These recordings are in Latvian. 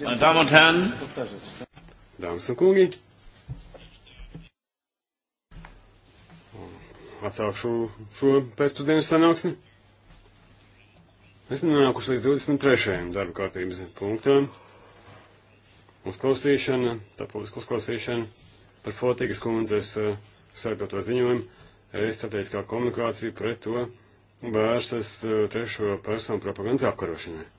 Dāmas un herri! Dāmas un kungi! Atsaukšu šo pēcpusdienas sanāksmi. Esam nonākuši līdz 23. darba kārtības punktam. Uzklausīšana, tāpēc uzklausīšana par Fotīgas kundzes eh, sākoto ziņojumu. Es strateģiskā komunikācija pret to vērstas eh, trešo personu propagandas apkarošanai.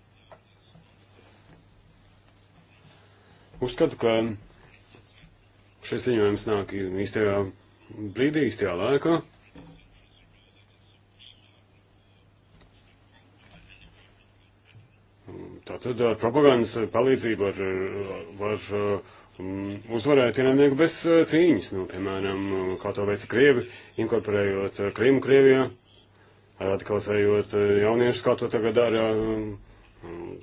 Uzskatu, ka šis ziņojums nāk īstajā brīdī, īstajā laikā. Tātad ar propagandas palīdzību var, var uzvarēt ienaidnieku bez cīņas. Nu, piemēram, kā to veica Krievi, inkorporējot Krīmu Krievijā, radikalizējot jauniešus, kā to tagad dara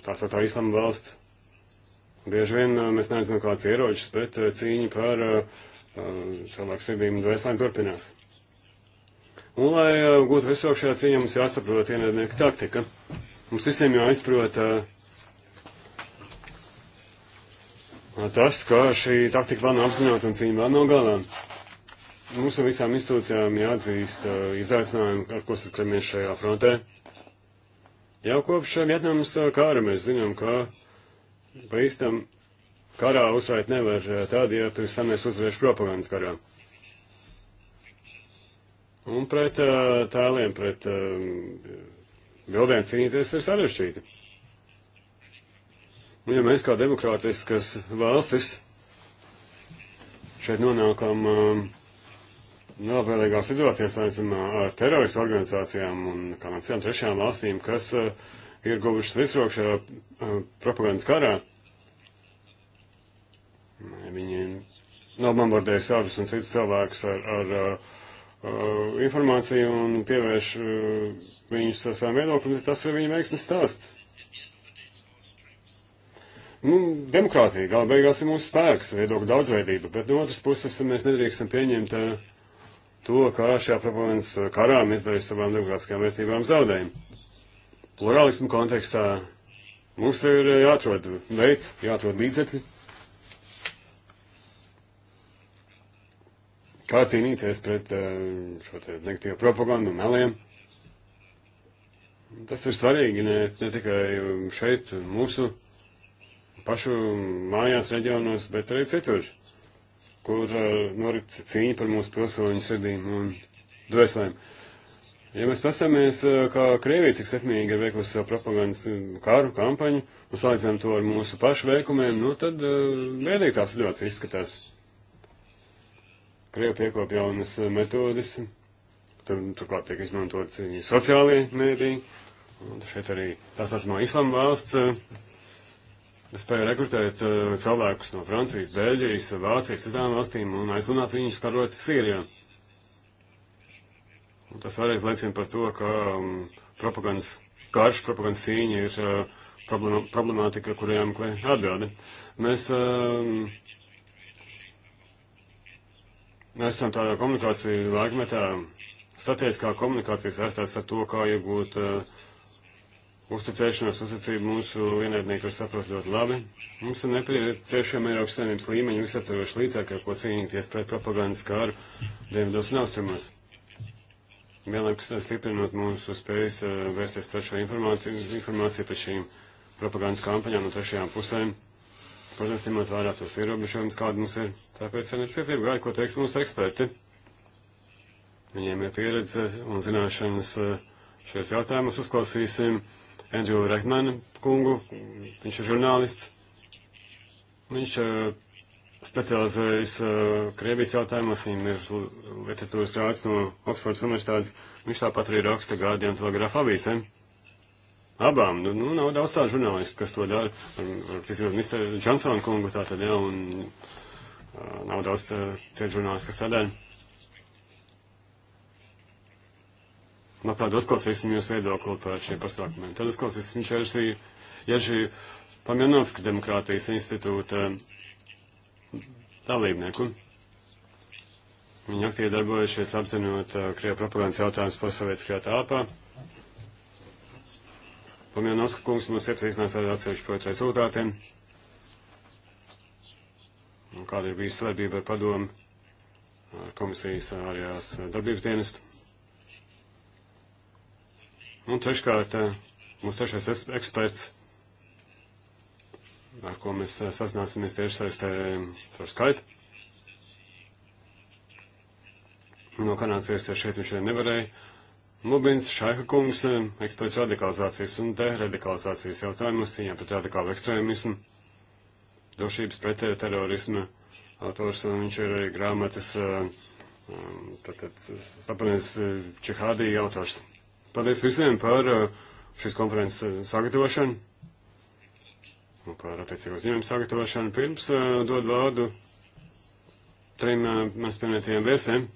tā sauktā islama valsts. Bieži vien uh, mēs nezinām, kāds ir ieročis, bet uh, cīņa par uh, cilvēku sirdīm un dvēselēm turpinās. Un, lai gūtu visu šajā cīņā, mums jāsaprot ienaidnieka taktika. Mums visiem jāizprot tas, ka šī taktika vēl nav apzināta un cīņa vēl nav galā. Mums un visām institūcijām jāatzīst izaicinājumi, ar ko saskaramies šajā frontē. Jau kopš Vietnamas kāra mēs zinām, ka Paīstam karā uzvarēt nevar eh, tad, ja pirms tam mēs uzvarēšu propagandas karā. Un pret eh, tēliem, pret bildēm eh, cīnīties ir sarežģīti. Un ja mēs kā demokrātiskas valstis šeit nonākam nelabvēlīgā situācijā saistībā ar teroristu organizācijām un kādām citām trešajām valstīm, kas uh, ir guvušas visrok šajā uh, propagandas karā. Viņi nobombardēja savus un citus cilvēkus ar, ar uh, uh informāciju un pievērš uh, viņus savām viedokļiem, tas ir viņa veiksmes stāsts. Nu, demokrātija gala beigās ir mūsu spēks, viedokļu daudzveidība, bet no otras puses mēs nedrīkstam pieņemt uh, to, kā šajā propagandas karā mēs darīsim savām demokrātiskajām vērtībām zaudējumu plurālismu kontekstā mums ir eh, jāatrod veids, jāatrod līdzekļi, kā cīnīties pret eh, šo te negatīvu propagandu un meliem. Tas ir svarīgi ne, ne tikai um, šeit, mūsu pašu mājās reģionos, bet arī citur, kur eh, norit cīņa par mūsu pilsoņu sirdīm un dvēselēm. Uh, Ja mēs paskatāmies, kā Krievija cik sekmīgi ir veikusi savu propagandas kāru kampaņu un salīdzinām to ar mūsu pašu veikumiem, nu tad bēdīgi tā situācija izskatās. Krievi piekop jaunas metodas, tur, turklāt tiek izmantotas viņa sociālie mēdīji, un šeit arī tā saucamā islama valsts spēja rekrutēt cilvēkus no Francijas, Bēļģijas, Vācijas, citām valstīm un aizlunāt viņus karot Sīrijā. Un tas vēlreiz liecina par to, ka um, propagandas karš, propagandas cīņa ir uh, problēma, problemātika, kuriem klē atbildi. Mēs um, esam tādā komunikācija laikmetā, statiskā komunikācija saistās ar to, kā iegūt uh, uzticēšanos, uzticību mūsu vienādnieku saprot ļoti labi. Mums ir nepieciešama Eiropas Savienības līmeņa visaptvaroša līdzekļa, ko cīnīties pret propagandas kāru Dienvidos un Austrumos vienlaikus eh, stiprinot mūsu spējas eh, vērsties pret šo informāciju, informāciju pret šīm propagandas kampaņām no trešajām pusēm. Protams, ņemot vērā tos ierobežojumus, kādi mums ir. Tāpēc ir necietība gaida, ko teiks mūsu eksperti. Viņiem ir pieredze un zināšanas eh, šajos jautājumus. Uzklausīsim Andrew Rekmanu kungu, viņš ir žurnālists. Viņš uh, specializējas uh, Krievijas jautājumos, viņam ir literatūras grāds no Oksfordas universitātes, viņš tāpat arī raksta Guardian telegrāfa avīsēm. Abām, nu, nu, nav daudz tādu žurnālistu, kas to dara, ar, ar, piemēram, Mr. Johnsona kungu tā tad, jā, ja, un uh, nav daudz eh, citu žurnālistu, kas tā dara. Labprāt, uzklausīsim jūsu viedokli par šiem pasākumiem. Tad uzklausīsim Čersi Ježi Pamjanovska demokrātijas institūta. Uh, dalībnieku. Viņi aktīvi darbojušies apzinot uh, Krievu propagandas jautājumus posovietiskajā telpā. Pamjanovska kungs mums iepazīstinās ar atsevišķu projektu rezultātiem. Un kāda ir bijusi sadarbība ar padomu ar komisijas uh, ārējās uh, darbības dienestu. Un treškārt, uh, mūsu trešais eksperts ar ko mēs eh, sazināsimies tieši saistē ar Skype. No Kanādas iesties šeit viņš nevarēja. Lubins Šaika kungs, eh, eksperts radikalizācijas un deradikalizācijas jautājumus, cīņā pret radikālu ekstrēmismu, došības pret eh, terorismu autors, un viņš ir arī grāmatas, tātad, sapanies, Čehādī autors. Paldies visiem par šīs konferences sagatavošanu par attiecīgo ziņojumu sagatavošanu. Pirms uh, dod vārdu trim uh, mēs pieminētajiem viesiem.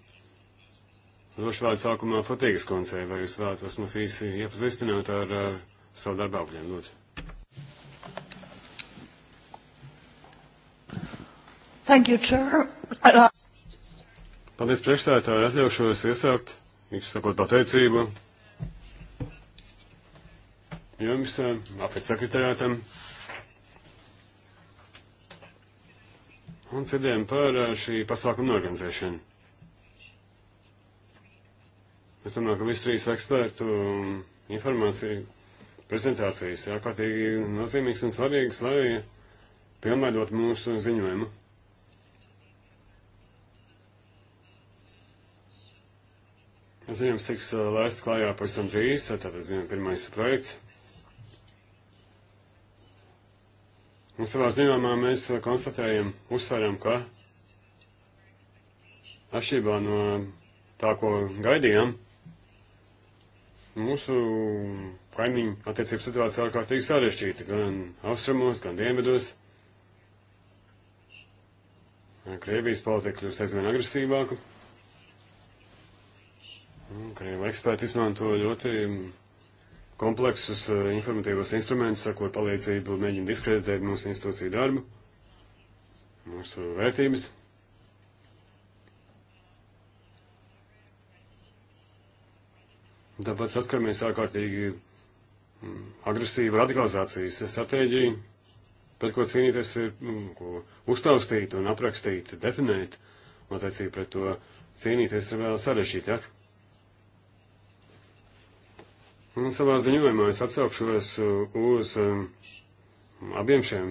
Došu vārdu sākumā Fatīgas koncei, vai jūs vēlatos mums īsi iepazīstināt ar uh, savu darbu augļiem, lūdzu. Thank you, Chair. Paldies priekšstādātāji, atļaušos iesākt, jūs sakot pateicību. Jums, uh, apēc sekretārātam, un citiem par eh, šī pasākuma organizēšanu. Es domāju, ka visu trīs ekspertu um, informāciju prezentācijas ir ārkārtīgi nozīmīgs un svarīgs, lai pilnveidot mūsu ziņojumu. Ziņojums tiks eh, laists klājā pavisam drīz, tātad ziņojuma pirmais projekts. Un savā ziņojumā mēs uh, konstatējam, uzsveram, ka atšķirībā no tā, ko gaidījām, mūsu kaimiņu attiecību situācija ārkārtīgi sarežģīta gan austrumos, gan dienvidos. Krievijas politika kļūst aizvien agresīvāka. Krievu eksperti izmanto ļoti kompleksus eh, informatīvos instrumentus, ar ko palīdzību mēģina diskreditēt mūsu institūciju darbu, mūsu vērtības. Tāpēc saskaramies ārkārtīgi mm, agresīvu radikalizācijas stratēģiju, pret ko cīnīties ir, nu, ko uztaustīt un aprakstīt, definēt, attiecīgi pret to cīnīties ir vēl sarežģītāk. Ja? Un savā ziņojumā es atsaukšos uh, uz um, abiem šiem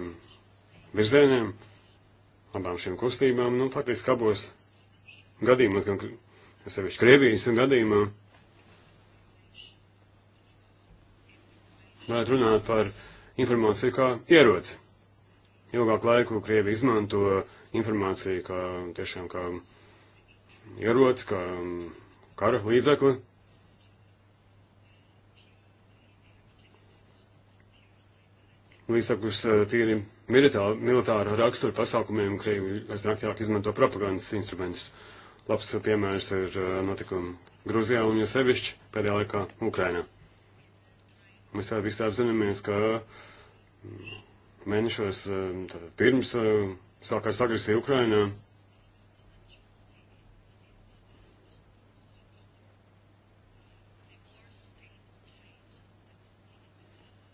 virzieniem, abām šīm kustībām, nu, faktiski abos gadījumos, gan sevišķi Krievijas gadījumā, varētu runāt par informāciju kā ieroci. Ilgāku laiku Krievi izmanto informāciju kā tiešām kā ieroci, kā um, kara līdzekli. līdzsakus uh, tīri militāra, militāra rakstura pasākumiem, Krievi aiznaktāk izmanto propagandas instrumentus. Labs piemērs ir uh, notikumi Gruzijā un, ja sevišķi, pēdējā laikā Ukrainā. Mēs tā visi apzināmies, ka mm, mēnešos uh, pirms sākās agresija Ukrainā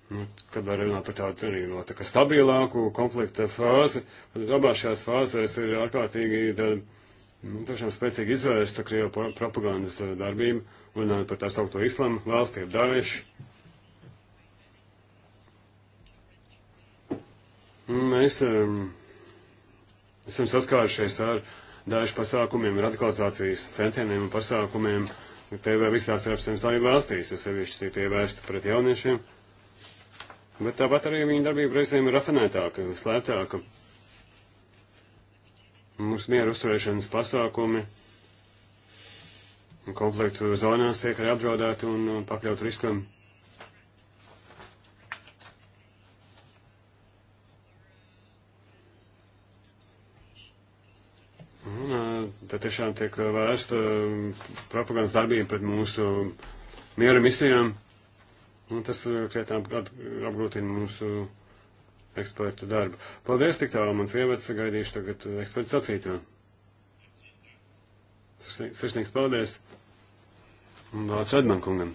Nu, kad var runāt par tādu arī no tā kā stabilāku konflikta fāzi, tad abās šajās fāzēs ir ārkārtīgi tāda, nu, tiešām spēcīgi izvērsta Krievu propagandas eh, darbība, runājot par tā saukto islamu valstī, Daešu. Mēs um, esam saskārušies ar dažu pasākumiem, radikalizācijas centieniem un pasākumiem TV visās Eiropas Savienības valstīs, jo sevišķi tie vērsti pret jauniešiem. Bet tāpat arī viņa darbība reizēm ir rafinētāka, slēptāka. Mūsu mieru uzturēšanas pasākumi konfliktu zonās tiek arī apdraudēti un pakļaut riskam. Un tad tiešām tiek vērsta propagandas darbība pret mūsu mieru misijām. Un tas eh, krietni apgrūtina mūsu ekspertu darbu. Paldies tik tālu, mans ievads, gaidīšu tagad eh, ekspertu sacīto. Sirsnīgs paldies. Un vārds Redman kungam.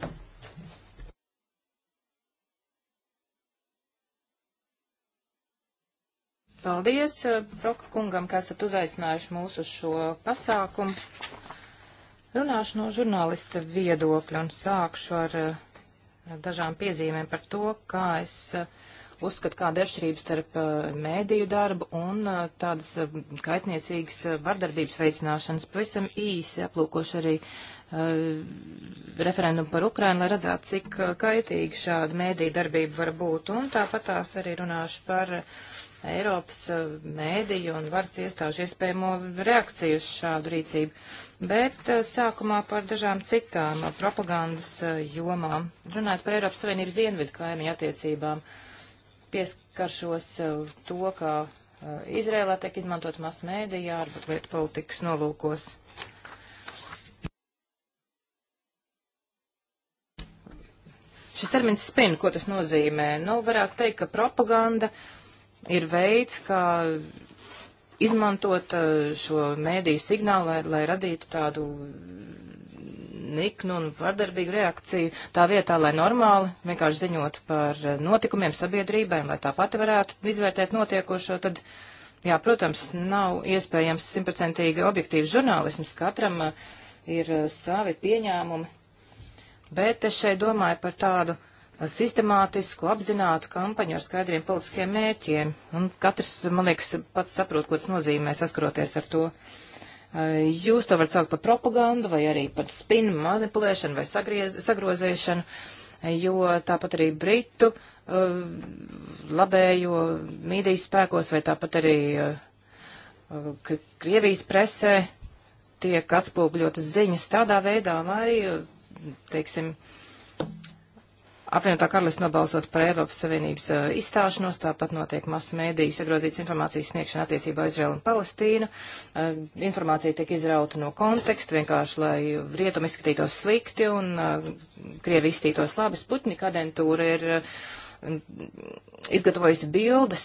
Paldies, eh, Broka kungam, ka esat uzaicinājuši mūsu šo pasākumu. Runāšu no žurnālista viedokļa un sākšu ar uh, dažām piezīmēm par to, kā es eh, uzskatu, kāda ir atšķirība starp eh, mēdīju darbu un eh, tādas kaitniecīgas vardarbības veicināšanas. Pavisam īsi aplūkošu arī referendumu par Ukrainu, lai redzētu, cik kaitīgi šāda mēdīja darbība var būt. Un tāpat tās arī runāšu par uh, Eiropas uh, mēdīju un varas iestāžu iespējamo reakciju uz šādu rīcību. Bet uh, sākumā par dažām citām uh, propagandas jomām. Runājot par Eiropas Savienības dienvidu kaimiņu attiecībām, pieskaršos to, kā Izrēlā tiek izmantot masu mēdījā, varbūt lietu politikas nolūkos. Šis termins spin, ko tas nozīmē? Nu, varētu teikt, ka propaganda ir veids, kā izmantot eh, šo mēdīju signālu, lai, lai radītu tādu niknu un vardarbīgu reakciju tā vietā, lai normāli vienkārši ziņot par notikumiem sabiedrībai, lai tā pati varētu izvērtēt notiekošo, tad, jā, protams, nav iespējams simtprocentīgi objektīvs žurnālisms, katram eh, ir eh, savi pieņēmumi, bet es šeit domāju par tādu sistemātisku, apzinātu kampaņu ar skaidriem politiskiem mērķiem. Un katrs, man liekas, pats saprot, ko tas nozīmē saskaroties ar to. Eh, jūs to varat saukt par propagandu vai arī par spinu manipulēšanu vai sagriez, sagrozēšanu, eh, jo tāpat arī Britu eh, labējo mīdijas spēkos vai tāpat arī Krievijas presē tiek atspūgļotas ziņas tādā veidā, lai, teiksim, uh, Apvienotā karalista nobalsot par Eiropas Savienības uh, izstāšanos, tāpat notiek masu mēdīju sagrozīts informācijas sniegšana attiecībā Izraela un Palestīna. Uh, informācija tiek izrauta no konteksta, vienkārši lai rietumi izskatītos slikti un uh, Krievi izstītos labi. Sputnika adentūra ir izgatavojusi bildes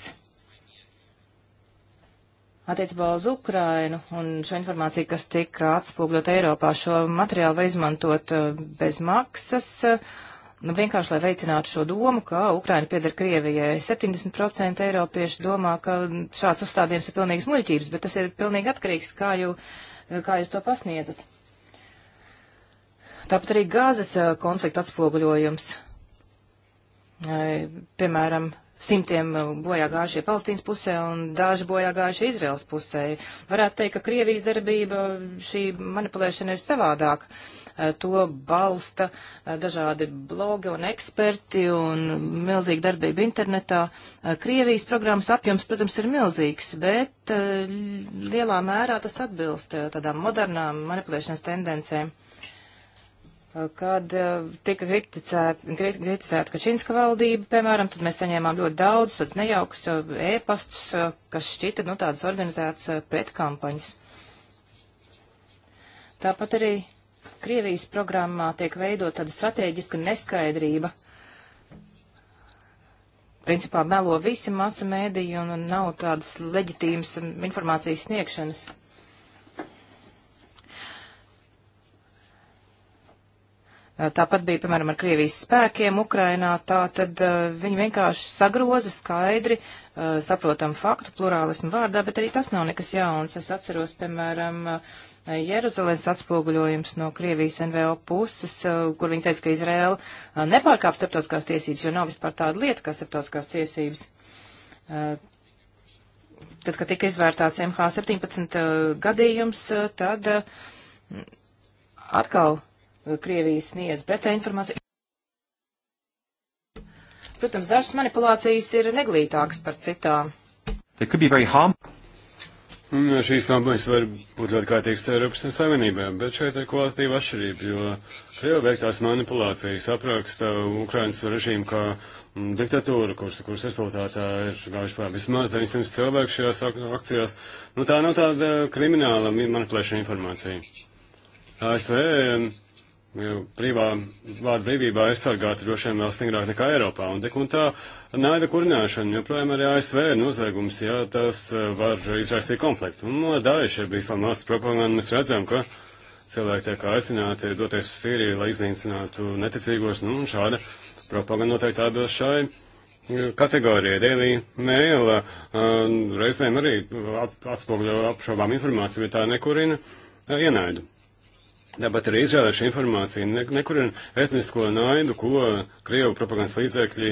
attiecībā uz Ukrainu un šo informāciju, kas tika atspūgļot Eiropā, šo materiālu var izmantot bez maksas Nu, vienkārši, lai veicinātu šo domu, ka Ukraina pieder Krievijai. 70% eiropiešu domā, ka šāds uzstādījums ir pilnīgs muļķības, bet tas ir pilnīgi atkarīgs, kā, jū, kā jūs to pasniedzat. Tāpat arī gāzes eh, konflikta atspoguļojums. Piemēram, simtiem uh, bojā gājušie Palestīnas pusē un daži bojā gājušie Izraels pusē. Varētu teikt, ka Krievijas darbība, uh, šī manipulēšana ir savādāk. Uh, to balsta dažādi blogi un eksperti un milzīga darbība internetā. Krievijas programmas apjoms, protams, ir milzīgs, bet lielā mērā tas atbilst tādām modernām manipulēšanas tendencēm kad eh, tika kritizēta, kritizēta Kačinska valdība, piemēram, tad mēs saņēmām ļoti daudz tāds nejauks eh, ēpastus, eh, kas šķita, nu, tādas organizētas pretkampaņas. Tāpat arī Krievijas programmā tiek veidot tāda strateģiska neskaidrība. Principā melo visi masu mēdīju un nav tādas leģitīmas mm, informācijas sniegšanas. Eh, tāpat bija, piemēram, ar Krievijas spēkiem Ukrainā, tā tad eh, viņi vienkārši sagroza skaidri, eh, saprotam faktu plurālismu vārdā, bet arī tas nav nekas jauns. Es atceros, piemēram, Jeruzalēns atspoguļojums no Krievijas NVO puses, kur viņi teica, ka Izrēla nepārkāp starptautiskās tiesības, jo nav vispār tāda lieta, kā starptautiskās tiesības. Tad, kad tika izvērtāts MH17 gadījums, tad atkal Krievijas sniedz pretēju informāciju. Protams, dažas manipulācijas ir neglītākas par citām. Un nu, šīs kampaņas var būt ļoti kaitīgas Eiropas Savienībai, bet šeit ir kvalitīva atšķirība, jo Krievija veiktās manipulācijas apraksta Ukrainas režīmu kā mm, diktatūru, kuras, kuras rezultātā ir gājuši pār vismaz 900 cilvēku šajās akcijās. Nu tā nav tāda krimināla manipulēšana informācija. ASV Jo nu, privā vārda brīvībā aizsargāta droši vien vēl stingrāk nekā Eiropā. Un, un tā naida kurināšana joprojām arī ASV ir noziegums, ja tas eh, var izraisīt konfliktu. Un no nu, Daiša bija islāma valsts propaganda, mēs redzam, ka cilvēki tiek aicināti doties uz Sīriju, lai iznīcinātu neticīgos, nu, un šāda propaganda noteikti atbilst šai eh, kategorijai. Daily Mail uh, reizēm arī atspoguļo apšaubām informāciju, bet tā nekurina uh, ienaidu. Tāpat arī izrāda šī informācija, ne, nekurina etnisko naidu, ko Krievu propagandas līdzekļi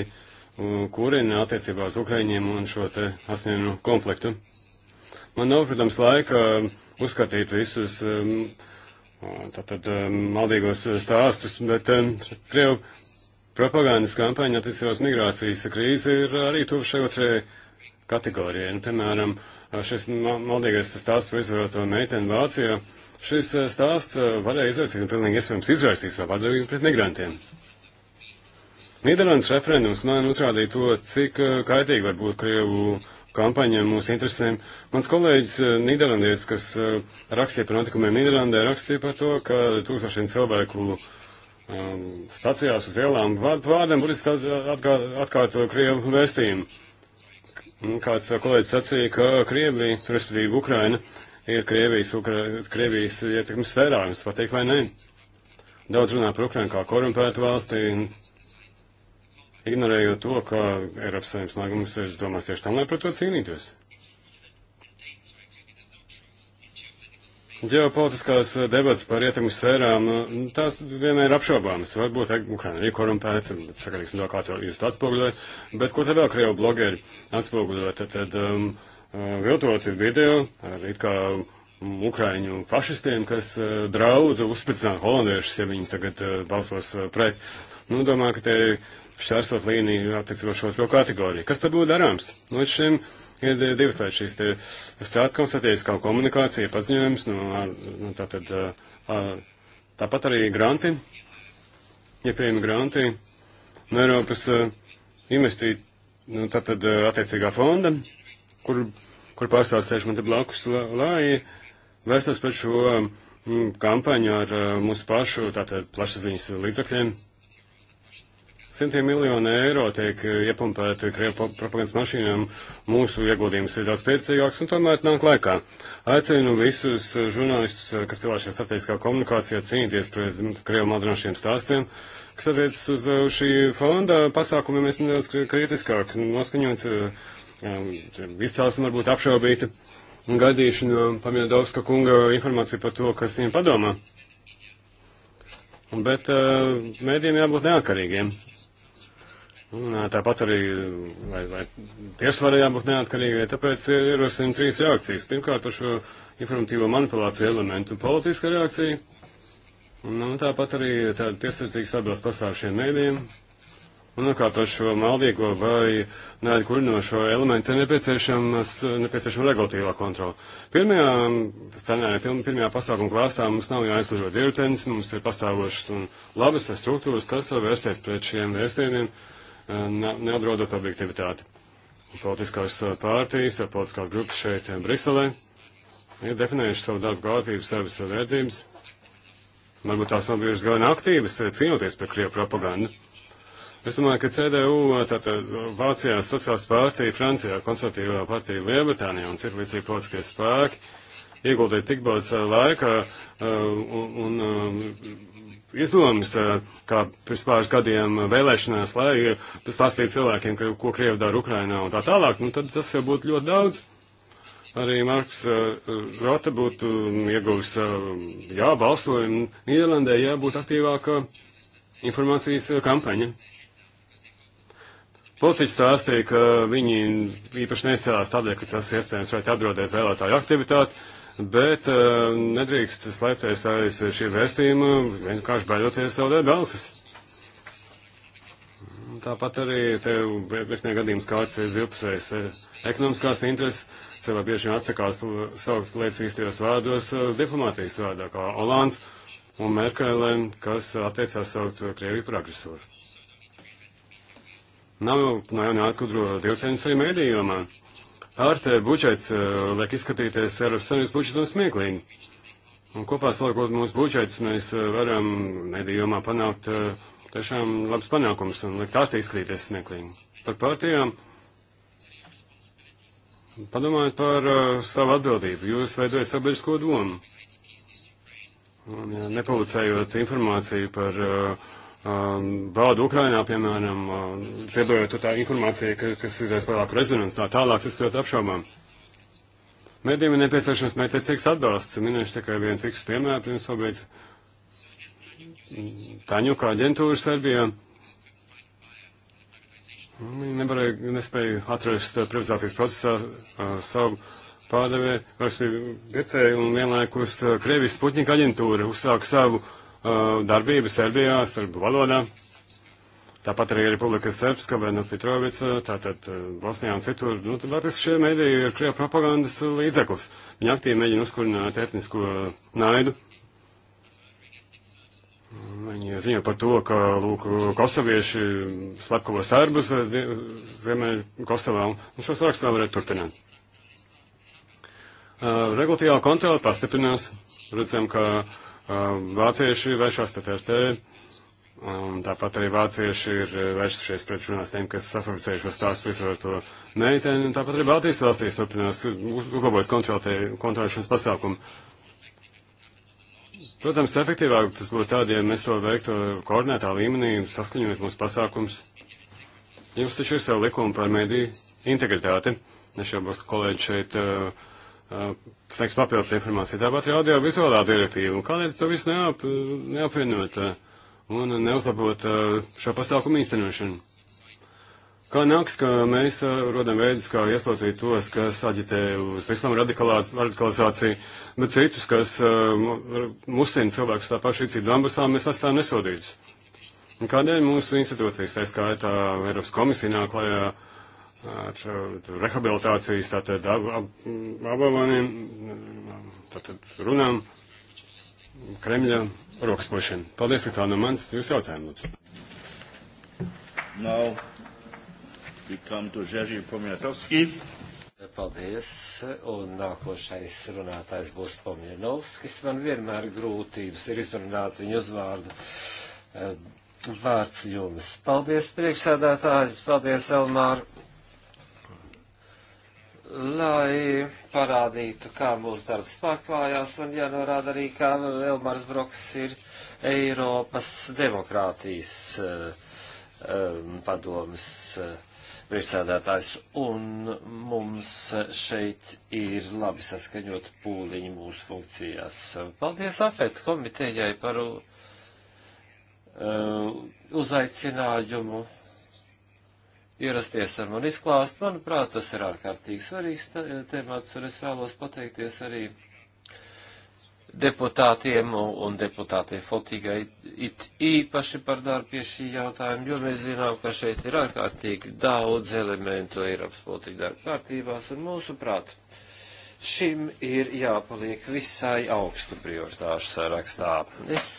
kurina attiecībā uz Ukraiņiem un šo te asinu konfliktu. Man nav, protams, laika uzskatīt visus um, tātad um, maldīgos stāstus, bet um, Krievu propagandas kampaņa attiecībā uz migrācijas krīzi ir arī tuvu šai otrajai kategorijai. Nu, piemēram, šis maldīgais stāsts par izvaroto meiteni Vācijā Šis eh, stāsts eh, varēja izraisīt un pilnīgi iespējams izraisīs vēl vardarbību pret migrantiem. Nīderlandes referendums man uzrādīja to, cik eh, kaitīgi var būt Krievu kampaņa mūsu interesēm. Mans kolēģis Nīderlandietis, kas rakstīja par notikumiem Nīderlandē, rakstīja par to, ka tūkstošiem cilvēku um, stacijās uz ielām vārdam būtiski atkārto Krievu vēstījumu. Kāds kolēģis sacīja, ka Krievija, respektīvi Ukraina, ir Krievijas, Ukra Krievijas ietekmes sfērā, jums patīk vai ne? Daudz runā par Ukrainu kā korumpētu valsti, ignorējot to, ka Eiropas saimnes nākums ir domās tieši tam, lai par to cīnītos. Ģeopolitiskās debats par ietekmi sfērām, nu, tās vienmēr ir apšaubāmas. Varbūt Ukraina ir korumpēta, bet sakarīgs no kā to jūs atspoguļojat. Bet ko te vēl Krievu blogeri atspoguļo? Tad, tad um, Eh, viltoti video ar it kā ukraiņu fašistiem, kas eh, draud uzspicināt holandiešus, ja viņi tagad eh, balsos pret. Nu, domāju, ka te šķērsot līniju attiecībā šo otro kategoriju. Kas tad būtu darāms? Nu, līdz šim ir divas lietas šīs te strāta konstatējas, kā komunikācija, paziņojums, nu, ar, nu tātad, tāpat arī granti, iepriemi ja granti, no Eiropas investīcija, nu, tātad attiecīgā fonda, kur kur pārstāvs sēž man te blakus, lai vērstos pret šo mm, kampaņu ar eh, mūsu pašu, tātad plašsaziņas līdzakļiem. Centiem miljonu eiro tiek eh, iepumpēti Krievu propagandas mašīnām. Mūsu ieguldījums ir daudz piecīgāks un tomēr nāk laikā. Aicinu visus eh, žurnālistus, kas pilāšie strateģiskā komunikācijā, cīnīties pret mm, Krievu maldinošiem stāstiem, kas attiecas uz šī fonda pasākumiem, mēs nedaudz kritiskāk noskaņots Ehm, izcelsme varbūt apšaubīta. Un gadīšu no Pamjodovska kunga informāciju par to, kas viņam padomā. Un, bet uh, mēdījiem jābūt neatkarīgiem. Un, ehm, tāpat arī, vai, vai tiesvarai jābūt neatkarīgai, tāpēc ierosim trīs reakcijas. Pirmkārt, par šo informatīvo manipulāciju elementu politiska reakcija. Un, un tāpat arī tāda piesardzīga sabilst pastāvšiem mēdījiem. Un kā par šo maldīgo vai neatkurinošo elementu ir nepieciešama regulatīvā kontrola. Pirmajā, scenē, pirmajā pasākuma klāstā mums nav jāiztužo divritenis, mums ir pastāvošas un labas struktūras, kas var vērsties pret šiem vēstījumiem, neapdraudot objektivitāti. Politiskās pārtīs, politiskās grupas šeit Briselē ir definējuši savu darbu kārtību, sevis vērtības. Varbūt tās nav bijušas gan aktīvas, cīnoties pret Krievu propagandu. Es domāju, ka CDU, tātad Vācijā sociālās partija, Francijā konservatīvā partija, Lielbritānija un citi līdzīgi politiskie spēki ieguldīja tik daudz uh, laika uh, un, un uh, izdomas, kā pirms pāris gadiem vēlēšanās, lai pastāstītu cilvēkiem, ka, ko Krievi dara Ukrainā un tā tālāk, nu tad tas jau būtu ļoti daudz. Arī Marks Rota būtu um, ieguvis, jā, balsojumu Nīderlandē, jā, būtu aktīvāka informācijas kampaņa. Politiķi stāstīja, ka viņi īpaši necēlās tādēļ, ka tas iespējams varētu apdraudēt vēlētāju aktivitāti, bet uh, nedrīkst slēpties aiz šī vēstījuma, vienkārši baidoties zaudēt balsis. Tāpat arī tev virknē gadījums kāds ir divpusējs eh, ekonomiskās intereses, cilvēki bieži atsakās saukt lietas īstajos vārdos eh, diplomātijas vārdā, kā Olāns un Merkele, kas attiecās saukt Krieviju par agresoru. Nav jau, nav jau neatskudro divteņas arī mēdījumā. Ārtē budžets uh, eh, liek izskatīties Eiropas Savienības budžetu un smieklīgi. Un kopā salakot mūsu budžets, mēs uh, varam mēdījumā panākt uh, tiešām labs panākums un likt ārtē izskatīties smieklīgi. Par partijām. Padomājiet par uh, savu atbildību. Jūs veidojat sabiedrisko domu. Un, ja, nepaucējot informāciju par uh, um, valda Ukrainā, piemēram, um, ziedojot tā informācija, ka, kas izraisa lielāku rezonansu, tā tālāk, tas ļoti apšaubām. Mēdījiem ir nepieciešams mētiecīgs atbalsts. Minēšu tikai vienu fiksu piemēru, pirms pabeidz Taņuka aģentūra Serbijā. Viņi nevarēja, nespēja atrast uh, privatizācijas procesā uh, savu pārdevēju, varbūt pircēju, un vienlaikus uh, Krievijas Sputņika aģentūra uzsāka savu uh, Uh, darbība Serbijā, serbu valodā. Tāpat arī Republika Serbska, Benu Pitrovica, tātad uh, Bosnijā un citur. Nu, tad tas šie mediji ir Krievu propagandas līdzeklis. Viņi aktīvi mēģina uzkurināt etnisko naidu. Viņi ziņo par to, ka, lūk, kosovieši slepkavo serbus uh, zemē Kosovā. Un šos rakstus vēl varētu turpināt. Uh, regulatīvā kontrola pastiprinās. Redzam, ka uh, Um, vācieši vēršās pret RT, un um, tāpat arī vācieši ir uh, vērsušies pret žurnās tiem, kas safabricēja šo stāstu visvaru to meiteni, un tāpat arī Baltijas valstīs turpinās uzlabojas kontrolēšanas pasākumu. Protams, efektīvāk tas būtu tad, ja mēs to veiktu koordinētā līmenī, saskaņojot mūsu pasākums. Jums taču ir savu likumu par mediju integritāti. Nešaubos, ka kolēģi šeit uh, sniegs papildus informāciju. Tāpat ir audiovizuālā direktīva. Kādēļ to visu neap, neapvienot un neuzlabot šo pasākumu īstenošanu? Kā nāks, ka mēs rodam veidus, kā ieslodzīt tos, kas aģitē uz islāma radikalizāciju, bet citus, kas musina cilvēkus tā pašu rīcību dambasām, mēs atstājam nesodītus. Kādēļ mūsu institūcijas, tā skaitā Eiropas komisija, nāk klajā uh, ar uh, rehabilitācijas tātad apgabaliem, tātad runām, Kremļa rokspošana. Paldies, ka tā no mans jūs jautājumu lūdzu. Now we come to Žeži Pomjatovski. Paldies, un nākošais runātājs būs Pomjanovskis. Man vienmēr grūtības ir izrunāt viņu uzvārdu. Eh, vārds jums. Paldies, priekšsēdētāji, paldies, Elmāra lai parādītu, kā mūsu darbs pārklājās, un jānorāda arī, kā Elmars Broks ir Eiropas demokrātijas um, eh, padomas eh, priekšsēdētājs, un mums šeit ir labi saskaņot pūliņi mūsu funkcijās. Paldies Afet komitejai par uh, uzaicinājumu ierasties ar mani izklāst. Manuprāt, tas ir ārkārtīgi svarīgs temats, un es vēlos pateikties arī deputātiem un deputātei Fotīgai it īpaši par darbu pie šī jautājuma, jo mēs zinām, ka šeit ir ārkārtīgi daudz elementu Eiropas politika darba kārtībās, un mūsuprāt, šim ir jāpaliek visai augstu prioritāšu sarakstā. Es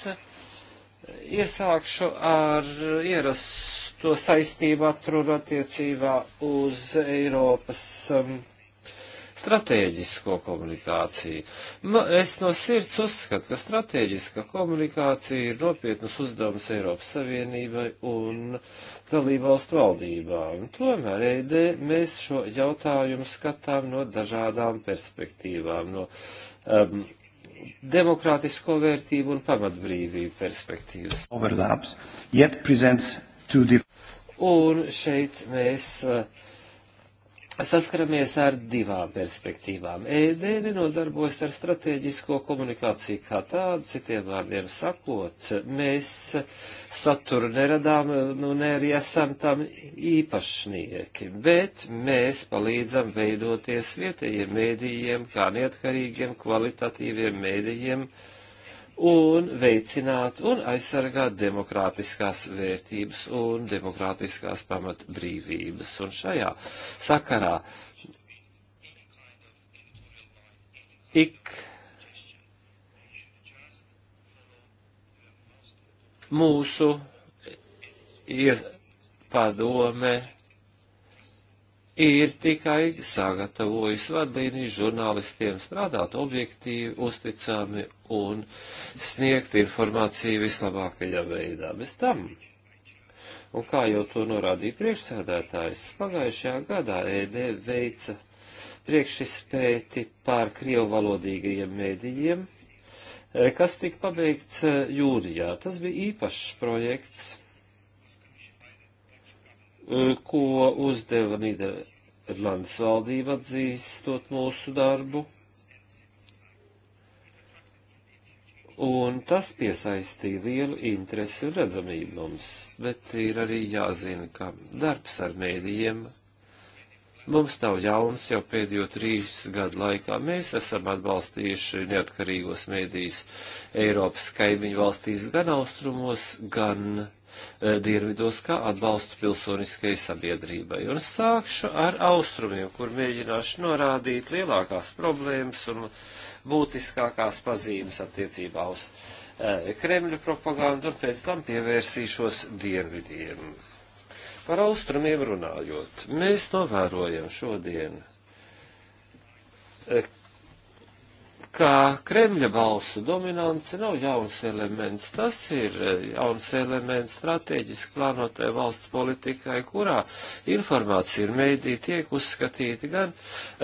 iesākšu ar ierastu to saistību atrunu attiecībā uz Eiropas um, stratēģisko komunikāciju. Ma, es no sirds uzskatu, ka stratēģiska komunikācija ir nopietnas uzdevums Eiropas Savienībai un dalībvalstu valdībām. Tomēr ED mēs šo jautājumu skatām no dažādām perspektīvām, no um, demokrātisko vērtību un pamatbrīvību perspektīvas. Overlaps, yet presents two different Un šeit mēs eh, saskaramies ar divām perspektīvām. ED nenodarbojas ar strateģisko komunikāciju kā tādu, citiem vārdiem sakot, mēs saturu neradām, nu ne arī esam tam īpašnieki, bet mēs palīdzam veidoties vietējiem mēdījiem, kā neatkarīgiem, kvalitatīviem mēdījiem, uh, un veicināt un aizsargāt demokrātiskās vērtības un demokrātiskās pamatbrīvības. Un šajā sakarā ik mūsu ies padome ir tikai sagatavojis vadlīnijas žurnālistiem strādāt objektīvi, uzticami un sniegt informāciju vislabākajā veidā. Bez tam, un kā jau to norādīja priekšsēdētājs, pagājušajā gadā ED veica priekšizpēti pār krievu valodīgajiem mēdījiem, kas tika pabeigts eh, jūrijā. Tas bija īpašs projekts ko uzdeva Nīderlandes valdība atzīstot mūsu darbu. Un tas piesaistīja lielu interesi un redzamību mums, bet ir arī jāzina, ka darbs ar mēdījiem mums nav jauns jau pēdējo trīs gadu laikā. Mēs esam atbalstījuši neatkarīgos mēdījus Eiropas kaimiņu valstīs gan austrumos, gan Eh, dirvidos, kā atbalstu pilsoniskajai sabiedrībai. Un sākšu ar austrumiem, kur mēģināšu norādīt lielākās problēmas un būtiskākās pazīmes attiecībā uz eh, Kremļa propagandu, un pēc tam pievērsīšos dienvidiem. Par austrumiem runājot, mēs novērojam šodien eh, ka Kremļa balsu dominance nav jauns elements. Tas ir e, jauns elements strateģiski plānotai valsts politikai, kurā informācija ir mēdī tiek uzskatīta gan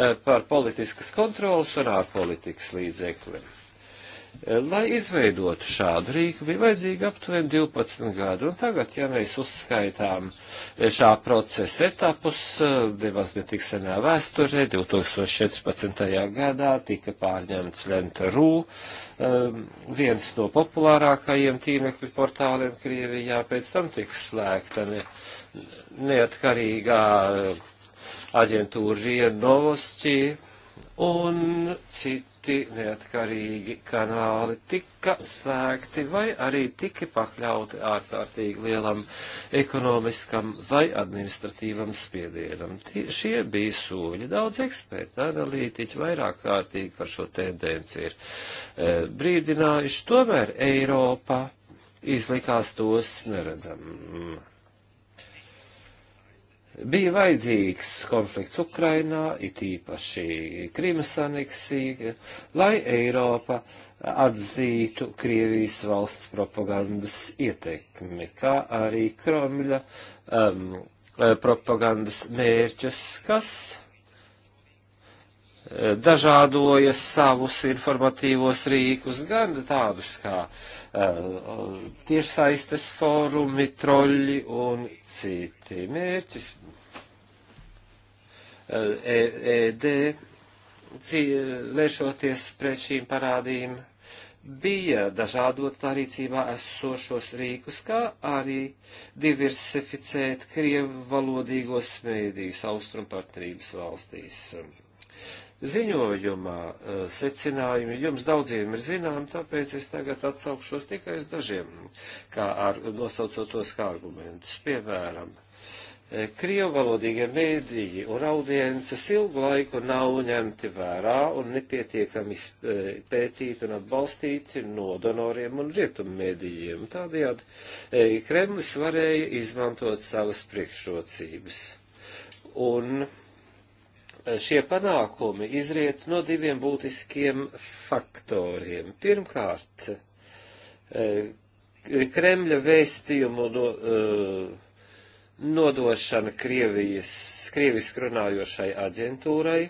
e, par politiskas kontrolas un ārpolitikas līdzekļiem. Lai izveidotu šādu rīku, bija vajadzīgi aptuveni 12 gadi, un tagad, ja mēs uzskaitām šā procesa etapus, devas netik senā vēsturē, 2014. gadā tika pārņemts Lenta Rū, um, viens no populārākajiem tīmekļu portāliem Krievijā, pēc tam tika slēgta ne, neatkarīgā uh, aģentūra Riedovosti un citi citi neatkarīgi kanāli tika slēgti vai arī tika pakļauti ārkārtīgi lielam ekonomiskam vai administratīvam spiedienam. Tie, šie bija soļi. Daudz eksperti, analītiķi vairāk kārtīgi par šo tendenci ir e, brīdinājuši. Tomēr Eiropa izlikās tos neredzam. Bija vajadzīgs konflikts Ukrainā, it īpaši Krimas aneksija, lai Eiropa atzītu Krievijas valsts propagandas ietekmi, kā arī Kromļa um, propagandas mērķus, kas eh, dažādojas savus informatīvos rīkus, gan tādus kā uh, tiešsaistes fórumi, troļi un citi. Mērķis ED, e vēršoties pret šīm parādīm, bija dažādot tā rīcībā esošos rīkus, kā arī diversificēt krievu valodīgos mēdījus austrumpartnerības valstīs. Ziņojumā e, secinājumi jums daudziem ir zinām, tāpēc es tagad atsaukšos tikai uz dažiem, kā ar, nosaucot tos kā argumentus. Piemēram, Krievu valodīgie mēdīji un audiences ilgu laiku nav ņemti vērā un nepietiekami eh, pētīti un atbalstīti no donoriem un rietumu mēdījiem. Tādējādi eh, Kremlis varēja izmantot savas priekšrocības. Un eh, šie panākumi izriet no diviem būtiskiem faktoriem. Pirmkārt, Kremļa vēstījumu no. Uh, nodošana Krievijas, krieviski runājošai aģentūrai,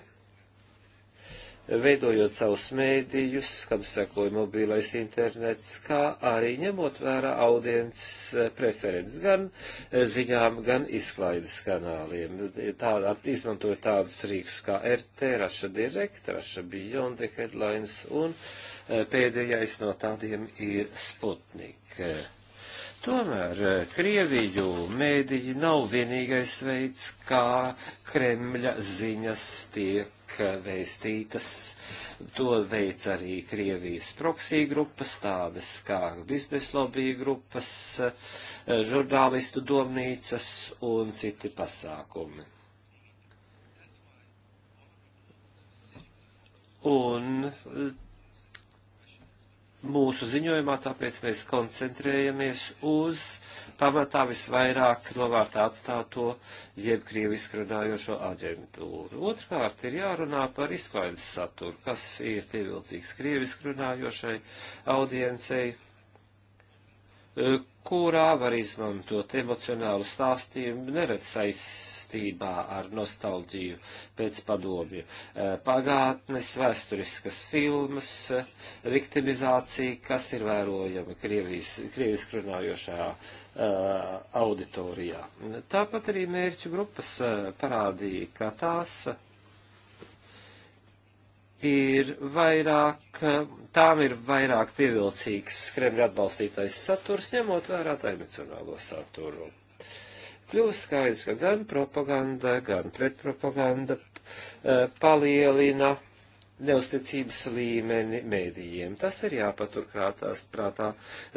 veidojot savus mēdījus, kam sekoja mobilais internets, kā arī ņemot vērā audiences eh, preferences gan eh, ziņām, gan izklaides kanāliem. Tādā, izmantojot tādus rīkus kā RT, Raša Direct, Raša Beyond the Headlines un eh, pēdējais no tādiem ir Sputnik. Tomēr eh, Krieviju mēdīji nav vienīgais veids, kā Kremļa ziņas tiek eh, vēstītas. To veids arī Krievijas proksī grupas, tādas kā bizneslobī grupas, eh, žurnālistu domnīcas un citi pasākumi. Un mūsu ziņojumā, tāpēc mēs koncentrējamies uz pamatā visvairāk novārtā atstāto jeb krieviski runājošo aģentūru. Otrkārt ir jārunā par izklaides saturu, kas ir pievilcīgs krieviski runājošai audiencei, kurā var izmantot emocionālu stāstījumu, neredz saistībā ar nostalģiju pēc padomju eh, pagātnes, vēsturiskas filmas, viktimizācija, kas ir vērojama Krievijas, Krievijas runājošajā uh, eh, auditorijā. Tāpat arī mērķu grupas eh, parādīja, ka tās ir vairāk, tām ir vairāk pievilcīgs Kremļa atbalstītais saturs, ņemot vērā tradicionālo saturu. Kļūst skaidrs, ka gan propaganda, gan pretpropaganda eh, palielina neusticības līmeni mēdījiem. Tas ir jāpatur krātās prātā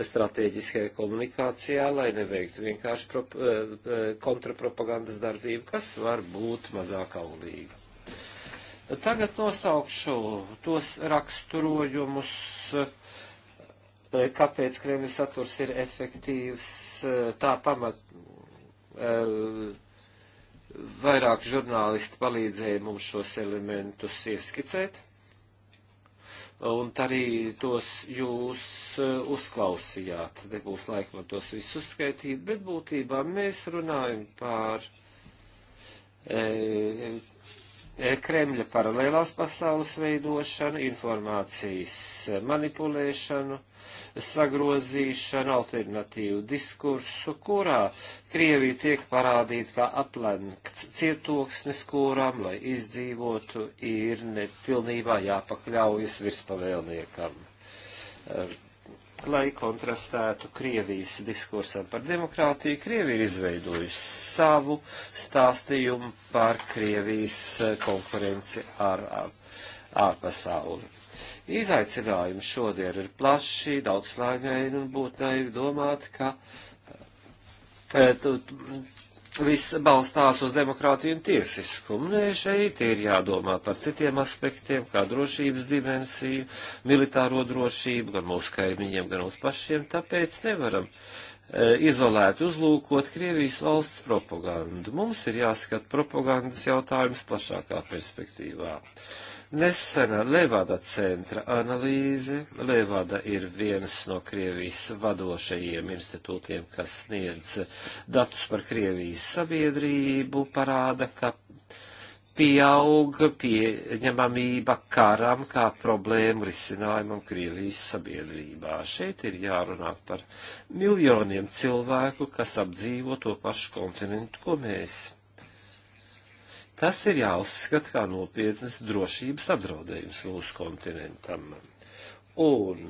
strateģiskajā komunikācijā, lai neveiktu vienkārši eh, eh, kontrapropagandas darbību, kas var būt mazāk aulīga. Tagad nosaukšu tos raksturojumus, e, kāpēc Kremļa saturs ir efektīvs, e, tā pamat e, vairāk žurnālisti palīdzēja mums šos elementus ieskicēt, un arī tos jūs uzklausījāt. Nebūs laika man tos visus uzskaitīt, bet būtībā mēs runājam par e, E, Kremļa paralēlās pasaules veidošanu, informācijas manipulēšanu, sagrozīšanu, alternatīvu diskursu, kurā Krievija tiek parādīta kā aplenkts cietoksnis, kuram, lai izdzīvotu, ir nepilnībā jāpakļaujas virspavēlniekam lai kontrastētu Krievijas diskursam par demokrātiju, Krievija ir izveidojusi savu stāstījumu par Krievijas eh, konkurenci ar ārpasauli. Izaicinājumi šodien ir plaši, daudzslāņaini un būtu naivi domāt, ka eh, viss balstās uz demokrātiju un tiesiskumu. Nē, šeit ir jādomā par citiem aspektiem, kā drošības dimensiju, militāro drošību, gan mūsu kaimiņiem, gan mums pašiem, tāpēc nevaram e, izolēti uzlūkot Krievijas valsts propagandu. Mums ir jāskat propagandas jautājums plašākā perspektīvā. Nesenā Levada centra analīze. Levada ir viens no Krievijas vadošajiem institūtiem, kas sniedz datus par Krievijas sabiedrību, parāda, ka pieaug pieņemamība karam kā problēmu risinājumam Krievijas sabiedrībā. Šeit ir jārunā par miljoniem cilvēku, kas apdzīvo to pašu kontinentu, ko mēs. Tas ir jāuzskata kā nopietnas drošības apdraudējums mūsu kontinentam. Un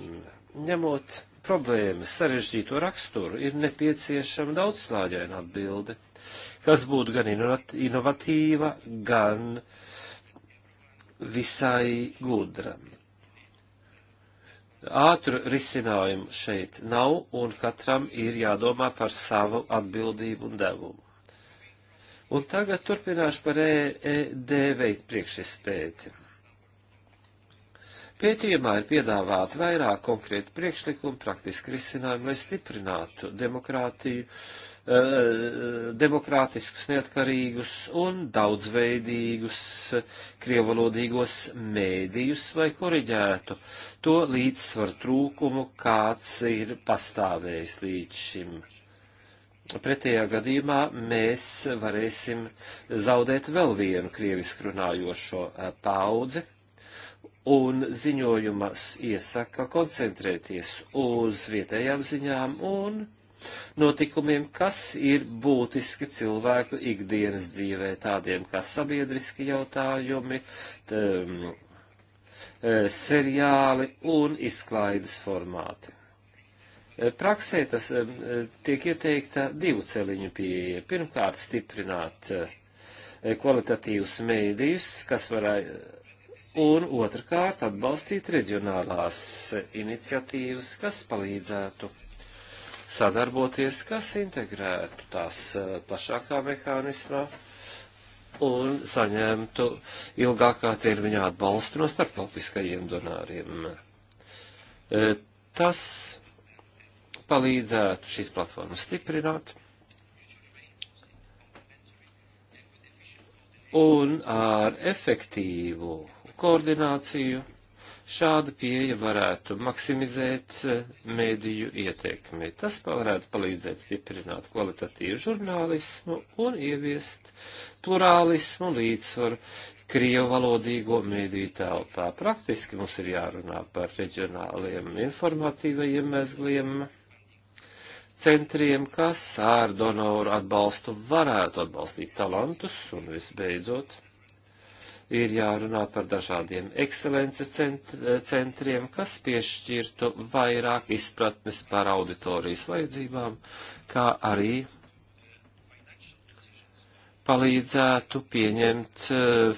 ņemot problēmas sarežģīto raksturu, ir nepieciešama daudzslāņaina atbilde, kas būtu gan inovatīva, gan visai gudra. Ātru risinājumu šeit nav, un katram ir jādomā par savu atbildību un devumu. Un tagad turpināšu par EED veikt priekšizpēti. Pētījumā ir piedāvāti vairāk konkrēti priekšlikumi, praktiski risinājumi, lai stiprinātu demokrātiju, e, demokrātiskus, neatkarīgus un daudzveidīgus krievalodīgos mēdījus, lai koriģētu to līdzsvaru trūkumu, kāds ir pastāvējis līdz šim Pretējā gadījumā mēs varēsim zaudēt vēl vienu krievisku runājošo eh, paudzi, un ziņojumas iesaka koncentrēties uz vietējām ziņām un notikumiem, kas ir būtiski cilvēku ikdienas dzīvē, tādiem kā sabiedriski jautājumi, t, eh, seriāli un izklaides formāti. Eh, praksē tas eh, tiek ieteikta divu celiņu pieeja. Pirmkārt, stiprināt eh, kvalitatīvus mēdījus, kas varētu, un otrkārt, atbalstīt reģionālās iniciatīvas, kas palīdzētu sadarboties, kas integrētu tās plašākā mehānismā un saņemtu ilgākā termiņā atbalstu no starptautiskajiem donāriem. Tas palīdzētu šīs platformas stiprināt un ar efektīvu koordināciju šāda pieeja varētu maksimizēt eh, mēdīju ietekmi. Tas varētu palīdzēt stiprināt kvalitatīvu žurnālismu un ieviest plurālismu līdzsvaru Krievu valodīgo mēdīju telpā. Praktiski mums ir jārunā par reģionāliem informatīvajiem mezgliem centriem, kas ar donoru atbalstu varētu atbalstīt talantus, un visbeidzot, ir jārunā par dažādiem ekscelences cent centriem, kas piešķirtu vairāk izpratnes par auditorijas vajadzībām, kā arī palīdzētu pieņemt e,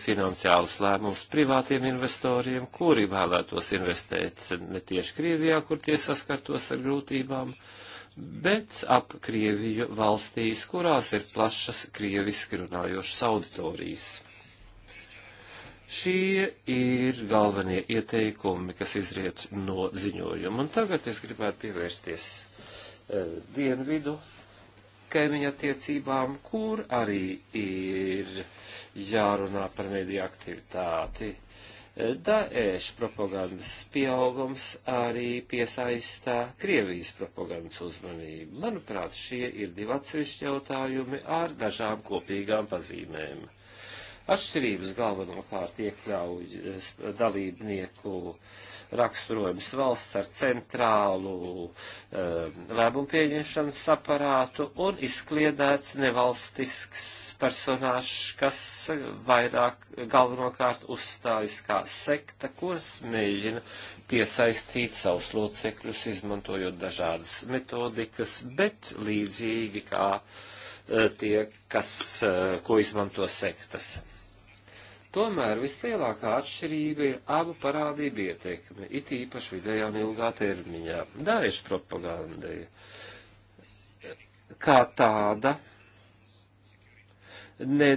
finansiālus lēmumus privātiem investoriem, kuri vēlētos investēt ne tieši Krievijā, kur tie saskartos ar grūtībām, uh, bet ap Krieviju valstīs, kurās ir plašas krieviski runājošas auditorijas. Šie ir galvenie ieteikumi, kas izriet no ziņojuma. Un tagad es gribētu pievērsties e, dienvidu kaimiņa attiecībām, kur arī ir jārunā par mediju aktivitāti. Daēš propagandas pieaugums arī piesaistā Krievijas propagandas uzmanību. Manuprāt, šie ir divi atsevišķi jautājumi ar dažām kopīgām pazīmēm. Atšķirības galvenokārt iekļauj eh, dalībnieku uh, raksturojams valsts ar centrālu um, lēmumu pieņemšanas aparātu un izkliedēts nevalstisks personāžs, kas vairāk galvenokārt uzstājas kā sekta, kuras mēģina piesaistīt savus locekļus, izmantojot dažādas metodikas, bet līdzīgi kā eh, tie, kas, eh, ko izmanto sektas. Tomēr vislielākā atšķirība ir abu parādību ietekme, it īpaši vidējā un ilgā termiņā. Daiešu propagandai eh, kā tāda ne, e,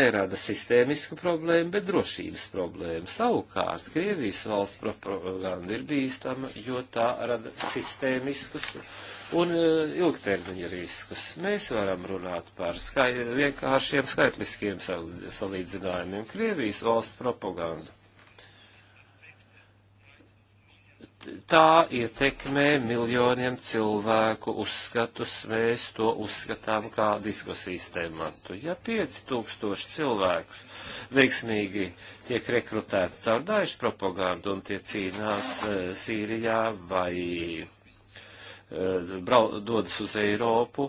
nerada sistēmisku problēmu, bet drošības problēmu. Savukārt, Krievijas valsts propaganda ir bīstama, jo tā rada sistēmiskus problēmas un eh, ilgtermiņa riskus. Mēs varam runāt par skai, vienkāršiem skaitliskiem salīdzinājumiem. Krievijas valsts propaganda. Tā ietekmē miljoniem cilvēku uzskatus, mēs to uzskatām kā diskusijas tēmatu. Ja 5000 cilvēkus veiksmīgi tiek rekrutēti caur daļu propagandu un tie cīnās eh, Sīrijā vai Eh, brau, dodas uz Eiropu,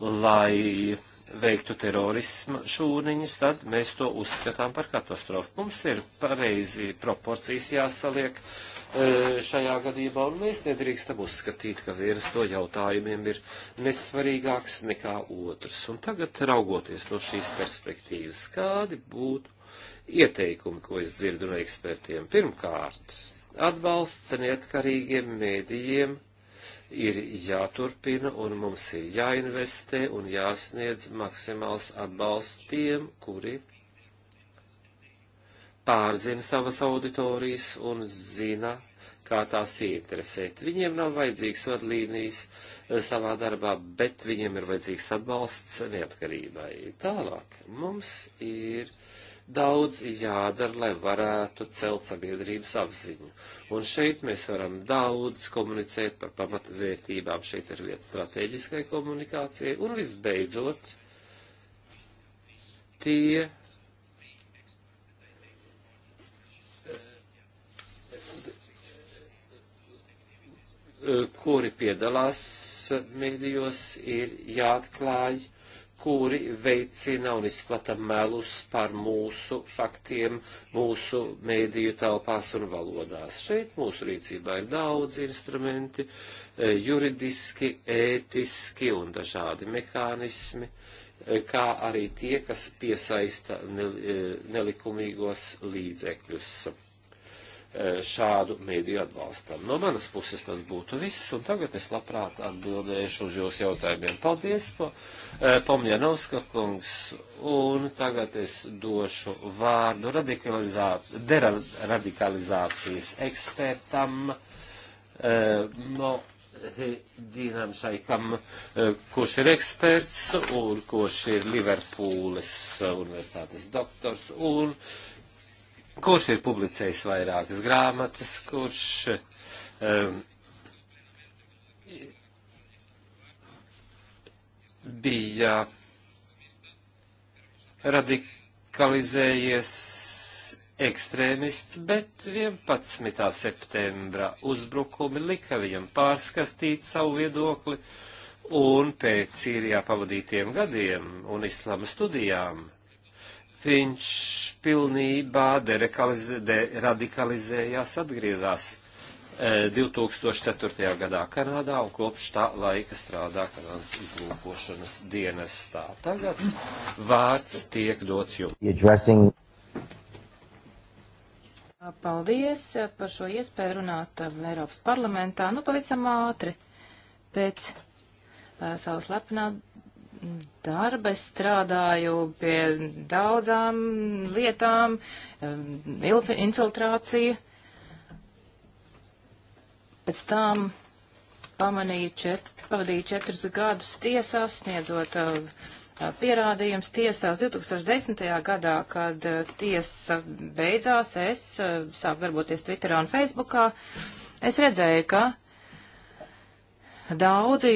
lai veiktu terorisma šūniņas, tad mēs to uzskatām par katastrofu. Mums ir pareizi proporcijas jāsaliek eh, šajā gadījumā, un mēs nedrīkstam uzskatīt, ka viens no jautājumiem ir nesvarīgāks nekā otrs. Un tagad raugoties no šīs perspektīvas, kādi būtu ieteikumi, ko es dzirdu no ekspertiem? Pirmkārt, atbalsts neatkarīgiem mēdījiem ir jāturpina un mums ir jāinvestē un jāsniedz maksimāls atbalsts tiem, kuri pārzina savas auditorijas un zina, kā tās interesēt. Viņiem nav vajadzīgs vadlīnijas eh, savā darbā, bet viņiem ir vajadzīgs atbalsts neatkarībai. Tālāk mums ir daudz jādara, lai varētu celt sabiedrības apziņu. Un šeit mēs varam daudz komunicēt par pamatvērtībām. Šeit ir vieta strateģiskai komunikācijai. Un visbeidzot, tie kuri piedalās medijos, ir jāatklāj kuri veicina un izplata melus par mūsu faktiem, mūsu mēdīju telpās un valodās. Šeit mūsu rīcībā ir daudz instrumenti, e, juridiski, ētiski un dažādi mehānismi, e, kā arī tie, kas piesaista e, nelikumīgos līdzekļus. E, šādu mēdīju atbalstam. No manas puses tas būtu viss, un tagad es labprāt atbildēšu uz jūsu jautājumiem. Paldies, po, e, Pomjanovska kungs, un tagad es došu vārdu deradikalizācijas ekspertam no e, Dīnam Šaikam, kurš ir eksperts un kurš ir Liverpūles universitātes doktors un uh, kurš ir publicējis vairākas grāmatas, kurš um, bija radikalizējies ekstrēmists, bet 11. septembra uzbrukumi lika viņam pārskastīt savu viedokli, un pēc Sīrijā pavadītiem gadiem un islama studijām viņš pilnībā deradikalizējās, atgriezās 2004. E, gadā Kanādā un kopš tā laika strādā Kanādas izlūkošanas dienestā. Tagad vārds tiek dots jums. Paldies par šo iespēju runāt Eiropas parlamentā. Nu, pavisam ātri pēc uh, savas lepnādas darba, es strādāju pie daudzām lietām, infiltrācija. Pēc tam pamanīju, čet, pavadīju četrus gadus tiesās, sniedzot eh, pierādījums tiesās 2010. gadā, kad eh, tiesa beidzās, es eh, sāku darboties Twitterā un Facebookā. Es redzēju, ka daudzi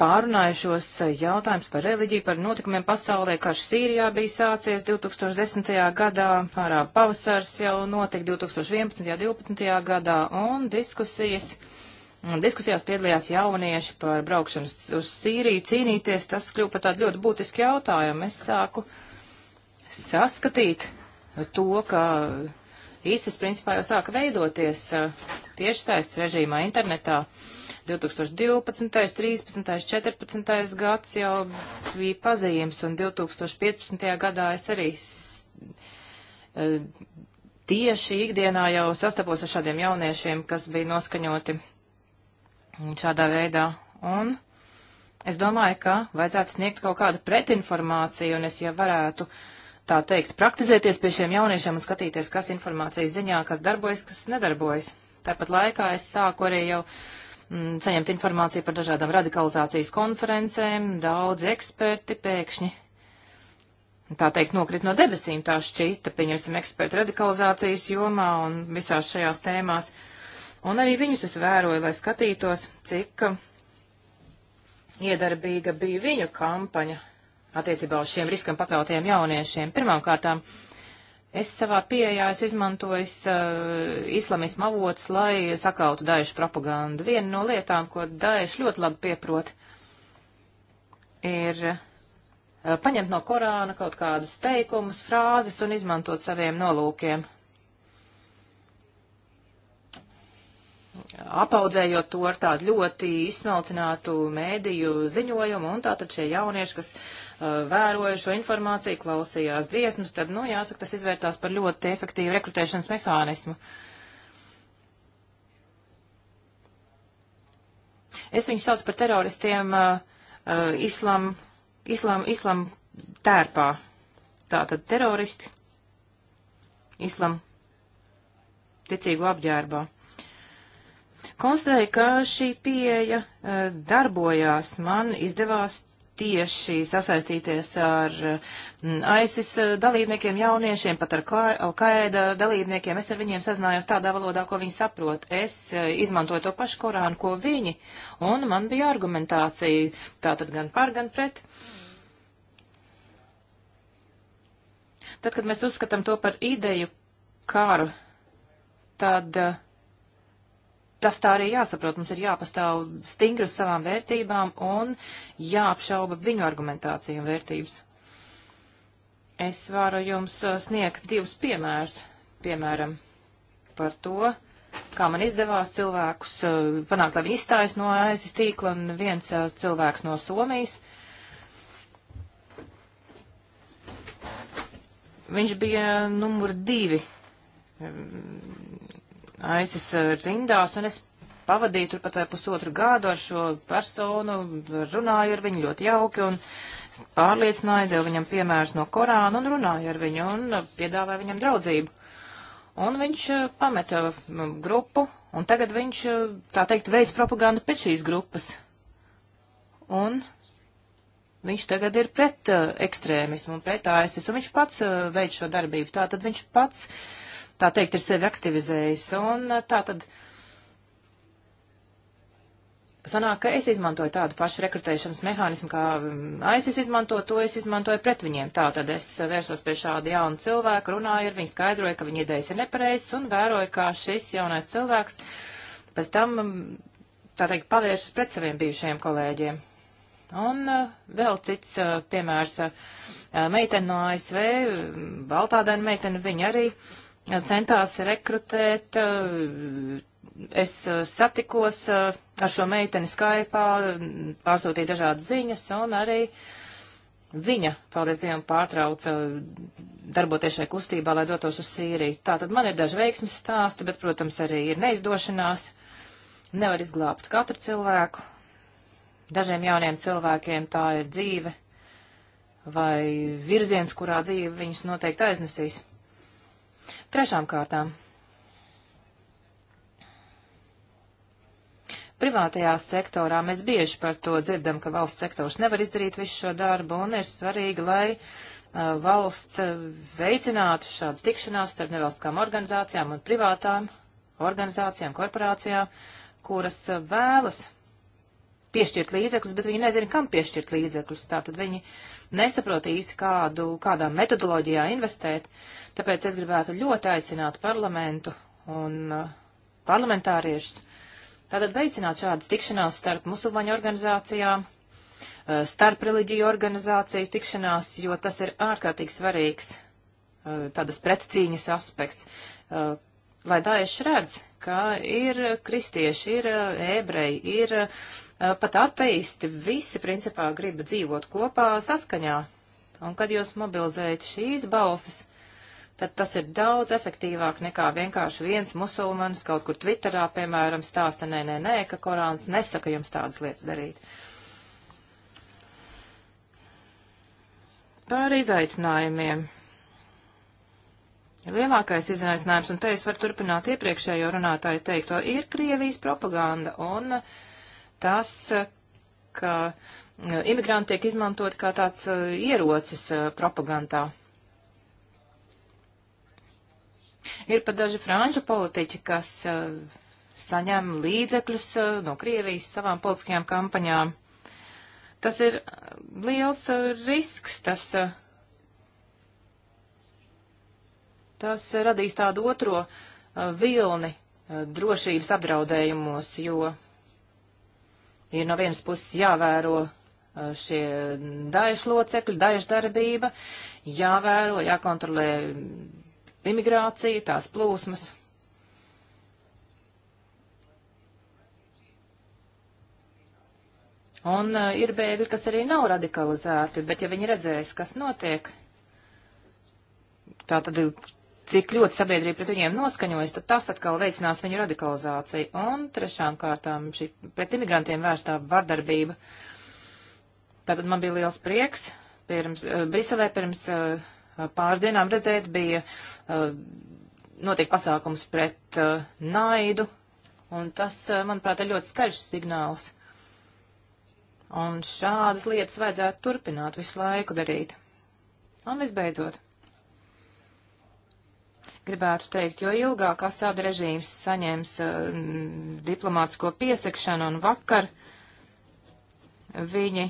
pārunājušos eh, jautājums par reliģiju, par notikumiem pasaulē, karš Sīrijā bija sācies 2010. gadā, pārā pavasars jau notika 2011. un 2012. gadā, un diskusijas, diskusijās piedalījās jaunieši par braukšanu uz Sīriju, cīnīties, tas kļūpa par tādu ļoti būtisku jautājumu. Es sāku saskatīt to, ka īsas principā jau sāka veidoties eh, tiešsaistes režīmā internetā. Uh, 2012., 13., 14. gads jau bija pazīmes, un 2015. gadā es arī e, tieši ikdienā jau sastapos ar šādiem jauniešiem, kas bija noskaņoti šādā veidā. Un es domāju, ka vajadzētu sniegt kaut kādu pretinformāciju, un es jau varētu tā teikt, praktizēties pie šiem jauniešiem un skatīties, kas informācijas ziņā, kas darbojas, kas nedarbojas. Tāpat laikā es sāku arī jau Mm, saņemt informāciju par dažādām radikalizācijas konferencēm, daudzi eksperti pēkšņi. Tā teikt, nokrit no debesīm tā šķita, pieņemsim ekspertu radikalizācijas jomā un visās šajās tēmās. Un arī viņus es vēroju, lai skatītos, cik iedarbīga bija viņu kampaņa attiecībā uz šiem riskam pakautajiem jauniešiem. Pirmkārtām, Es savā pieejā esmu izmantojis uh, islamismu avots, lai sakautu daļu propagandu. Viena no lietām, ko daļš ļoti labi pieprot, ir uh, paņemt no Korāna kaut kādus teikumus, frāzes un izmantot saviem nolūkiem. apaudzējot to ar tādu ļoti izsmalcinātu mēdīju ziņojumu, un tātad šie jaunieši, kas uh, vēroja šo informāciju, klausījās dziesmas, tad, nu, jāsaka, tas izvērtās par ļoti efektīvu rekrutēšanas mehānismu. Es viņus saucu par teroristiem uh, uh, islam, islam, islam tērpā. Tātad teroristi islam ticīgu apģērbā. Konstatēju, ka šī pieeja eh, darbojās. Man izdevās tieši sasaistīties ar mm, ISIS eh, dalībniekiem, jauniešiem, pat ar Al-Qaeda dalībniekiem. Es ar viņiem sazinājos tādā valodā, ko viņi saprot. Es eh, izmantoju to pašu Korānu, ko viņi, un man bija argumentācija tātad gan par, gan pret. Tad, kad mēs uzskatām to par ideju karu, tad uh, tas tā arī jāsaprot. Mums ir jāpastāv stingri uz savām vērtībām un jāapšauba viņu argumentāciju un vērtības. Es varu jums uh, sniegt divus piemērus. Piemēram, par to, kā man izdevās cilvēkus uh, panākt, lai viņi izstājas no ASV tīkla un viens uh, cilvēks no Somijas. Viņš bija numur divi um, ISIS eh, rindās, un es pavadīju turpat vai pusotru gadu ar šo personu, runāju ar viņu ļoti jauki, un pārliecināju, devu viņam piemērus no Korāna, un runāju ar viņu, un eh, piedāvāju viņam draudzību. Un viņš eh, pameta mm, grupu, un tagad viņš, tā teikt, veids propagandu pēc šīs grupas. Un Viņš tagad ir pret uh, ekstrēmismu un pret ASIS, un viņš pats uh, veic šo darbību. Tātad viņš pats tā teikt, ir sevi aktivizējis. Un uh, tā tad sanāk, ka es izmantoju tādu pašu rekrutēšanas mehānismu, kā mm, ASIS izmanto, to es izmantoju pret viņiem. Tā tad es uh, vērsos pie šāda jauna cilvēka, runāju ar viņu, skaidroju, ka viņa idejas ir nepareizas un vēroju, kā šis jaunais cilvēks pēc tam, mm, tā teikt, pavēršas pret saviem bijušajiem kolēģiem. Un uh, vēl cits uh, piemērs uh, uh meitene no ASV, mm, baltādaina meitene, viņa arī uh, centās rekrutēt. Eh, es eh, satikos eh, ar šo meiteni Skype, pārsūtīju dažādas ziņas un arī viņa, paldies Dievam, pārtrauca darboties šai kustībā, lai dotos uz Sīriju. Tā tad man ir daži veiksmes stāsti, bet, protams, arī ir neizdošanās. Nevar izglābt katru cilvēku. Dažiem jauniem cilvēkiem tā ir dzīve vai virziens, kurā dzīve viņus noteikti aiznesīs. Trešām kārtām. Privātajā sektorā mēs bieži par to dzirdam, ka valsts sektors nevar izdarīt visu šo darbu un ir svarīgi, lai uh, valsts veicinātu šādas tikšanās starp nevalstiskām organizācijām un privātām organizācijām, korporācijām, kuras vēlas piešķirt līdzekļus, bet viņi nezina, kam piešķirt līdzekļus. Tātad viņi nesaprot īsti, kādu, kādā metodoloģijā investēt. Tāpēc es gribētu ļoti aicināt parlamentu un uh, parlamentāriešus. Tātad veicināt šādas tikšanās starp musulmaņu organizācijām, uh, starp reliģiju organizāciju tikšanās, jo tas ir ārkārtīgi svarīgs uh, tādas pretcīņas aspekts lai Daesh redz, ka ir kristieši, ir ebreji, ir Eh, pat ateisti visi principā grib dzīvot kopā saskaņā. Un kad jūs mobilizējat šīs balsis, tad tas ir daudz efektīvāk nekā vienkārši viens musulmanis kaut kur Twitterā, piemēram, stāsta, nē, nē, nē, ka Korāns nesaka jums tādas lietas darīt. Par izaicinājumiem. Lielākais izaicinājums, un te es varu turpināt iepriekšējo runātāju teikto, ir Krievijas propaganda un uh, tas, ka e, imigranti tiek izmantoti kā tāds e, ierocis e, propagandā. Ir pat daži franču politiķi, kas saņem līdzekļus no Krievijas savām politiskajām kampaņām. Tas ir liels risks, tas, tas radīs tādu otro vilni drošības apdraudējumos, jo Ir no vienas puses jāvēro uh, šie daļas locekļi, daļas darbība, jāvēro, jākontrolē imigrācija, tās plūsmas. Un uh, ir bēgļi, kas arī nav radikalizēti, bet ja viņi redzēs, kas notiek, tā tad cik ļoti sabiedrība pret viņiem noskaņojas, tad tas atkal veicinās viņu radikalizāciju. Un trešām kārtām šī pret imigrantiem vērstā vardarbība. Tātad man bija liels prieks pirms, uh, Briselē pirms uh, pāris dienām redzēt bija uh, notiek pasākums pret uh, naidu, un tas, uh, manuprāt, ir ļoti skaļš signāls. Un šādas lietas vajadzētu turpināt visu laiku darīt. Un visbeidzot, gribētu teikt, jo ilgāk Asāda režīms saņēmis uh, eh, diplomātsko piesakšanu un vakar viņi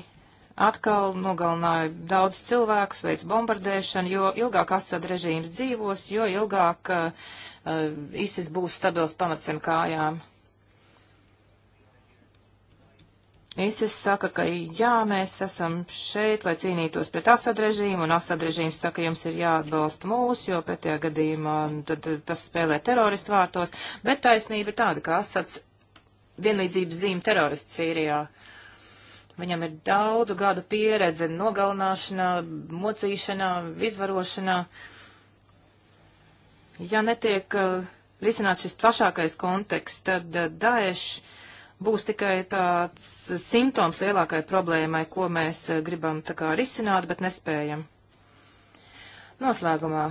atkal nogalināja daudz cilvēkus, veids bombardēšanu, jo ilgāk Asāda režīms dzīvos, jo ilgāk uh, ISIS būs stabils pamats zem kājām. ISIS saka, ka jā, mēs esam šeit, lai cīnītos pret Asad režīmu, un Asad režīms saka, jums ir jāatbalsta mūs, jo pretējā gadījumā nu, tad, tas spēlē teroristu vārtos, bet taisnība ir tāda, ka Asads vienlīdzības zīme terorists Sīrijā. Viņam ir daudzu gadu pieredze nogalināšanā, mocīšanā, izvarošanā. Ja netiek uh, risināt šis plašākais konteksts, tad uh, Daesh būs tikai tāds simptoms lielākai problēmai, ko mēs eh, gribam tā kā risināt, bet nespējam. Noslēgumā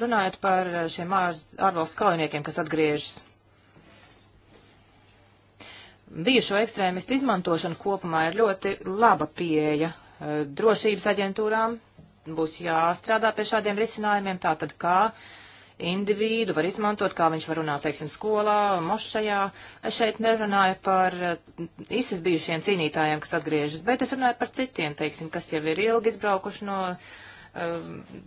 runājot par eh, šiem ār, ārvalstu kaujiniekiem, kas atgriežas. Bijušo ekstrēmistu izmantošana kopumā ir ļoti laba pieeja eh, drošības aģentūrām. Būs jāstrādā pie šādiem risinājumiem, tātad kā uh, individu var izmantot, kā viņš var runāt, teiksim, skolā, mošajā. Es šeit nerunāju par eh, ISIS bijušiem cīnītājiem, kas atgriežas, bet es runāju par citiem, teiksim, kas jau ir ilgi izbraukuši no um,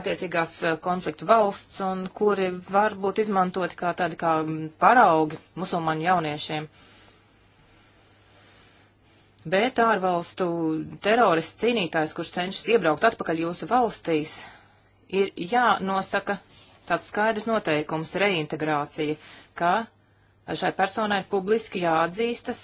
attiecīgās eh, konfliktu valsts un kuri var būt izmantoti kā tādi kā paraugi musulmaņu jauniešiem. Bet ārvalstu terorists cīnītājs, kurš cenšas iebraukt atpakaļ jūsu valstīs, ir jānosaka tāds skaidrs noteikums - reintegrācija, ka šai personai publiski jāatzīstas,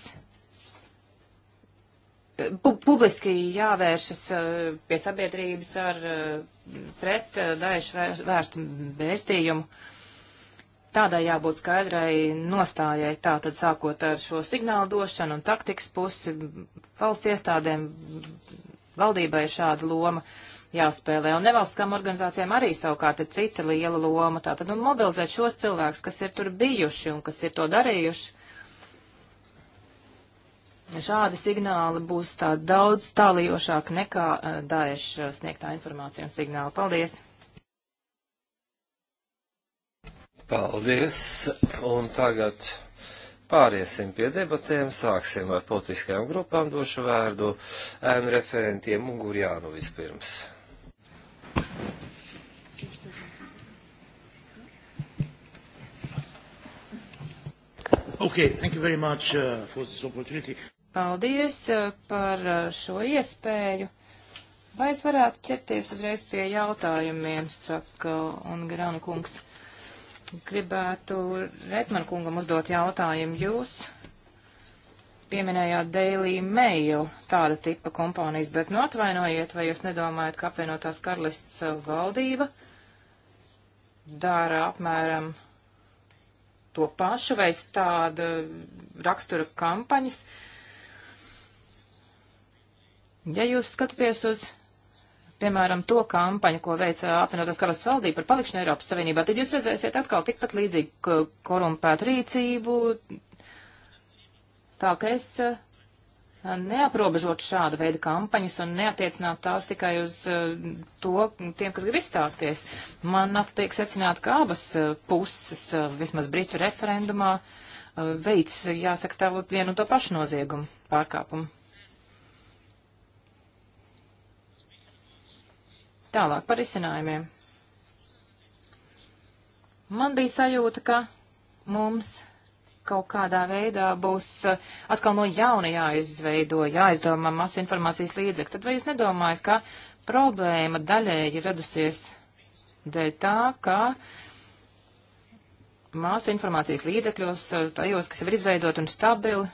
pu publiski jāvēršas eh, pie sabiedrības ar eh, pret eh, daļu vērstu vēstījumu. Tādai jābūt skaidrai nostājai, tātad sākot ar šo signālu došanu un taktikas pusi, valsts iestādēm, valdībai ir šāda loma. Uh, jāspēlē. Un nevalstiskām organizācijām arī savukārt ir cita liela loma. Tātad nu, mobilizēt šos cilvēkus, kas ir tur bijuši un kas ir to darījuši. Šādi signāli būs tā daudz tālījošāk nekā eh, Daesh eh, sniegtā informācija un signāli. Paldies! Paldies! Un tagad. Pāriesim pie debatēm, sāksim ar politiskajām grupām, došu vērdu ēnu referentiem un Gurjānu vispirms. Okay, thank you very much uh, for this opportunity. Paldies uh, par uh, šo iespēju. Vai es varētu ķerties uzreiz pie jautājumiem, saka Ungarāna kungs. Gribētu Reitman kungam uzdot jautājumu. Jūs pieminējāt Daily Mail, tāda tipa kompānijas, bet nu atvainojiet, vai jūs nedomājat, ka apvienotās karalists uh, valdība dara apmēram to pašu, veids tāda rakstura kampaņas. Ja jūs skatāties uz, piemēram, to kampaņu, ko veica apvienotās karalists valdība par palikšanu Eiropas Savienībā, tad jūs redzēsiet atkal tikpat līdzīgu korumpētu rīcību, Tā ka es eh, neaprobežot šādu veidu kampaņas un neatiecināt tās tikai uz eh, to, tiem, kas grib izstāties. Man tiek secināt, ka abas eh, puses, vismaz Britu referendumā, veids, jāsaka, tā vienu un to pašu noziegumu pārkāpumu. Tālāk par izcinājumiem. Man bija sajūta, ka mums kaut kādā veidā būs eh, atkal no jauna jāizveido, jāizdomā masu informācijas līdzekļi, tad vai jūs nedomājat, ka problēma daļēji radusies dēļ tā, ka masu informācijas līdzekļos, eh, tajos, kas ir izveidot un stabili,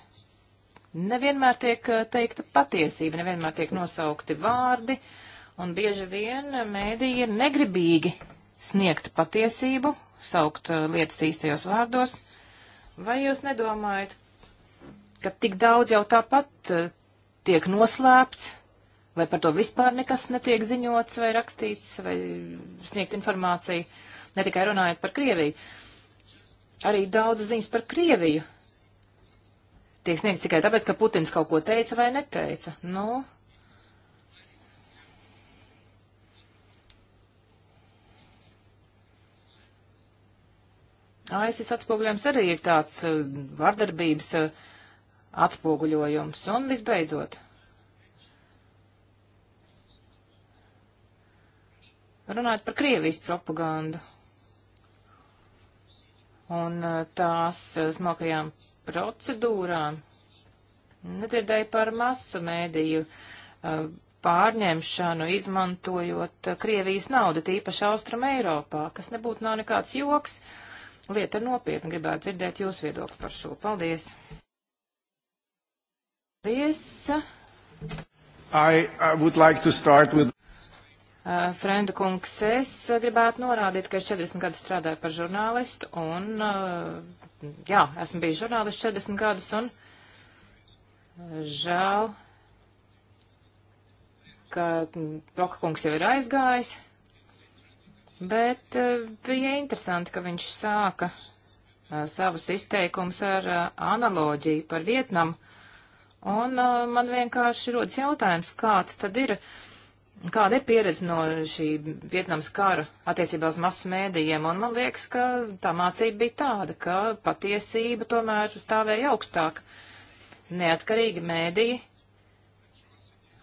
nevienmēr tiek eh, teikta patiesība, nevienmēr tiek nosaukti vārdi, un bieži vien mēdīji ir negribīgi sniegt patiesību, saukt lietas īstajos vārdos, Vai jūs nedomājat, ka tik daudz jau tāpat eh, tiek noslēpts, vai par to vispār nekas netiek ziņots vai rakstīts, vai sniegt informāciju, ne tikai runājot par Krieviju. Arī daudz ziņas par Krieviju tiek sniegts tikai tāpēc, ka Putins kaut ko teica vai neteica. Nu, ASIS atspoguļojums arī ir tāds uh, vardarbības uh, atspoguļojums. Un visbeidzot, runājot par Krievijas propagandu un uh, tās smalkajām procedūrām, nedzirdēju par masu mēdīju pārņemšanu, izmantojot Krievijas naudu, tīpaši Austrum Eiropā, kas nebūtu nav nekāds joks. Uh, Lieta ir nopietna, gribētu dzirdēt jūsu viedokli par šo. Paldies! Paldies! I, I would like to start with... Uh, Frenda kungs, es gribētu norādīt, ka es 40 gadus strādāju par žurnālistu, un, uh, jā, esmu bijis žurnālists 40 gadus, un uh, žēl, ka mm, Broka kungs jau ir aizgājis. Uh, Bet e, bija interesanti, ka viņš sāka e, savus izteikumus ar e, analoģiju par Vietnamu. Un man vienkārši rodas jautājums, kāds tad ir, kāda ir pieredze no šī Vietnams kara attiecībā uz masu mēdījiem. Un man liekas, ka tā mācība bija tāda, ka patiesība tomēr stāvēja augstāk. Neatkarīgi mēdīji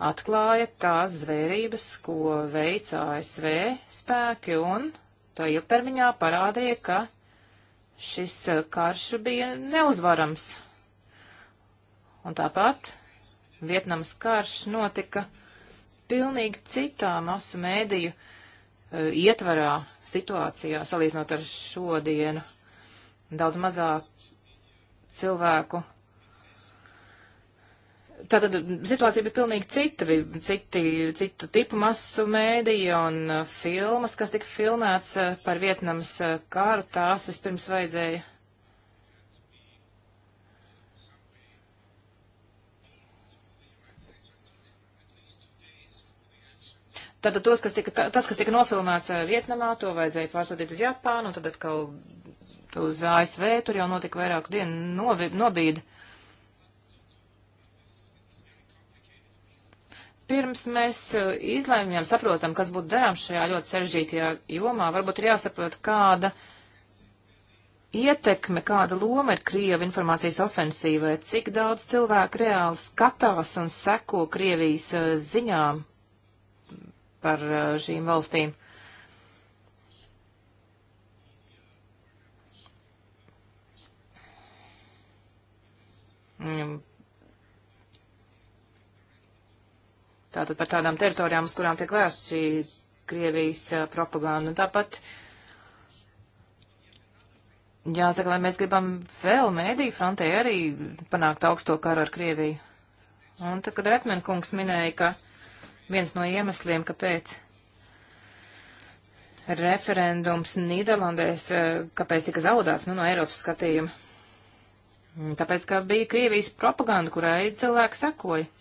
atklāja tās zvērības, ko veica ASV spēki, un to ilgtermiņā parādīja, ka šis e, karš bija neuzvarams. Un tāpat Vietnamas karš notika pilnīgi citā masu mēdīju uh, ietvarā situācijā, salīdzinot ar šodienu. Daudz mazāk cilvēku Tātad situācija bija pilnīgi cita, bija citi, citu tipu masu mēdīja un uh, filmas, kas tika filmēts uh, par Vietnams uh, kāru, tās vispirms vajadzēja. Tātad tos, kas tika, tas, kas tika nofilmēts Vietnamā, to vajadzēja pārsūtīt uz Japānu un tad atkal uz ASV, tur jau notika vairāku dienu novi, nobīdi. pirms mēs uh, izlēmjam, saprotam, kas būtu darāms šajā ļoti sarežģītajā jomā, varbūt ir jāsaprot, kāda ietekme, kāda loma ir Krieva informācijas ofensīvai, cik daudz cilvēku reāli skatās un seko Krievijas uh, ziņām par uh, šīm valstīm. Mm, Tātad par tādām teritorijām, uz kurām tiek vērsts šī Krievijas propaganda. Un tāpat jāsaka, vai mēs gribam vēl mēdīju frontē arī panākt augsto karu ar Krieviju. Un tad, kad Retmen kungs minēja, ka viens no iemesliem, kāpēc referendums Nīderlandēs, kāpēc tika zaudēts, nu, no Eiropas skatījuma. Tāpēc, ka bija Krievijas propaganda, kurai cilvēki sekoja.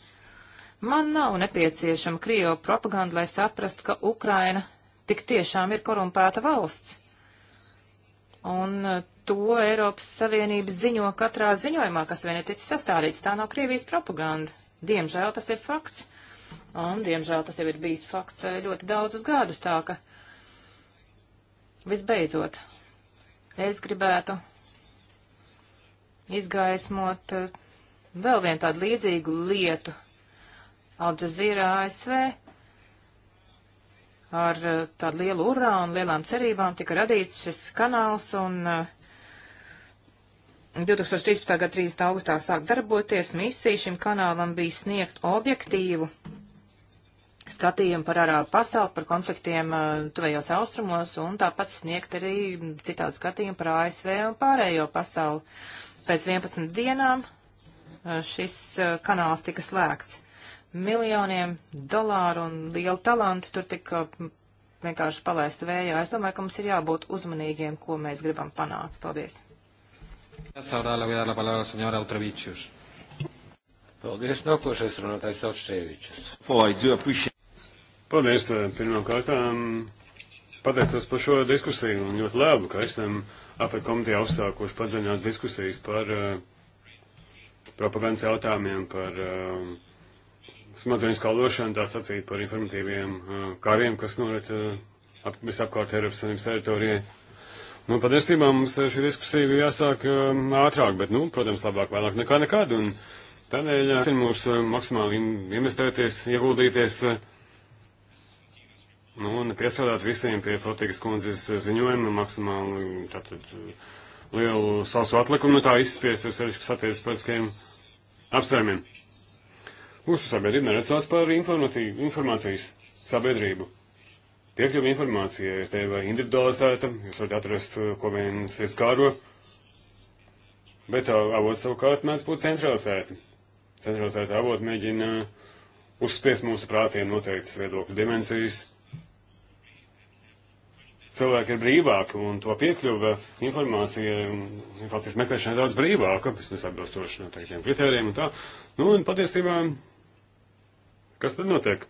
Man nav nepieciešama Krievu propaganda, lai saprastu, ka Ukraina tik tiešām ir korumpēta valsts. Un e, to Eiropas Savienība ziņo katrā ziņojumā, kas vien ir ticis sastādīts. Tā nav Krievijas propaganda. Diemžēl tas ir fakts. Un, diemžēl, tas jau ir bijis fakts e, ļoti daudzus gadus tā, ka visbeidzot es gribētu izgaismot e, vēl vienu tādu līdzīgu lietu Al Jazeera ASV ar eh, tādu lielu urā un lielām cerībām tika radīts šis kanāls un 2013. Eh, gada 30. augustā sāk darboties misija šim kanālam bija sniegt objektīvu skatījumu par arābu pasauli, par konfliktiem eh, tuvējos austrumos un tāpat sniegt arī citādu skatījumu par ASV un pārējo pasauli. Pēc 11 dienām šis kanāls tika slēgts miljoniem dolāru un lielu talantu tur tika vienkārši palaista vējā. Es domāju, ka mums ir jābūt uzmanīgiem, ko mēs gribam panākt. Paldies. Paldies, nākošais runātājs Alšēvičs. Paldies, eh, pirmkārtām pateicos par šo diskusiju un ļoti labu, ka esam APE komitejā uzsākuši padziļinās diskusijas par uh, propagandas jautājumiem, par uh, smadzenes kaldošanu, tā sacīt par informatīviem uh, kariem, kas norit uh, ap, visapkārt Eiropas Savienības teritorijai. Nu, patiesībā mums šī diskusija bija jāsāk um, ātrāk, bet, nu, protams, labāk vēlāk nekā nekad. Un tādēļ aicinu uh, mūs uh, maksimāli investēties, ieguldīties uh, nu, un piesādāt visiem pie Fotīgas kundzes ziņojuma maksimāli tātad, uh, lielu savu atlikumu, nu, tā izspies uz sevišķu satiekas politiskajiem apsvērumiem. Mūsu sabiedrība neredzās par informācijas sabiedrību. Piekļuva informācijai, te vai individualizēta, jūs varat atrast, eh, ko viens ir skāro, bet eh, avot savukārt mēdz būt centralizēti. Centralizēta avot mēģina eh, uzspies mūsu prātiem noteiktas viedokļu dimensijas. Cilvēki ir brīvāki un to piekļuva informācijai un informācijas meklēšanai daudz brīvāka, vismaz atbilstoši noteiktiem kritērijiem un tā. Nu, un patiesībā Kas tad notiek?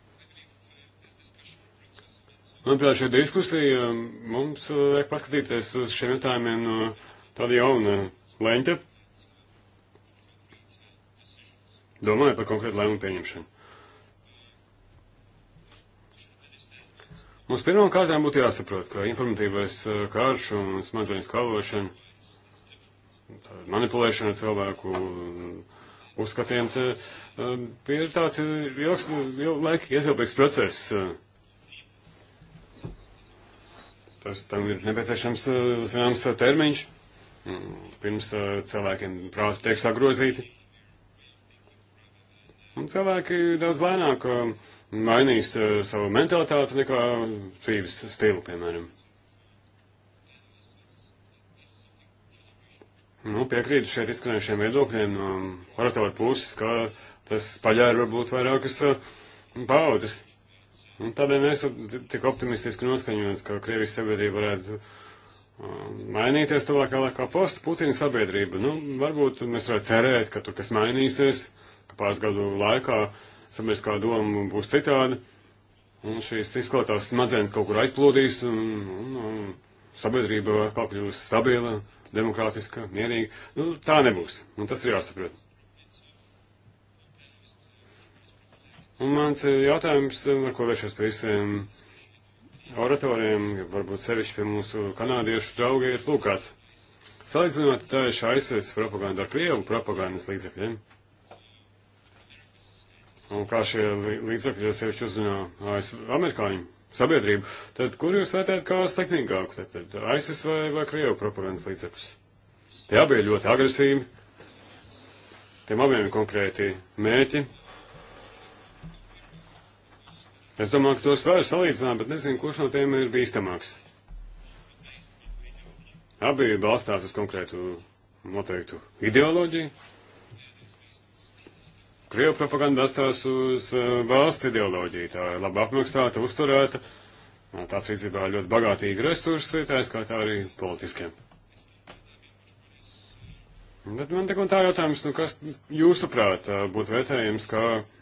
Manuprāt, šī diskusija um, mums vajag paskatīties uz šiem jautājumiem no tāda jauna leņķa. Domāju par konkrētu lēmumu pieņemšanu. Mums pirmām kārtām būtu jāsaprot, ka informatīvais uh, kārš un smadzenes kalvošana, manipulēšana cilvēku uh, uzskatiem, te, uh, Um, ir tāds ilgs, ilg, laika ietilpīgs process. Uh, tas tam ir nepieciešams uh, zināms uh, termiņš, mm, pirms cilvēkiem prāti tiek sagrozīti. Un cilvēki daudz lēnāk mainīs savu mentalitāti nekā dzīves stilu, piemēram. Nu, piekrītu šeit izskanējušiem viedokļiem no oratora puses, ka uh, Tas paļāra varbūt vairākas paudzes. Un tādēļ mēs tik optimistiski noskaņojamies, ka Krievijas sabiedrība varētu mainīties tuvākā laikā posta Putina sabiedrība. Nu, varbūt mēs varētu cerēt, ka tur kas mainīsies, ka pāris gadu laikā sabiedriskā doma būs citāda, un šīs izklātās smadzenes kaut kur aizplūdīs, un, un, un sabiedrība atkal kļūs stabila, demokrātiska, mierīga. Nu, tā nebūs, un nu, tas ir jāsaprot. Un mans eh, jautājums, eh, ar ko vēršos pie visiem oratoriem, ja varbūt sevišķi pie mūsu kanādiešu draugi, ir lūkāts. Salīdzinot tieši ASV propagandu ar Krievu propagandas līdzekļiem. Un kā šie līdzekļi jau sevišķi uzrunā ASV amerikāņu sabiedrību, tad kur jūs vērtējat kā sliknīgāku? Tad, tad ASV vai, vai Krievu propagandas līdzekļus? Tie abi ir ļoti agresīvi. Tiem abiem ir konkrēti mēķi, Es domāju, ka tos var salīdzināt, bet nezinu, kurš no tiem ir bīstamāks. Abi balstās uz konkrētu noteiktu ideoloģiju. Krievu propaganda balstās uz eh, valsts ideoloģiju. Tā ir labi apmaksāta, uzturēta. Tāds rīcībā ļoti bagātīgi resursi, tā skaitā arī politiskiem. Bet man tik un tā jautājums, nu kas jūsuprāt eh, būtu vērtējums, ka. Kā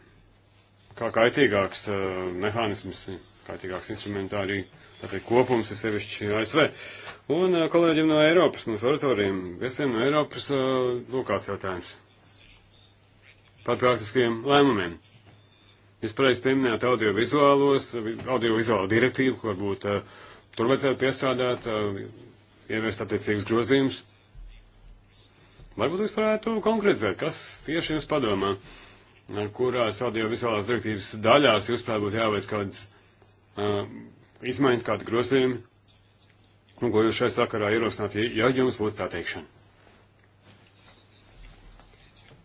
kā kaitīgāks uh, mehānisms, kaitīgāks instrumentārī, tātad kopums ir sevišķi ASV. Un uh, kolēģiem no Eiropas, mūsu oratoriem, viesiem no Eiropas, uh, eh, lūk nu, kāds jautājums par praktiskajiem lēmumiem. Jūs pareizi pieminējāt audiovizuālos, audiovizuālo direktīvu, ko varbūt uh, tur vajadzētu piestrādāt, uh, ieviest attiecīgus grozījumus. Varbūt jūs varētu konkretizēt, kas tieši jums padomā. Uh, kurās audiovizuālās direktīvas daļās jūs prāt būtu jāveic kādas uh, izmaiņas, kādi grozījumi, un ko jūs šai sakarā ierosināt, ja jums būtu tā teikšana.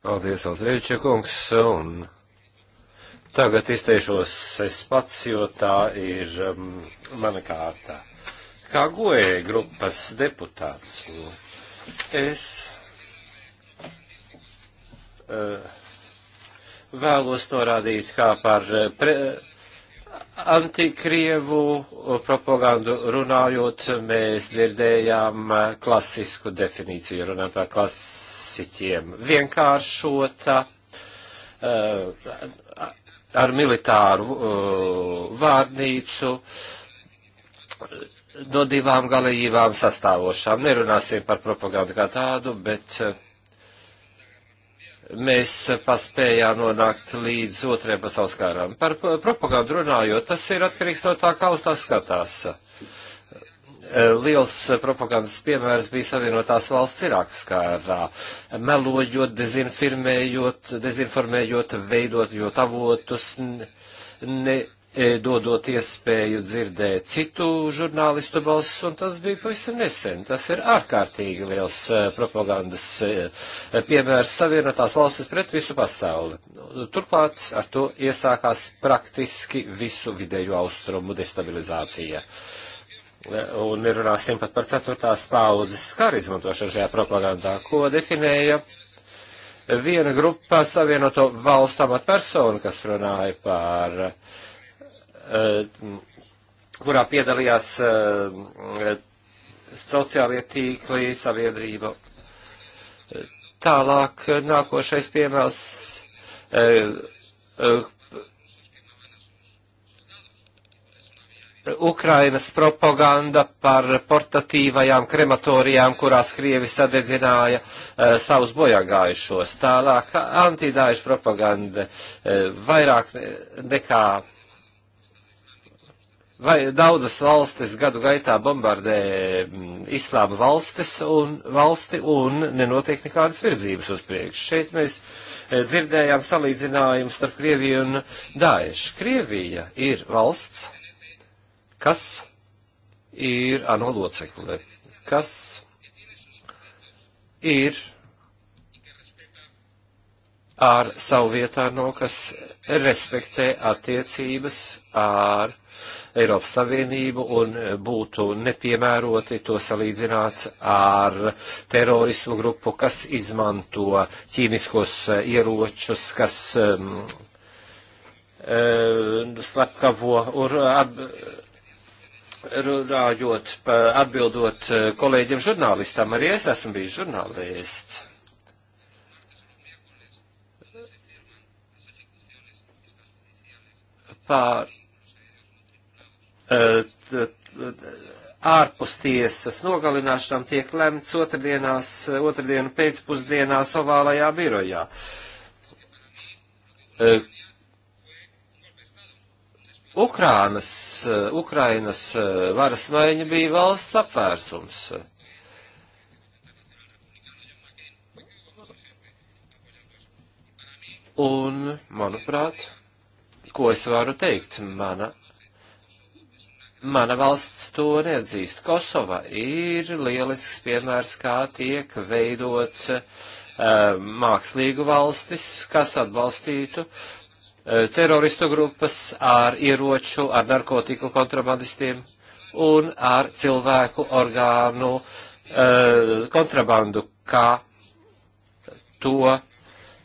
Paldies, Altrēviča kungs, un tagad izteikšos es pats, jo tā ir um, mana kārta. Kā goē grupas deputāts, es. Uh, vēlos norādīt kā par eh, pre, antikrievu propagandu runājot, mēs dzirdējām eh, klasisku definīciju, runājot par klasiķiem. Vienkāršota eh, ar militāru vārnīcu no divām galējībām sastāvošām. Nerunāsim par propagandu kā tādu, bet mēs paspējām nonākt līdz otrajam pasaules kārām. Par propagandu runājot, tas ir atkarīgs no tā, kā uz tā skatās. E, liels propagandas piemērs bija Savienotās valsts Irākas kārā, melojot, dezinformējot, dezinformējot veidot, jo tavotus ne, E, dodot iespēju dzirdēt citu žurnālistu balsis, un tas bija pavisam nesen. Tas ir ārkārtīgi liels e, propagandas e, piemērs savienotās valstis pret visu pasauli. Turklāt ar to iesākās praktiski visu vidēju austrumu destabilizācija. Un ir runāsim pat par ceturtās paudzes skaru izmantošanu šajā propagandā, ko definēja viena grupa savienoto valstu amatpersonu, kas runāja par uh, Uh, kurā piedalījās uh, sociālie tīkli, sabiedrība. Tālāk uh, nākošais piemērs Ukrainas propaganda par portatīvajām krematorijām, kurās Krievi sadedzināja uh, savus bojāgājušos. Tālāk antidājuša propaganda uh, vairāk nekā Vai daudzas valstis gadu gaitā bombardē mm, islāma valstis un valsti un nenotiek nekādas virzības uz priekšu. Šeit mēs e, dzirdējām salīdzinājumu starp Krieviju un Daešu. Krievija ir valsts, kas ir ANO locekle, kas ir ar savu vietāno, kas respektē attiecības ar Eiropas Savienību un būtu nepiemēroti to salīdzināt ar terorismu grupu, kas izmanto ķīmiskos eh, ieročus, kas um, um, slepkavo un ab, runājot, atbildot eh, kolēģiem žurnālistam, arī es esmu bijis žurnālists. Pār Eh, ārpus tiesas nogalināšanām tiek lemts otrdienās, eh, otrdienu pēcpusdienās ovālajā birojā. Ukrānas, eh, Ukrainas varas maiņa bija valsts apvērsums. Un, manuprāt, ko es varu teikt, mana Mana valsts to neatzīst. Kosova ir lielisks piemērs, kā tiek veidot uh, mākslīgu valstis, kas atbalstītu uh, teroristu grupas ar ieroču, ar narkotiku kontrabandistiem un ar cilvēku orgānu uh, kontrabandu, kā to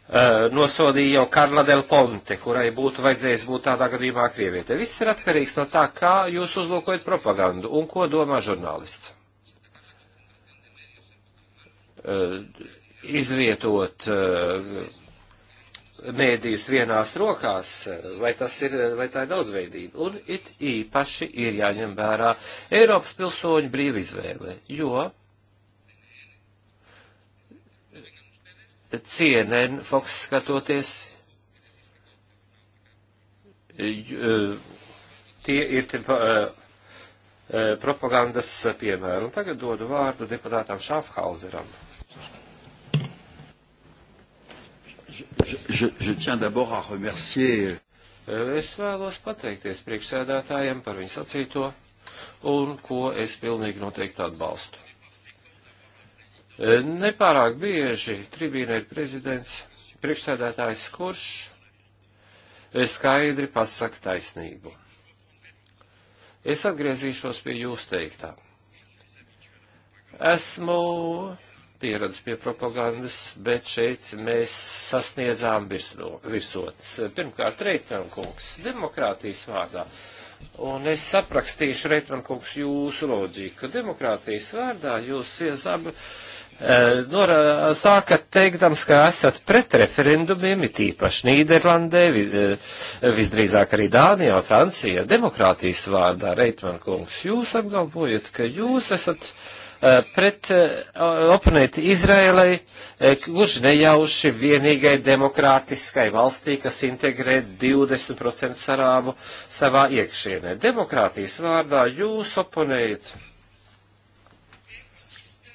Eh, nosodīja jau Karla del Ponte, kurai būtu vajadzējis būt tādā gadījumā krieviete. Viss ir atkarīgs no tā, kā jūs uzlūkojat propagandu un ko domā žurnālists. Eh, izvietot eh, mēdījus vienās rokās, vai, tas ir, vai tā ir daudzveidība. Un it īpaši ir jāņem vērā Eiropas pilsoņu brīvi izvēle, jo CNN Fox skatoties, e, tie ir te, uh, propagandas piemēri. Un tagad dodu vārdu deputātam Šafhauseram. Es vēlos pateikties priekšsēdētājiem par viņu sacīto un ko es pilnīgi noteikti atbalstu. E, nepārāk bieži tribīna ir prezidents, priekšsēdētājs, kurš e, skaidri pasaka taisnību. Es atgriezīšos pie jūs teiktā. Esmu pieredze pie propagandas, bet šeit mēs sasniedzām virsotnes. Pirmkārt, Reitmankungs, demokrātijas vārdā. Un es aprakstīšu, Reitmankungs, jūsu loģiku. Demokrātijas vārdā jūs iezābat Eh, Nora, sākat teikdams, ka esat pret referendumiem, it īpaši Nīderlandē, vis, eh, visdrīzāk arī Dānijā, Francijā, demokrātijas vārdā, Reitman kungs, jūs apgalvojat, ka jūs esat eh, pret oponēti Izrēlai, kurš nejauši vienīgai demokrātiskai valstī, kas integrē 20% sarāvu savā iekšienē. Demokrātijas vārdā jūs oponējat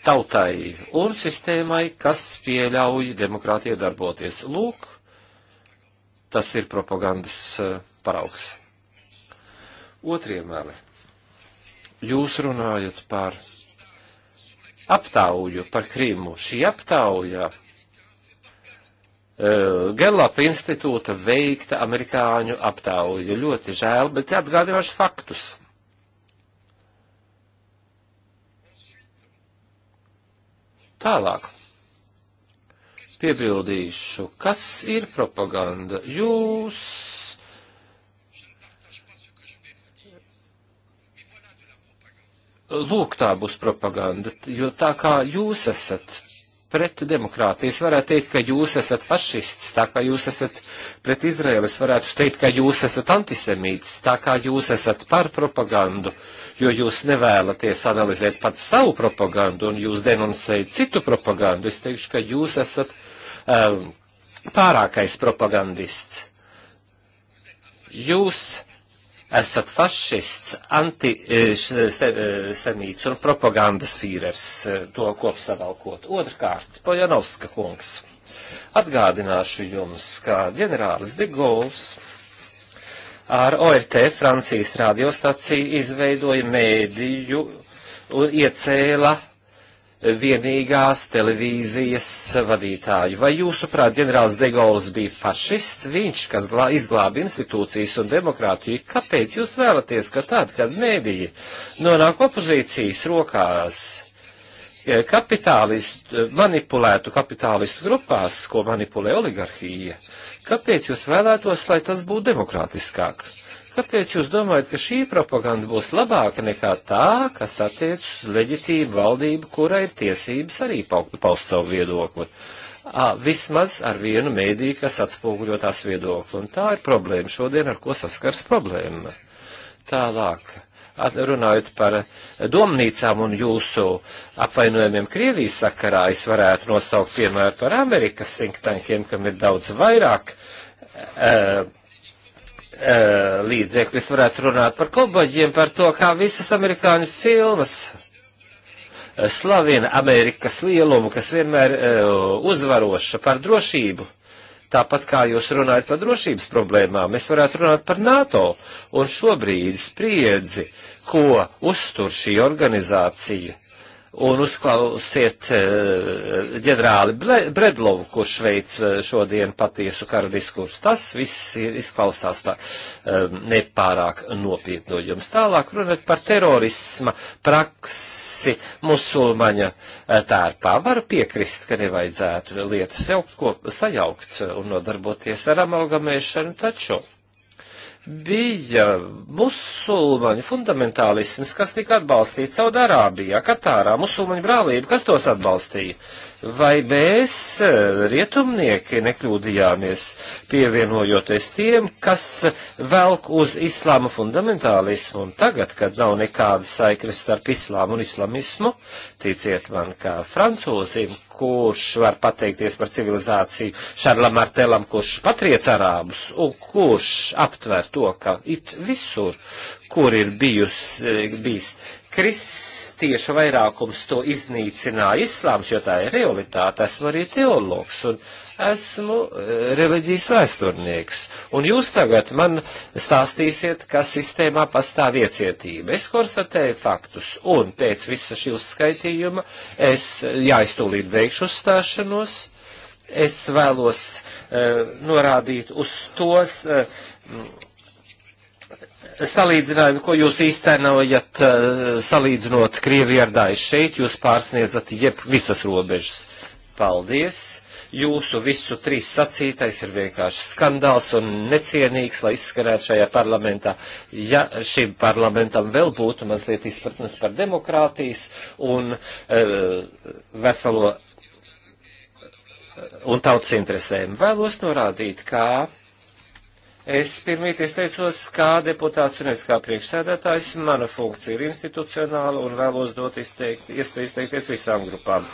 tautai un sistēmai, kas pieļauj demokrātie darboties. Lūk, tas ir propagandas eh, paraugs. Otriem mēli. Jūs runājat par aptauju par Krīmu. Šī aptauja eh, Gelapa institūta veikta amerikāņu aptauja. Ļoti žēl, bet atgādināšu faktus. Tālāk. Piebildīšu, kas ir propaganda. Jūs lūk tā būs propaganda, jo tā kā jūs esat pret demokrātiju. Es varētu teikt, ka jūs esat fašists, tā kā jūs esat pret Izraēlu. Es varētu teikt, ka jūs esat antisemīts, tā kā jūs esat par propagandu, jo jūs nevēlaties analizēt pat savu propagandu un jūs denuncējat citu propagandu. Es teikšu, ka jūs esat um, pārākais propagandists. Jūs esat fašists, antisemīts un propagandas fīrers, eh, to kopsavalkot. Otrkārt, Pojanovska kungs. Atgādināšu jums, ka ģenerālis de Gauls ar ORT Francijas radiostaciju izveidoja mēdīju un iecēla vienīgās televīzijas vadītāju. Vai jūsuprāt, ģenerālis Degols bija fašists, viņš, kas izglāba institūcijas un demokrātiju? Kāpēc jūs vēlaties, ka tad, kad mēdīji nonāk opozīcijas rokās, e, kapitālistu, e, manipulētu kapitālistu grupās, ko manipulē oligarhija, kāpēc jūs vēlētos, lai tas būtu demokrātiskāk? Kāpēc jūs domājat, ka šī propaganda būs labāka nekā tā, kas attiec uz leģitīvu valdību, kurai ir tiesības arī paust savu viedokli? À, vismaz ar vienu mēdī, kas atspoguļo tās viedokli. Un tā ir problēma šodien, ar ko saskars problēma. Tālāk runājot par domnīcām un jūsu apvainojumiem Krievijas sakarā, es varētu nosaukt piemēru par Amerikas think tankiem, kam ir daudz vairāk e, Eh, līdzekļus, varētu runāt par kobaģiem, par to, kā visas amerikāņu filmas eh, slavina Amerikas lielumu, kas vienmēr eh, uzvaroša par drošību. Tāpat kā jūs runājat par drošības problēmām, mēs varētu runāt par NATO un šobrīd spriedzi, ko uztur šī organizācija un uzklausiet eh, ģenerāli Bredlovu, kurš veic eh, šodien patiesu kara diskursu. Tas viss ir izklausās tā eh, nepārāk nopietni no jums. Tālāk runāt par terorisma praksi musulmaņa tērpā. Varu piekrist, ka nevajadzētu lietas jaukt, ko sajaukt un nodarboties ar amalgamēšanu, taču bija musulmaņu fundamentālisms, kas tika atbalstīts Saudārābijā, Katārā, musulmaņu brālība, kas tos atbalstīja? Vai mēs, eh, rietumnieki, nekļūdījāmies pievienojoties tiem, kas velk uz islāma fundamentālismu, un tagad, kad nav nekādas saikres starp islāmu un islamismu, ticiet man, kā francūzim, kurš var pateikties par civilizāciju Šarlam Martelam, kurš patriec arābus un kurš aptver to, ka it visur, kur ir bijus, eh, bijis kristiešu vairākums to iznīcināja islāms, jo tā ir realitāte. Esmu arī teologs un esmu e, reliģijas vēsturnieks. Un jūs tagad man stāstīsiet, ka sistēmā pastāv iecietība. Es konstatēju faktus un pēc visa šī uzskaitījuma es jāiztūlīt beigšu uzstāšanos. Es vēlos uh, norādīt uz tos. Uh, salīdzinājumu, ko jūs īstenojat, eh, salīdzinot Krieviju ar Daešu šeit, jūs pārsniedzat jeb visas robežas. Paldies! Jūsu visu trīs sacītais ir vienkārši skandāls un necienīgs, lai izskanētu šajā parlamentā. Ja šim parlamentam vēl būtu mazliet izpratnes par demokrātijas un e, veselo eh, un tautas interesēm, vēlos norādīt, kā ka Es pirmīt izteicos kā deputāts un es kā priekšsēdētājs. Mana funkcija ir institucionāla un vēlos dot izteikt, iespēju izteikties visām grupām.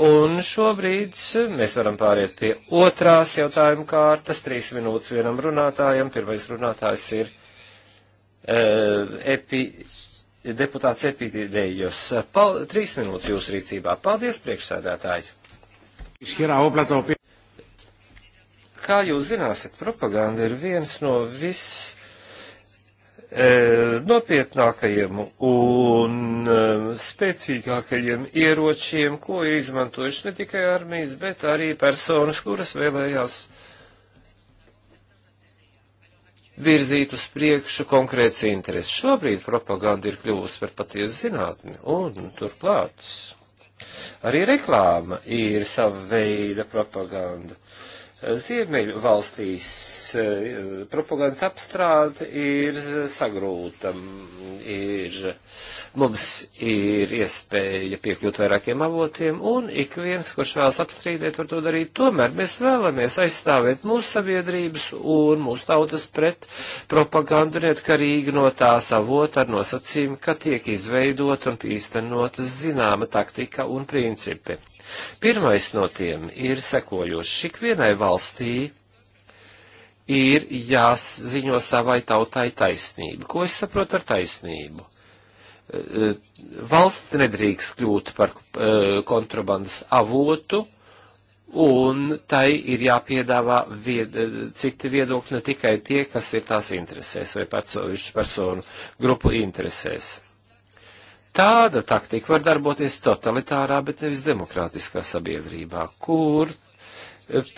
Un šobrīd mēs varam pāriet pie otrās jautājuma kārtas. Trīs minūtes vienam runātājam. Pirmais runātājs ir uh, epi, deputāts Epidējos. Pal, trīs minūtes jūsu rīcībā. Paldies, priekšsēdētāji! kā jūs zināsiet, propaganda ir viens no viss e, nopietnākajiem un e, spēcīgākajiem ieročiem, ko ir izmantojuši ne tikai armijas, bet arī personas, kuras vēlējās virzīt uz priekšu konkrēts interesi. Šobrīd propaganda ir kļuvusi par patiesu zinātni un turklāt arī reklāma ir sava veida propaganda. Ziemeļu valstīs eh, propagandas apstrāde ir sagrūta, ir, mums ir iespēja piekļūt vairākiem avotiem, un ik viens, kurš vēlas apstrīdēt, var to darīt. Tomēr mēs vēlamies aizstāvēt mūsu sabiedrības un mūsu tautas pret propagandu neatkarīgi no tās avota ar nosacījumu, ka tiek izveidot un īstenot zināma taktika un principi Pirmais no tiem ir sekojošs. Ikvienai valstī ir jāziņo savai tautai taisnība. Ko es saprotu ar taisnību? Eh, valsts nedrīkst kļūt par eh, kontrabandas avotu, un tai ir jāpiedāvā vied, citi viedokļi ne tikai tie, kas ir tās interesēs vai personu grupu interesēs. Tāda taktika var darboties totalitārā, bet nevis demokrātiskā sabiedrībā, kur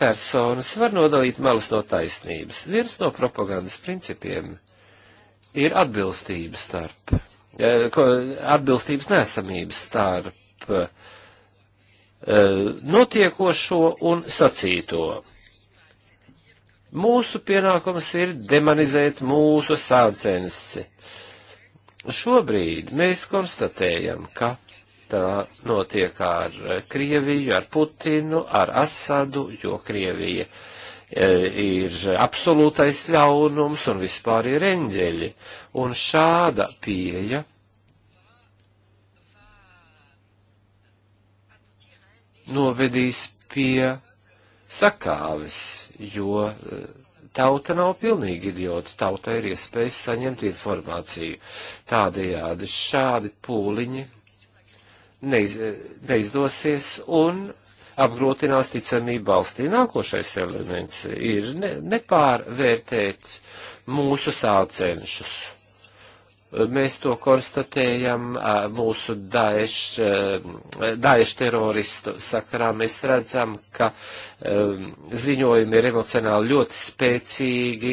personas var nodalīt malas no taisnības. Viens no propagandas principiem ir atbilstības starp, atbilstības nesamības starp eh, notiekošo un sacīto. Mūsu pienākums ir demonizēt mūsu sācensi. Uh, Šobrīd mēs konstatējam, ka tā notiek ar Krieviju, ar Putinu, ar Asadu, jo Krievija e, ir absolūtais ļaunums un vispār ir eņģeļi. Un šāda pieeja novedīs pie sakāves, jo e, Tauta nav pilnīgi idiota, tauta ir iespējas saņemt informāciju. Tādējādi šādi pūliņi neiz, neizdosies un apgrūtinās ticamību valstī. Nākošais elements ir ne, nepārvērtēt mūsu sācenšus Mēs to konstatējam mūsu daešu teroristu sakarā. Mēs redzam, ka ziņojumi ir emocionāli ļoti spēcīgi,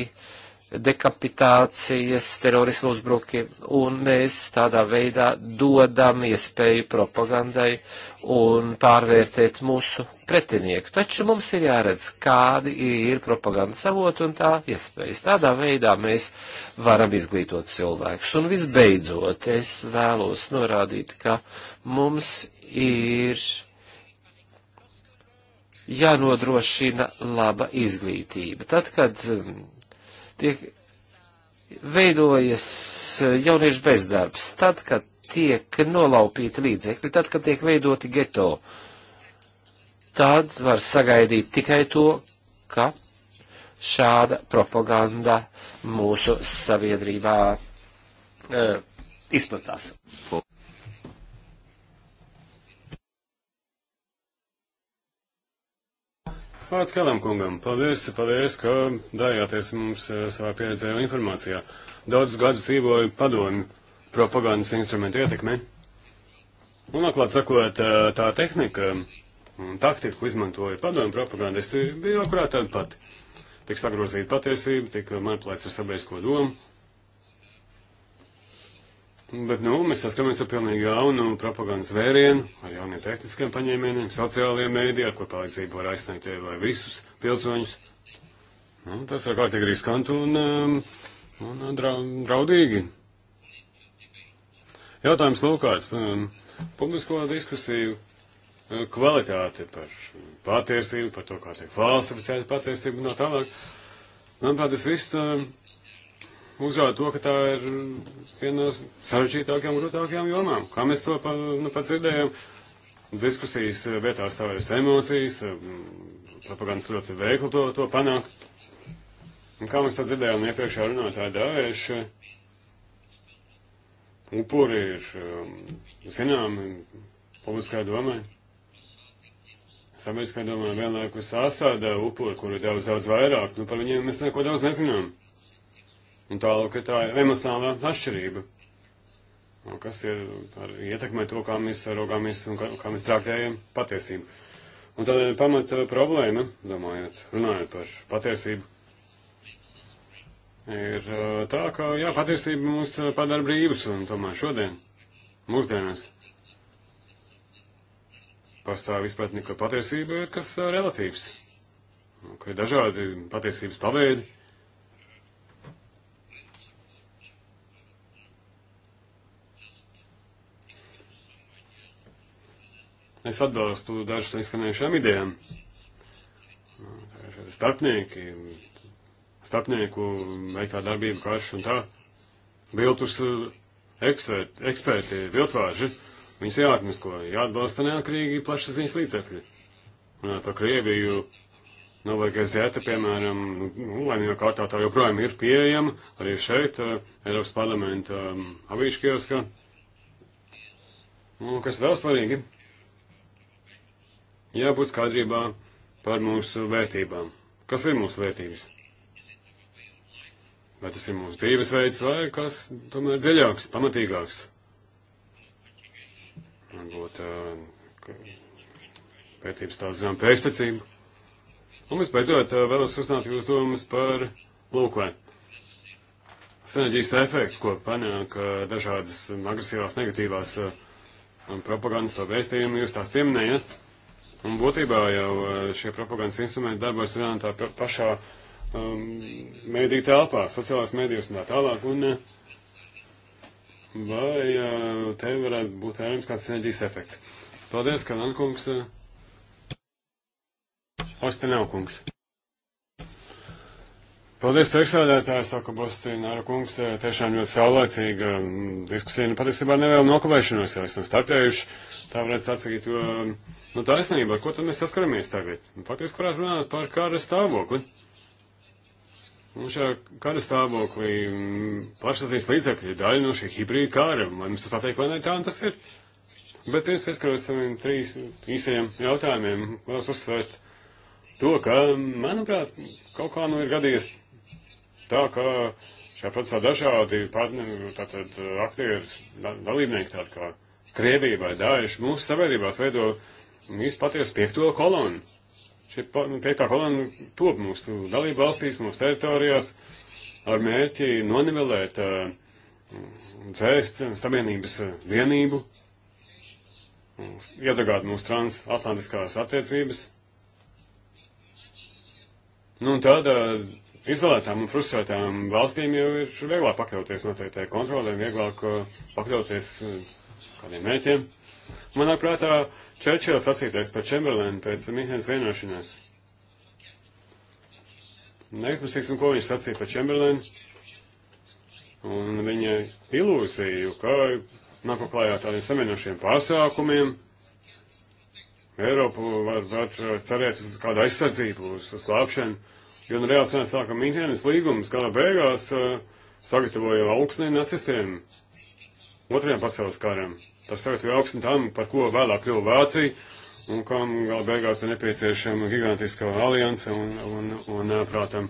dekapitācijas, terorismu uzbruki, un mēs tādā veidā dodam iespēju propagandai un pārvērtēt mūsu pretinieku. Taču mums ir jāredz, kādi ir propagandas avot un tā iespējas. Tādā veidā mēs varam izglītot cilvēkus. Un visbeidzot, es vēlos norādīt, ka mums ir jānodrošina laba izglītība. Tad, kad tiek veidojas eh, jauniešu bezdarbs, tad, kad tiek nolaupīti līdzekļi, tad, kad tiek veidoti geto, tad var sagaidīt tikai to, ka šāda propaganda mūsu sabiedrībā e, izplatās. Vārds Kalam kungam, paldies, paldies, ka dājāties mums eh, savā pieredzē un informācijā. Daudzus gadus dzīvoju padomju propagandas instrumentu ietekmi. Un, atklāt sakot, eh, tā tehnika un taktika, ko izmantoja padomju propagandisti, bija akurāt tāda pati. Tik sagrozīta patiesība, tik manipulēts ar sabiedrisko domu Bet, nu, mēs saskaramies ar pilnīgi jaunu propagandas vērienu, ar jauniem tehniskiem paņēmieniem, sociālajiem mēdījiem, ar ko palīdzību var aizsniegt jau vai visus pilsoņus. Nu, tas ir kārtīgi riskanti un, um, un uh, draudīgi. Jautājums lūkāts. Um, publisko diskusiju uh, kvalitāti par patiesību, par to, kā tiek falsificēta patiesība un no tā tālāk. Manuprāt, tas viss um, uzrāda to, ka tā ir viena no sarežģītākajām, grūtākajām jomām. Kā mēs to pa, nu, pat dzirdējām, diskusijas vietās tā vairs emocijas, mm, propagandas ļoti veikli to, to panāk. Un kā mēs to dzirdējām iepriekšā runātāja dāvēši, upuri ir um, zināmi publiskajā domē. Sabiedriskajā domā vienlaikus sastādā upuri, kuri ir daudz, daudz vairāk, nu par viņiem mēs neko daudz nezinām. Un tālāk ir tā emocionālā atšķirība, kas ir ar ietekmē to, kā mēs raugāmies un kā, kā mēs traktējam patiesību. Un tad ir pamata problēma, domājot, runājot par patiesību, ir tā, ka, jā, patiesība mūs padara brīvus, un tomēr šodien, mūsdienās, pastāv izpratni, ka patiesība ir kas relatīvs, nu, ka ir dažādi patiesības paveidi, Es atbalstu dažas izskanējušām idejām. Starpnieki, starpnieku veiktā darbība, karš un tā. Viltus eh, eksperti, eksperti viltvāži, viņus jāatmisko, jāatbalsta neatkarīgi plašas ziņas līdzekļi. Runāt par Krieviju, Novajag Zēta, piemēram, nu, laimīgā nu kārtā tā joprojām ir pieejama, arī šeit, uh, Eiropas parlamenta um, avīškioskā. Nu, kas vēl svarīgi? jābūt skaidrībā par mūsu vērtībām. Kas ir mūsu vērtības? Vai tas ir mūsu dzīvesveids vai kas tomēr dziļāks, pamatīgāks? Varbūt vērtības tādas zinām pēstacību. Un visbeidzot vēlos uzzināt jūsu domas par lūkvēm. Sinerģijas efekts, ko panāk dažādas agresīvās, negatīvās propagandas to vēstījumu, jūs tās pieminējat. Un būtībā jau eh, šie propagandas instrumenti darbojas vienā tā pašā um, mēdīju telpā, sociālās mēdījos un tā tālāk. Un, eh, vai uh, te varētu būt vērams kāds enerģijas efekts? Paldies, Kalankungs. Ostenaukungs. Paldies, priekšsēdētājs, saka Bostīna Kungs, eh, tiešām ļoti saulēcīga mm, diskusija, nu patiesībā nevēlu nokavēšanos, jau esam startējuši, tā varētu sacīt, jo, nu taisnība, ar ko tad mēs saskaramies tagad? Nu, faktiski varētu runāt par kara stāvokli. Un nu, šajā kara stāvoklī mm, plašsaziņas līdzekļi ir daļa no šī hibrīda kara. Vai mums tas pateikt, vai ne tā un tas ir? Bet pirms pieskaros saviem trīs īsajiem jautājumiem, vēlos uzsvērt to, ka, manuprāt, kaut kā nu ir gadījies Tā kā šajā procesā dažādi partneri, tātad uh, aktieri, dalībnieki tādi kā Krievija vai Dāļš, mūsu sabiedrībās veido īsti patiesu piekto kolonu. Šī piektā kolona top mūsu dalību valstīs, mūsu teritorijās ar mērķi nonivelēt uh, dzēst sabiedrības uh, vienību, iedragāt mūsu transatlantiskās attiecības. Nu, un tādā uh, izolētām un frustrētām valstīm jau ir vieglāk pakļauties noteiktai kontrolē, vieglāk uh, pakļauties uh, kādiem mērķiem. Manā prātā Čērčils sacītais par Čemberlēnu pēc Mihēnas vienošanās. Neizmasīsim, ko viņš sacīja par Čemberlēnu un viņa ilūziju, ka nāk klājā tādiem samienušiem pasākumiem. Eiropu var, var cerēt uz kādu aizsardzību, uz, uz glābšanu. Jo nu reāli sanāca tā, ka Mīnhenes līgums kā beigās uh, eh, sagatavoja augsni nacistiem otrajam pasaules karam. Tas sagatavoja augsni tam, par ko vēlāk kļuva Vācija, un kam gala beigās bija nepieciešama gigantiskā alianse un, un, un, un eh, prātam,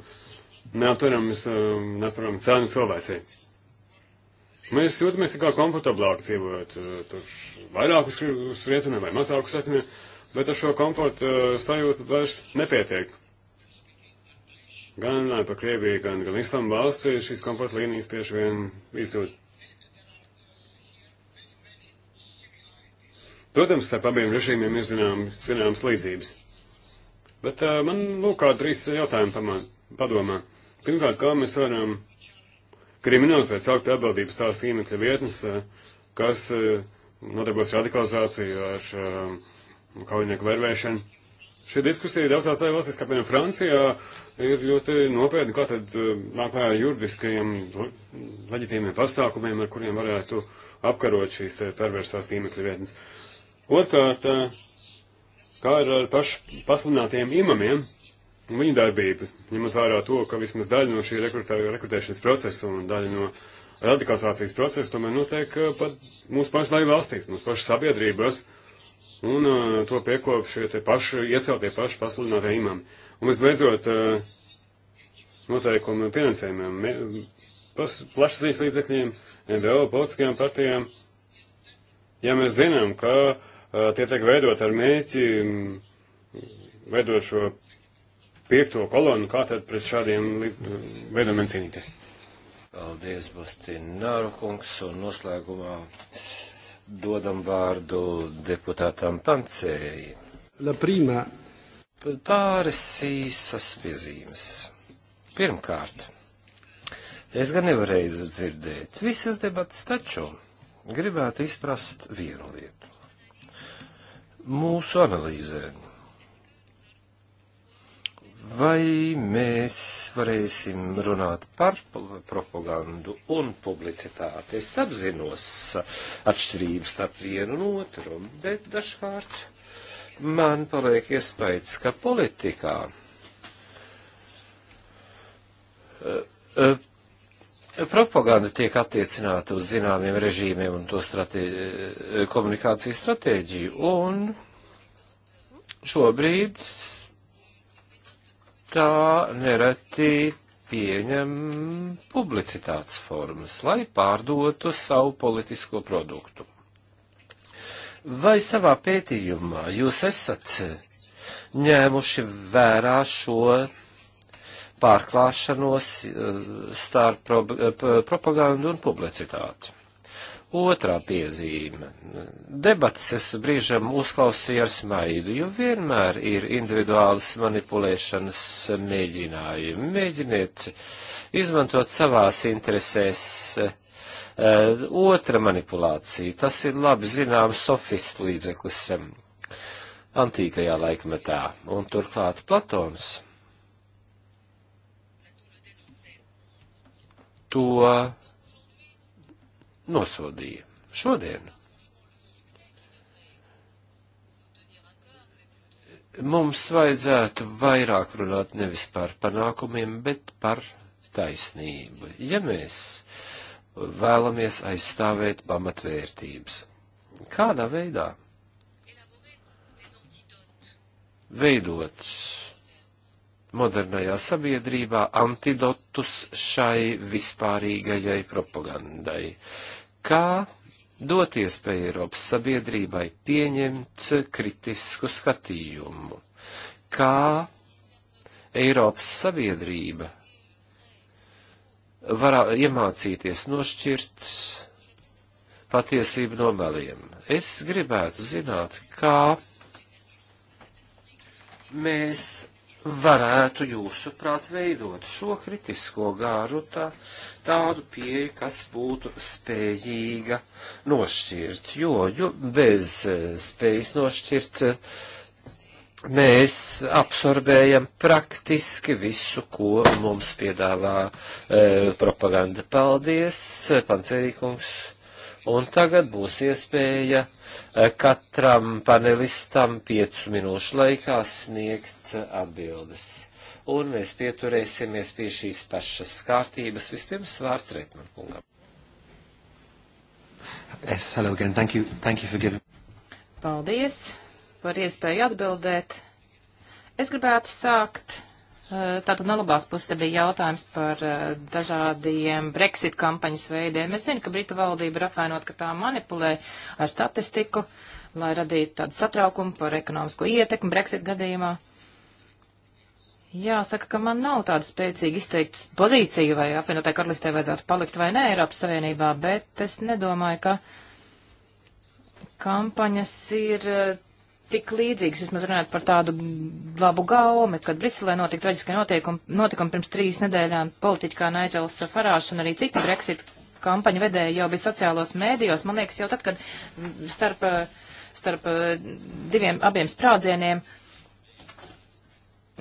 neaptverams, uh, eh, neaptverams cenu cilvēcei. Mēs jūtamies kā komfortablāk dzīvojot uh, tur vairāk uz, uz rietumiem vai mazāk uz sakniem, bet ar šo komfortu sajūtu vairs nepietiek. Gan par Krieviju, gan, gan Islamu valsti šīs komforta līnijas bieži vien izjūt. Protams, starp abiem režīmiem ir zinām, zināmas līdzības. Bet uh, man lūk kā trīs jautājumi pamā, padomā. Pirmkārt, kā mēs varam kriminalizēt saukt atbildības tās tīmekļa vietnes, uh, kas uh, nodarbojas radikalizāciju ar uh, kaujinieku vervēšanu. Šī diskusija daudzās valstīs, kā piemēram Francijā, ir ļoti nopietni, kā tad eh, nāk vērā juridiskajiem leģitīmiem pasākumiem, ar kuriem varētu apkarot šīs eh, perversās tīmekļa vietnes. Otkārt, eh, kā ir ar pašu pasludinātiem imamiem un viņu darbību, ņemot vērā to, ka vismaz daļa no šī rekrutē, rekrutēšanas procesa un daļa no radikalizācijas procesa tomēr notiek pat mūsu pašu daļu valstīs, mūsu pašu sabiedrības, un to piekop šie te paši ieceltie paši pasludinātie imami. Un visbeidzot, eh, noteikumi finansējumiem, plašsaziņas līdzekļiem, NVO politiskajām partijām. Ja mēs zinām, ka eh, tie tiek veidot ar mēķi, mm, veidot šo piekto kolonu, kā tad pret šādiem eh, veidojumiem cīnīties? Paldies, Bustināru kungs, un noslēgumā dodam vārdu deputātam Pancēji. La prima pāris īsas piezīmes. Pirmkārt, es gan nevarēju dzirdēt visas debatas, taču gribētu izprast vienu lietu. Mūsu analīzē. Vai mēs varēsim runāt par propagandu un publicitāti? Es apzinos atšķirības starp vienu un otru, bet dažkārt man paliek iespējas, ka politikā eh, eh, propaganda tiek attiecināta uz zināmiem režīmiem un to stratē eh, komunikācijas stratēģiju, un šobrīd tā nereti pieņem publicitātes formas, lai pārdotu savu politisko produktu. Vai savā pētījumā jūs esat ņēmuši vērā šo pārklāšanos eh, starp pro, eh, propagandu un publicitāti? Otrā piezīme. Debats es brīžam uzklausīju ar smaidu, jo vienmēr ir individuāls manipulēšanas mēģinājumi. Mēģiniet izmantot savās interesēs uh, Eh, otra manipulācija, tas ir labi zināms sofistu līdzeklis eh, antīkajā laikmetā, un turklāt Platons to nosodīja šodien. Mums vajadzētu vairāk runāt nevis par panākumiem, bet par taisnību. Ja mēs uh, vēlamies aizstāvēt pamatvērtības. Kādā veidā? Veidot modernajā sabiedrībā antidotus šai vispārīgajai propagandai. Kā dot iespēju Eiropas sabiedrībai pieņemt kritisku skatījumu? Kā Eiropas sabiedrība var iemācīties nošķirt patiesību no meliem. Es gribētu zināt, kā mēs varētu jūsuprāt veidot šo kritisko gāru tā, tādu pieeju, kas būtu spējīga nošķirt, jo, jo bez eh, spējas nošķirt uh, mēs absorbējam praktiski visu, ko mums piedāvā e, propaganda. Paldies, e, pancerīkums! Un tagad būs iespēja e, katram panelistam piecu minūšu laikā sniegt atbildes. Un mēs pieturēsimies pie šīs pašas kārtības. Vispirms vārds Reitman kungam. Yes, hello again. Thank you. Thank you for giving. Paldies par iespēju atbildēt. Es gribētu sākt. Eh, tātad no labās puses te bija jautājums par eh, dažādiem Brexit kampaņas veidiem. Es zinu, ka Britu valdība ir apvainot, ka tā manipulē ar statistiku, lai radītu tādu satraukumu par ekonomisko ietekmi Brexit gadījumā. Jāsaka, ka man nav tāda spēcīga izteikta pozīcija, vai apvienotai karalistē vajadzētu palikt vai nē Eiropas Savienībā, bet es nedomāju, ka kampaņas ir eh, tik līdzīgas, vismaz runājot par tādu labu gaumi, kad Briselē notika traģiskie notikumi, notikumi pirms trīs nedēļām politiķi kā Naidžels Farāšs un arī citi Brexit kampaņu vedēji jau bija sociālos mēdījos. Man liekas, jau tad, kad starp, starp diviem abiem sprādzieniem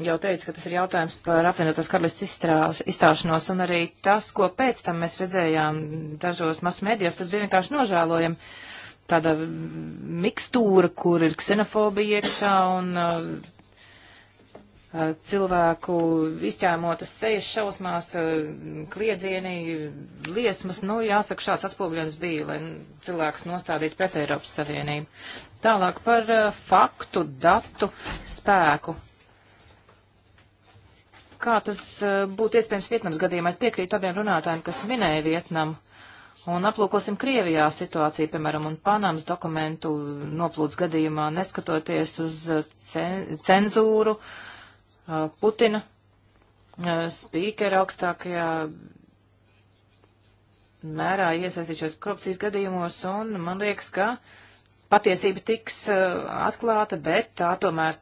jau teica, ka tas ir jautājums par apvienotās karalists izstrās, izstāšanos, un arī tas, ko pēc tam mēs redzējām dažos masu mēdījos, tas bija vienkārši nožēlojami. Uh, tāda mikstūra, kur ir ksenofobija iekšā un uh, cilvēku izķēmotas sejas šausmās, uh, kliedzienī, liesmas, nu, jāsaka, šāds atspoguļojums bija, lai cilvēks nostādītu pret Eiropas Savienību. Tālāk par uh, faktu, datu, spēku. Kā tas būtu iespējams Vietnams gadījumā? Es piekrītu abiem runātājiem, kas minēja Vietnamu. Un aplūkosim Krievijā situāciju, piemēram, un Panamas dokumentu noplūdes gadījumā, neskatoties uz uh, cen cenzūru uh, Putina uh, spīkera augstākajā mērā iesaistīšos korupcijas gadījumos, un man liekas, ka patiesība tiks atklāta, bet tā tomēr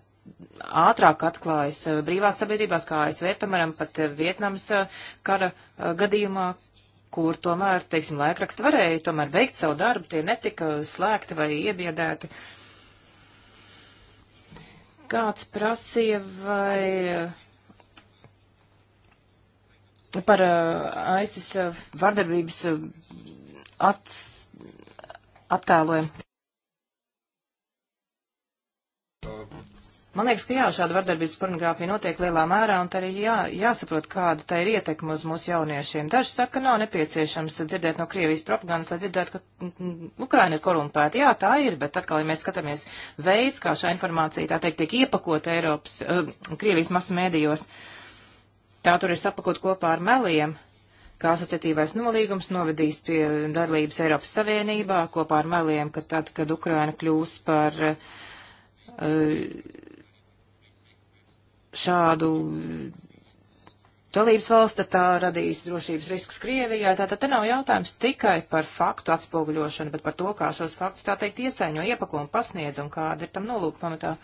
ātrāk atklājas brīvās sabiedrībās, kā ASV, piemēram, pat Vietnams kara gadījumā, kur tomēr, teiksim, laikraksti varēja tomēr veikt savu darbu, tie netika slēgti vai iebiedēti. Kāds prasīja vai eh, par uh, eh, ISIS uh, eh, vardarbības uh, at, attēlojumu. Man liekas, ka jā, šāda vardarbības pornogrāfija notiek lielā mērā, un tā arī jā, jāsaprot, kāda tā ir ietekma uz mūsu jauniešiem. Daži saka, ka nav nepieciešams dzirdēt no Krievijas propagandas, lai dzirdētu, ka mm, mm, Ukraina ir korumpēta. Jā, tā ir, bet atkal, ja mēs skatāmies veids, kā šā informācija, tā teikt, tiek iepakota Eiropas, uh, Krievijas masu mēdījos, tā tur ir sapakot kopā ar meliem, ka asociatīvais nolīgums novedīs pie dalības Eiropas Savienībā kopā ar meliem, ka tad, kad Ukraina kļūs par uh, šādu dalības valsts, tad tā radīs drošības riskus Krievijai. Tātad te nav jautājums tikai par faktu atspoguļošanu, bet par to, kā šos faktus tā teikt iesaiņo, iepako un pasniedz un kāda ir tam nolūka pamatā.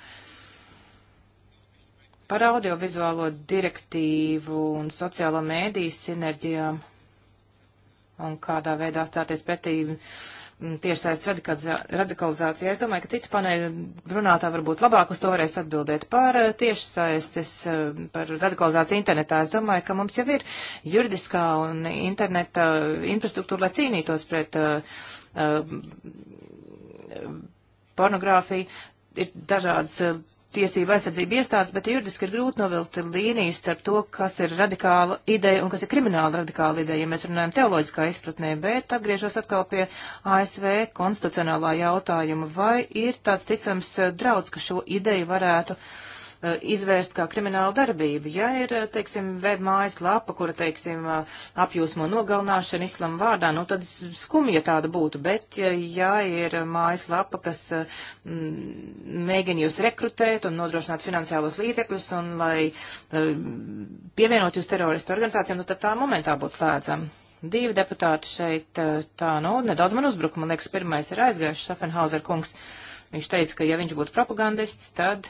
Par audiovizuālo direktīvu un sociālo mēdīs sinerģijām un kādā veidā stāties pretī Mm, tiešsaistes radikalizācijā. Es domāju, ka citi paneļa runātā varbūt labāk uz to varēs atbildēt par eh, tiešsaistes, eh, par radikalizāciju internetā. Es domāju, ka mums jau ir juridiskā un interneta eh, infrastruktūra, lai cīnītos pret uh, uh, pornogrāfiju. Ir dažādas tiesību aizsardzību iestādes, bet juridiski ir grūti novilkt līniju starp to, kas ir radikāla ideja un kas ir krimināla radikāla ideja, ja mēs runājam teoloģiskā izpratnē, bet atgriežos atkal pie ASV konstitucionālā jautājuma, vai ir tāds ticams eh, drauds, ka šo ideju varētu uh, Eh, izvērst kā kriminālu darbību. Ja ir, eh, teiksim, web mājas lapa, kura, teiksim, eh, apjūsmo nogalināšanu islamu vārdā, nu tad skumja tāda būtu, bet ja ir mājas lapa, kas mēģina jūs rekrutēt un nodrošināt finansiālos līdzekļus un lai pievienot jūs teroristu organizācijām, nu tad tā momentā būtu slēdzama divi deputāti šeit, tā, nu, nedaudz man uzbruka, man liekas, pirmais ir aizgājuši Safenhauser kungs. Viņš teica, ka ja viņš būtu propagandists, tad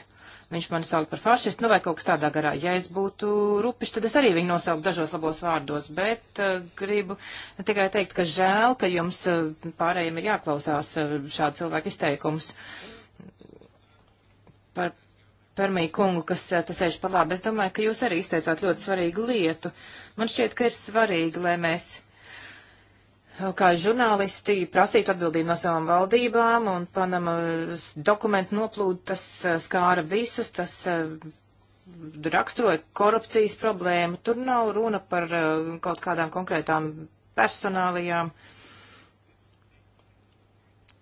Viņš mani sauc par fašistu, nu vai kaut kas tādā garā. Ja es būtu rupišs, tad es arī viņu nosauktu dažos labos vārdos, bet uh, gribu tikai teikt, ka žēl, ka jums uh, pārējiem ir jāklausās uh, eh, šādu cilvēku izteikums. Par Permiju kungu, kas tas sēž pa labi, es domāju, ka jūs arī izteicāt ļoti svarīgu lietu. Man šķiet, ka ir svarīgi, lai mēs kā žurnālisti prasītu atbildību no savām valdībām, un Panamas dokumentu noplūdu tas eh, skāra visus, tas eh, raksturoja korupcijas problēmu. Tur nav runa par eh, kaut kādām konkrētām personālijām.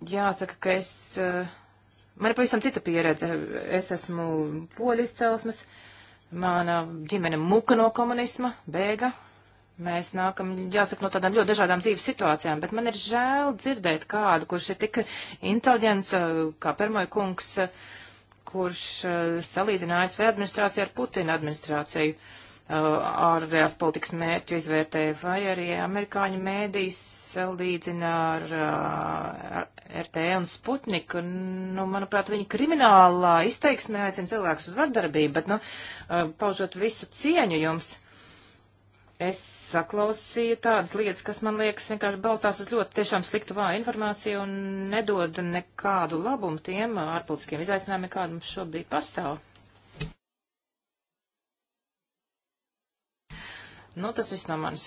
Jāsaka, ka es. Man ir pavisam cita pieredze. Es esmu poļu izcelsmes. Mana ģimene muka no komunisma, bēga Mēs nākam, jāsaka, no tādām ļoti dažādām dzīves situācijām, bet man ir žēl dzirdēt kādu, kurš ir tik inteliģents, eh, kā Permoja kungs, eh, kurš eh, salīdzina ASV administrāciju ar Putina administrāciju, ārējās politikas mērķu izvērtēja, vai arī amerikāņu mēdīs salīdzina ar, ar RT un Sputniku. Nu, manuprāt, viņa kriminālā izteiksmē aicina cilvēkus uz vardarbību, bet, nu, paužot visu cieņu jums es saklausīju tādas lietas, kas man liekas vienkārši balstās uz ļoti tiešām sliktu vāju informāciju un nedod nekādu labumu tiem ārpolitiskiem izaicinājumiem, kāda mums šobrīd pastāv. Nu, tas viss no manis.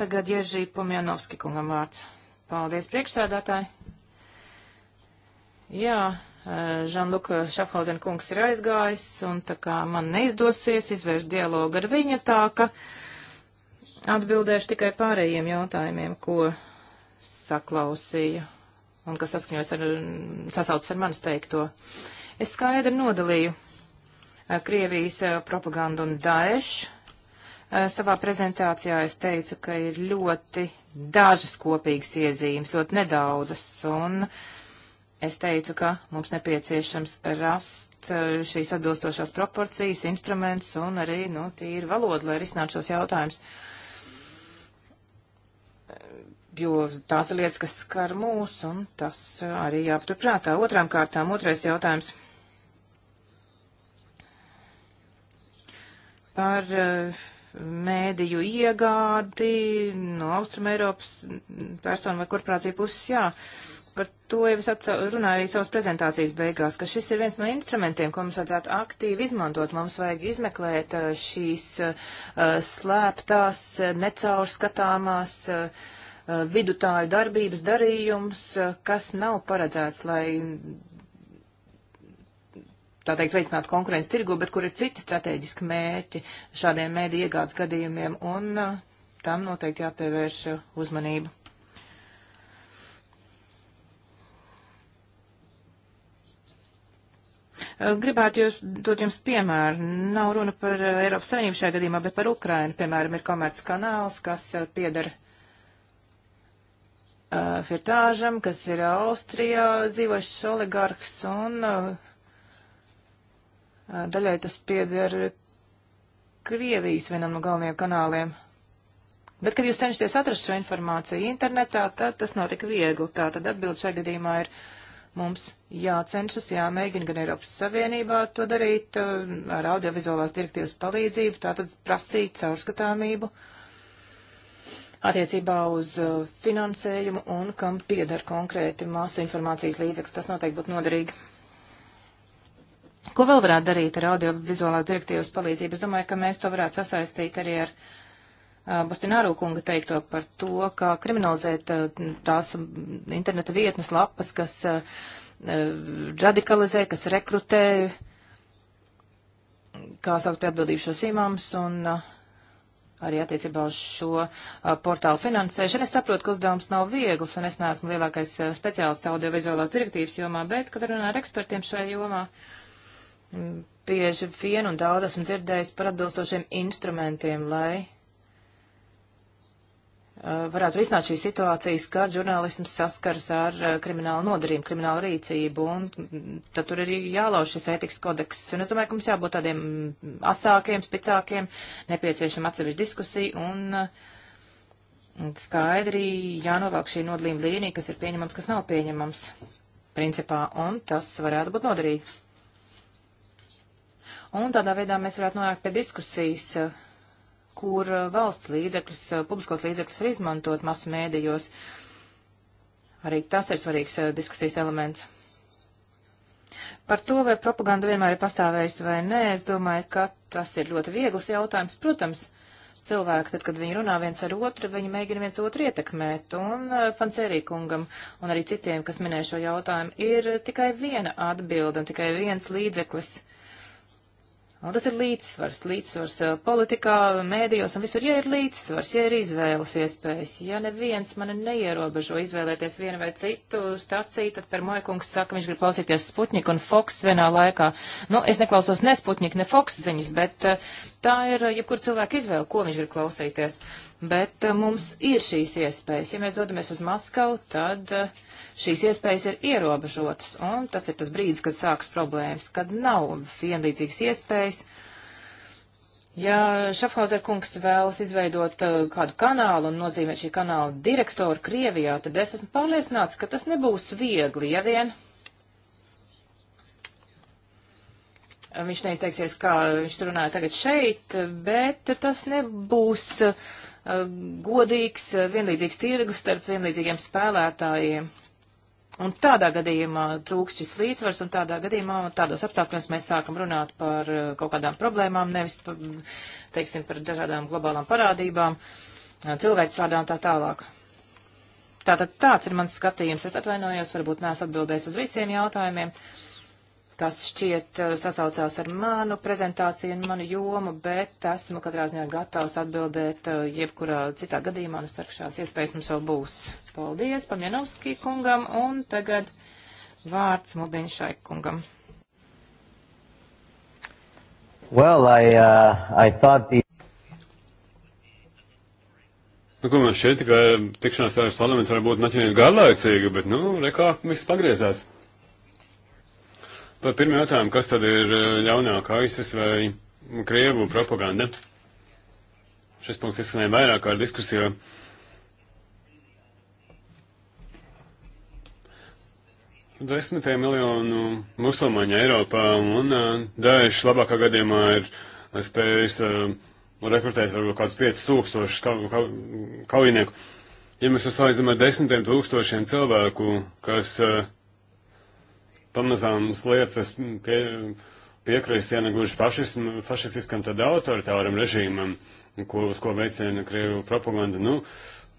Tagad Ježī Pomjanovski kungam vārds. Paldies, priekšsēdētāji. Jā. Žanluka eh, Šafhausen kungs ir aizgājis, un tā kā man neizdosies izvērst dialogu ar viņu, tā ka atbildēšu tikai pārējiem jautājumiem, ko saklausīju un kas saskaņojas ar, sasaucas ar manis teikto. Es skaidri nodalīju eh, Krievijas eh, propagandu un Daešu. Savā prezentācijā es teicu, ka ir ļoti dažas kopīgas iezīmes, ļoti nedaudzas, un uh, es teicu, ka mums nepieciešams rast eh, šīs atbilstošās proporcijas, instruments un arī, nu, tīri valoda, lai risinātu šos jautājumus. Jo tās ir lietas, kas skar mūs, un tas eh, arī jāpaturprātā. Otrām kārtām, otrais jautājums. Par uh, mēdīju iegādi no Austrum Eiropas personu vai korporāciju puses, jā par to jau es runāju arī savas prezentācijas beigās, ka šis ir viens no instrumentiem, ko mums vajadzētu aktīvi izmantot. Mums vajag izmeklēt eh, šīs eh, slēptās, eh, necaurskatāmās vidutāju darbības darījums, kas nav paredzēts, lai tā teikt, veicināt konkurences tirgu, bet kur ir citi strateģiski mērķi šādiem mēdī iegādes gadījumiem, un tam noteikti jāpievērš uzmanība. Gribētu jūs dot jums piemēru. Nav runa par Eiropas Savienību šajā gadījumā, bet par Ukrainu. Piemēram, ir komerc kanāls, kas piedara uh, Firtāžam, kas ir Austrijā dzīvošs oligarhs, un uh, daļai tas piedara Krievijas vienam no galvenajiem kanāliem. Bet, kad jūs cenšaties atrast šo informāciju internetā, tad tas nav tik viegli. Tā tad atbildi šajā gadījumā ir Mums jācenšas, jāmēģina gan Eiropas Savienībā to darīt eh, ar audiovizuālās direktīvas palīdzību, tātad prasīt caurskatāmību attiecībā uz eh, finansējumu un kam piedar konkrēti masu informācijas līdzekļi. Tas noteikti būtu noderīgi. Ko vēl varētu darīt ar audiovizuālās direktīvas palīdzību? Es domāju, ka mēs to varētu sasaistīt arī ar Uh, Bostināru kunga teikto par to, kā kriminalizēt uh, tās interneta vietnes lapas, kas uh, radikalizē, kas rekrutē, kā saukt pie atbildību šos imams un arī attiecībā uz šo portālu finansēšanu. Es saprotu, ka uzdevums nav viegls un es neesmu lielākais speciālists audiovizuālās direktīvas jomā, bet, kad runāju ar ekspertiem šajā jomā, bieži vien un daudz esmu dzirdējis par atbilstošiem instrumentiem, lai varētu risināt šīs situācijas, kad žurnālisms saskars ar eh, kriminālu nodarījumu, kriminālu rīcību, un tad tur ir jālauž šis ētikas kodeks. Un es domāju, ka mums jābūt tādiem asākiem, spicākiem, nepieciešama atsevišķa diskusija, un eh, skaidri jānovelk šī nodalījuma līnija, kas ir pieņemams, kas nav pieņemams, principā, un tas varētu būt noderīgi. Un tādā veidā mēs varētu nonākt pie diskusijas eh, kur eh, valsts līdzekļus, eh, publiskos līdzekļus var izmantot masu mēdījos. Arī tas ir svarīgs eh, diskusijas elements. Par to, vai propaganda vienmēr ir pastāvējusi vai nē, es domāju, ka tas ir ļoti viegls jautājums. Protams, cilvēki, tad, kad viņi runā viens ar otru, viņi mēģina viens otru ietekmēt. Un Pancerīkungam un arī citiem, kas minē šo jautājumu, ir tikai viena atbilde un tikai viens līdzeklis Un tas ir līdzsvars, līdzsvars eh, politikā, mēdījos un visur, ja ir līdzsvars, ja ir izvēles iespējas, ja neviens mani neierobežo izvēlēties vienu vai citu staciju, tad par Mojkungs saka, viņš grib klausīties Sputnik un Fox vienā laikā. Nu, es neklausos ne Sputnik, ne Fox ziņas, bet eh, tā ir jebkur cilvēka izvēle, ko viņš grib klausīties. Uh, bet eh, mums ir šīs iespējas. Ja mēs dodamies uz Maskavu, tad eh, šīs iespējas ir ierobežotas, un tas ir tas brīdis, kad sāks problēmas, kad nav vienlīdzīgas iespējas. Ja Šafhauser kungs vēlas izveidot uh, kādu kanālu un nozīmēt šī kanāla direktoru Krievijā, tad es esmu pārliecināts, ka tas nebūs viegli, ja vien viņš neizteiksies, kā viņš runāja tagad šeit, bet tas nebūs uh, godīgs, vienlīdzīgs tirgus starp vienlīdzīgiem spēlētājiem. Un tādā gadījumā trūkst šis līdzsvars, un tādā gadījumā tādos apstākļos mēs sākam runāt par eh, kaut kādām problēmām, nevis, par, teiksim, par dažādām globālām parādībām, eh, cilvēks vārdā un tā tālāk. Tātad tāds ir mans skatījums. Es atvainojos, varbūt neesmu atbildējis uz visiem jautājumiem. Uh, kas šķiet eh, sasaucās ar manu prezentāciju un manu jomu, bet esmu katrā ziņā gatavs atbildēt eh, jebkurā citā gadījumā, un es ceru, ka šāds iespējas mums vēl būs. Paldies Pamjanovskī kungam, un tagad vārds Mubiņšai kungam. Well, I, uh, I thought the... Nu, ko man šķiet, ka tikšanās ar parlamentu varbūt naķinīt garlaicīgi, bet, nu, rekā, viss pagriezās. Par pirmo jautājumu, kas tad ir eh, ļaunākā ISIS vai Krievu propaganda? Šis punkts izskanēja vairāk kārt diskusijā. Desmitiem miljonu musulmaņu Eiropā un uh, Daesh labākā gadījumā ir eh, spējis uh, rekrutēt varbūt kādus 5000 kau, kau, kaujinieku. Ja mēs to salīdzinām ar desmitiem tūkstošiem cilvēku, kas uh, pamazām sliecas pie, piekrist, ja negluži fašism, fašistiskam tad autoritāram režīmam, ko, uz ko veicina Krievu propaganda. Nu,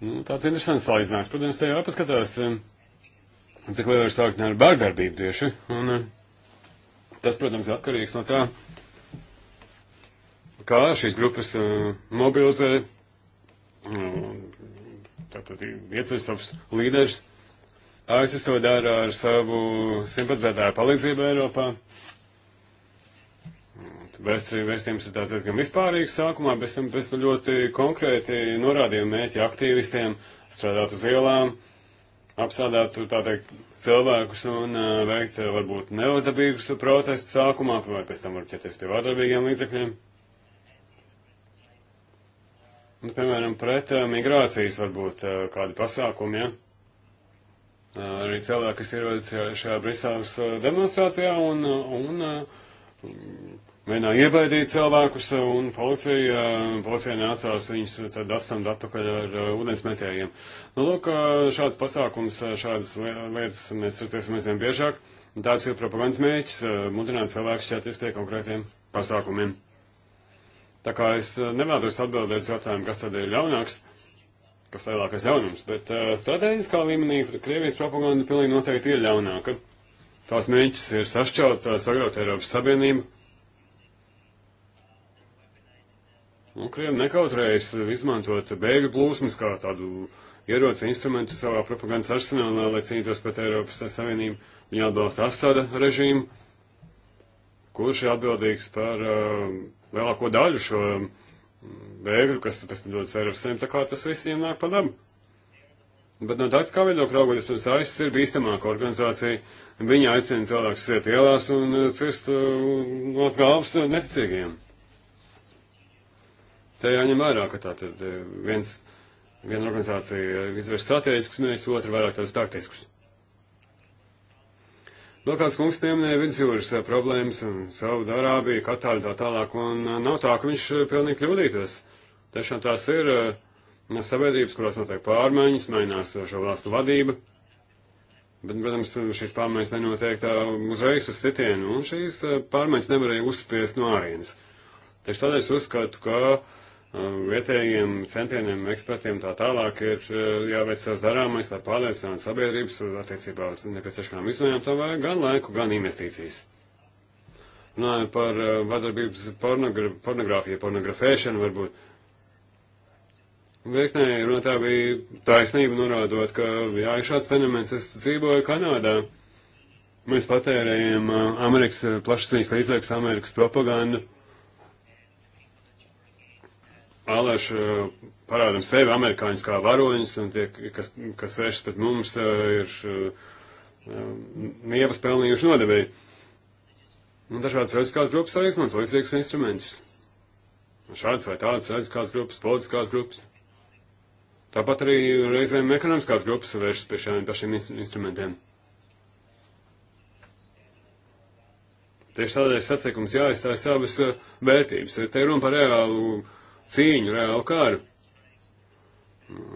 nu, tāds interesants salīdzinājums. Protams, te jāpaskatās, eh, cik liela ir sākotnē ar bārdarbību tieši. Un, eh, tas, protams, atkarīgs no tā, kā šīs grupas uh, mobilizē, uh, tātad ieceļ savus līderus. ASV to dara ar savu simpatizētāju palīdzību Eiropā. Vēstījums ir tāds diezgan vispārīgs sākumā, bet tam pēc tam ļoti konkrēti norādīja mēķi aktīvistiem strādāt uz ielām, apsādāt, tā teikt, cilvēkus un uh, veikt varbūt nevadabīgus protestus sākumā, vai pēc tam var ķerties pie vārdarbīgiem līdzekļiem. Un, piemēram, pret uh, migrācijas varbūt uh, kādi pasākumi, ja? arī cilvēki, kas ierodas šajā Briseles demonstrācijā un, un, un mēģināja iebaidīt cilvēkus, un policija, policija nācās viņus tad atstamt atpakaļ ar ūdensmetējiem. Nu, lūk, šāds pasākums, šādas lietas mēs redzēsim aizvien biežāk. Tāds ir propagandas mēģis - mudināt cilvēkus ķerties pie konkrētiem pasākumiem. Tā kā es nevēlos atbildēt uz jautājumu, kas tad ir ļaunāks, pats lielākais ļaunums, bet uh, strateģiskā līmenī Krievijas propaganda pilnīgi noteikti ir ļaunāka. Tās mēģis ir sašķelt, sagraut Eiropas Savienību. Un nu, Krievi nekautrējas izmantot bēgļu plūsmas kā tādu ieroci instrumentu savā propagandas arsenālā, lai cīnītos pret Eiropas Savienību. Viņi atbalsta Asada režīmu, kurš ir atbildīgs par uh, lielāko daļu šo uh, bēgļu, kas pēc tam dodas Eiropas Savienību, tā kā tas visiem nāk pa labu. Bet no tāds kā viedokļa raugoties, pirms ASIS ir bīstamāka organizācija, viņi aicina cilvēkus iet ielās un uh, cirst no uh, galvas neticīgiem. Te jāņem vērā, ka tā tad uh, viens, viena organizācija izvērst strateģiskus mērķus, otra vairāk tādus taktiskus. Vēl kāds kungs pieminēja vidusjūras eh, problēmas un savu darābiju, Katāļu tā tālāk, un eh, nav tā, ka viņš eh, pilnīgi kļūdītos. Tiešām tās ir sabiedrības, kurās notiek pārmaiņas, mainās šo valstu vadība, bet, protams, šīs pārmaiņas nenotiek tā uzreiz uz sitienu, un šīs pārmaiņas nevarēja uzspiest no ārienes. Tieši tādēļ es uzskatu, ka Um, vietējiem centieniem, ekspertiem tā tālāk ir uh, jāveic savs darāmais, lai pārliecinātu sabiedrības uh, attiecībā uz nepieciešamām izmaiņām, tam vajag gan laiku, gan investīcijas. Runājot par uh, vardarbības pornogra pornogrāfiju, pornografēšanu varbūt. Virknē runātā bija taisnība norādot, ka jā, ir šāds fenomens, es dzīvoju Kanādā. Mēs patērējam Amerikas plašsaziņas līdzekļus, Amerikas propagandu. Uh, Alēši eh, parādam sevi amerikāņus kā varoņus, un tie, kas, kas vēršas pret mums, eh, ir eh, nievas pelnījuši nodevēji. Un dažādas aizskās grupas arī izmanto līdzīgus instrumentus. Un šādas vai tādas aizskās grupas, politiskās grupas. Tāpat arī reizēm ekonomiskās grupas vēršas pie šiem pašiem instrumentiem. Tieši tādēļ sacīkums jāizstājas savas vērtības. Te ir runa par reālu cīņu, reālu karu.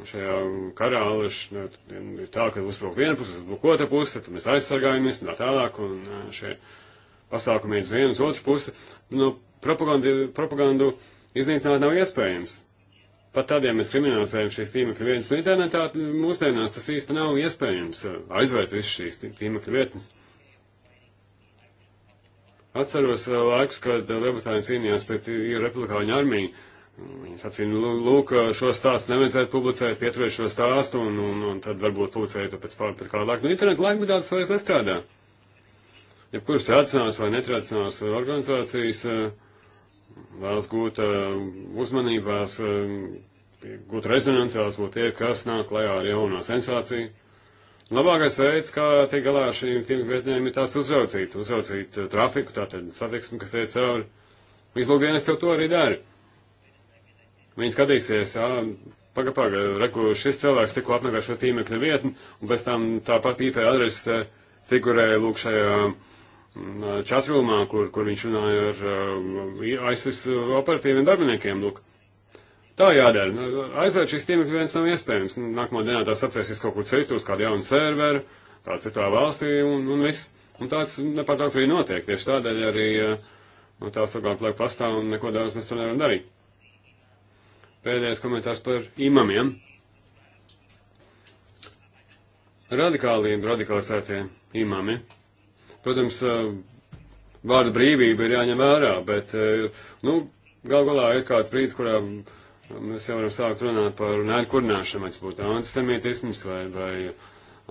Šajā karā nu, ir tā, ka uzbruk viena puse, uzbruk otra puse, tad mēs aizsargājamies, tā tālāk, un šie pasākumi ir uz vienu, uz otru pusi. Nu, propagandu, propagandu iznīcināt nav iespējams. Pat tad, ja mēs kriminalizējam šīs tīmekļa vietas nu, internetā, mūsdienās tas īsti nav iespējams aizvērt visu šīs tīmekļa vietnes. Atceros laikus, kad Lielbritānija cīnījās pret republikāņu armiju, Viņa sacīja, nu, lūk, šo stāstu nevajadzētu publicēt, pieturiet šo stāstu, un, un, un tad varbūt publicēju to pēc, pār, pēc kāda laika. Nu, internetu laikmetāts vairs nestrādā. Ja kurš tradicionāls vai netradicionāls organizācijas eh, vēlas gūt eh, uzmanību, vēlas eh, gūt rezonanci, vēlas būt tie, kas nāk klajā ar jauno sensāciju. Labākais veids, kā tiek galā ar šīm vietnēm, ir tās uzraucīt, uzraucīt trafiku, tātad satiksmi, kas tiek cauri. Izlūkdienas tev to arī dara. Viņi skatīsies, jā, paga, paga, reku, šis cilvēks tikko apmeklē šo tīmekļa vietni, un pēc tam tāpat IP adrese figurēja lūk šajā čatrūmā, mm, kur, kur viņš runāja ar ISIS operatīviem darbiniekiem. Lūk. Tā jādara. Nu, aizvērt šis tīmekļa viens nav iespējams. Nu, nākamā dienā tās atvērsies kaut kur citur, uz kādu jaunu serveru, kādā citā valstī, un, un viss. Un tāds nepārtraukt arī notiek. Tieši tādēļ arī nu, tā saglabāt laiku pastāv, un neko daudz mēs to nevaram darīt. Pēdējais komentārs par imamiem. Radikāliem, radikalizētiem imami. Protams, eh, vārda brīvība ir jāņem vērā, bet, eh, nu, gal galā ir kāds brīdis, kurā mēs jau varam sākt runāt par nērkurnāšanu, vai tas būtu antisemītisms vai, vai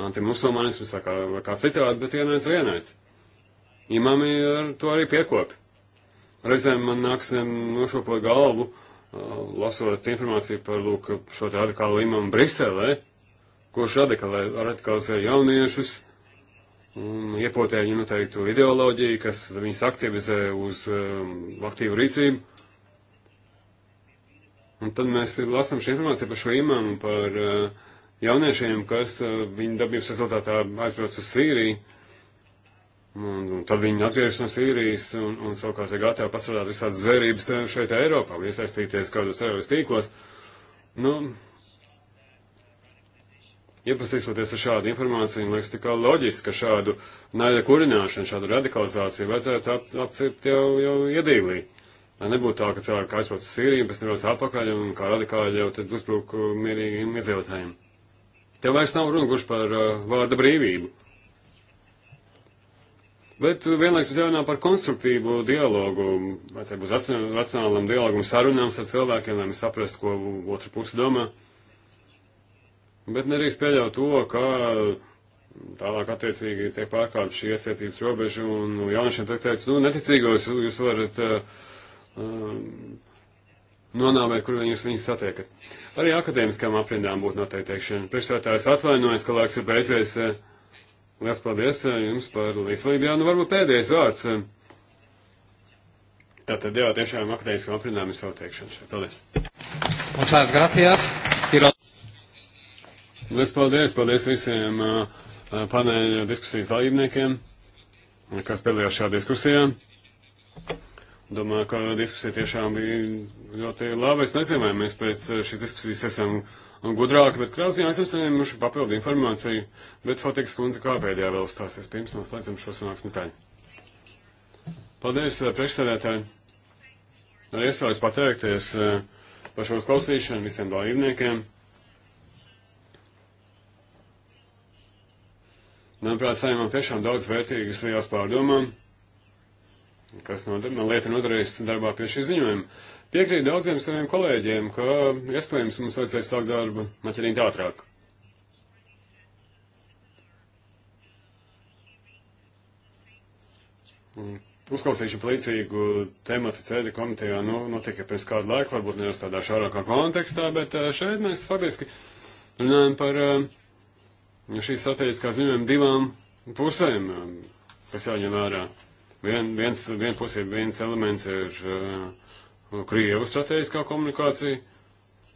antimusulmanisms vai kā, vai kā citādi, bet vienaids ir vienaids. Imami ar to arī piekopi. Reizēm man nāks nošopot galvu, uh, lasot informāciju par lūk, šo radikālo imamu Briselē, kurš radikālē, radikalizē jauniešus un iepotē viņu noteiktu ideoloģiju, kas viņus aktivizē uz um, aktīvu rīcību. Un tad mēs lasām šo informāciju par šo imamu, par uh, jauniešiem, kas uh, viņa darbības rezultātā aizbrauc uz Sīriju Un, un tad viņi atgriešanās īrijas un, un savukārt ir gatavi pastrādāt visādas zērības šeit Eiropā, iesaistīties kādos teroristu tīklos. Nu, iepazīstoties ar šādu informāciju, man liekas tikai loģiski, ka šādu naida kurināšanu, šādu radikalizāciju vajadzētu ap, apcirt jau, jau iedīlī. Lai nebūtu tā, ka cilvēki aizbrauc uz Sīriju, pēc tam vēl atpakaļ un kā radikāli jau tad uzbruk uh, mierīgiem iedzīvotājiem. Te vairs nav runa gluži par uh, vārda brīvību. Bet vienlaiks mums jānāk par konstruktīvu dialogu, vajadzētu būt racionālam dialogam, sarunām ar cilvēkiem, lai mēs saprastu, ko otra puse domā. Bet nedrīkst pieļaut to, ka tālāk attiecīgi tiek pārkāpta šī iecietības robeža, un nu, jauniešiem tiek teikts, nu, neticīgos jūs varat uh, nonāvēt, kur jūs viņus satiekat. Arī akadēmiskām aprindām būtu noteikti teikšana. Priekšsētājs atvainojas, ka laiks ir beidzies. Uh, Lielas paldies eh, jums par līdzdalību. Jā, nu varbūt pēdējais vārds. Eh. Tātad, jā, tiešām akadēmiskam aprinām ir savu teikšanu šeit. Paldies. Muchas gracias. Tiro. Lielas paldies. Paldies visiem eh, paneļa diskusijas dalībniekiem, kas piedalījās šajā diskusijā. Domāju, ka diskusija tiešām bija ļoti laba. Es nezinu, vai mēs pēc šīs diskusijas esam gudrāki, bet krāsī esam saņēmuši papildu informāciju, bet Fotiks kundze kā pēdējā vēl uzstāsies pirms noslēdzam šo sanāksmes daļu. Paldies, eh, priekšsēdētāji! Arī es vēlos pateikties eh, par šo klausīšanu visiem dalībniekiem. Manuprāt, saņemam tiešām daudz vērtīgas lielas pārdomām, kas no, man lieta nodarīs darbā pie šī ziņojuma. Piekrīt daudziem saviem kolēģiem, ka iespējams mums vajadzēs sākt darbu maķinīt ātrāk. Uzklausīšu līdzīgu tematu ceļa komitejā, nu, notika pirms kādu laiku, varbūt nevis tādā šārākā kontekstā, bet eh, šeit mēs faktiski runājam par eh, šīs strateģiskās ziņojuma divām pusēm, eh, kas jāņem vērā. Vien, viens, vien pusē viens elements ir uh, Krievu strateģiskā komunikācija,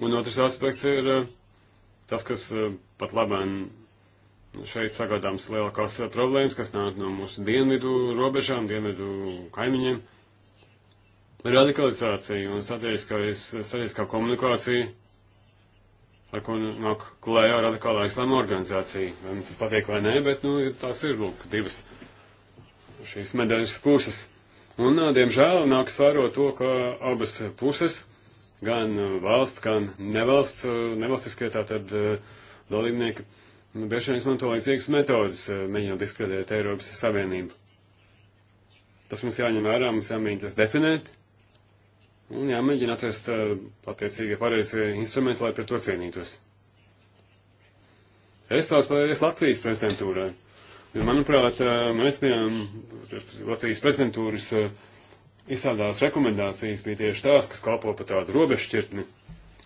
un otrs aspekts ir eh, tas, kas eh, pat labāk šeit sagādāms lielākās eh, problēmas, kas nāk no mūsu dienvidu robežām, dienvidu kaimiņiem. Radikalizācija un sabiedriskā komunikācija, ar ko nāk klējā radikālā islāma organizācija. Vai mums tas patīk vai nē, bet, nu, tās ir, lūk, divas šīs medaļas kūsas. Un, diemžēl, nāks vērot to, ka abas puses, gan valsts, gan nevalsts, nevalstiskie tātad dalībnieki, nu, bieži vien izmanto līdzīgas metodas, mēģinot diskredēt Eiropas Savienību. Tas mums jāņem vērā, mums jāmēģina tas definēt, un jāmēģina atrast attiecīgie pareizie instrumenti, lai pret to cienītos. Es stāstu pēc Latvijas prezidentūrai. Jo, manuprāt, mēs bijām Latvijas prezidentūras izstrādātas rekomendācijas bija tieši tās, kas kalpo par tādu robežšķirtni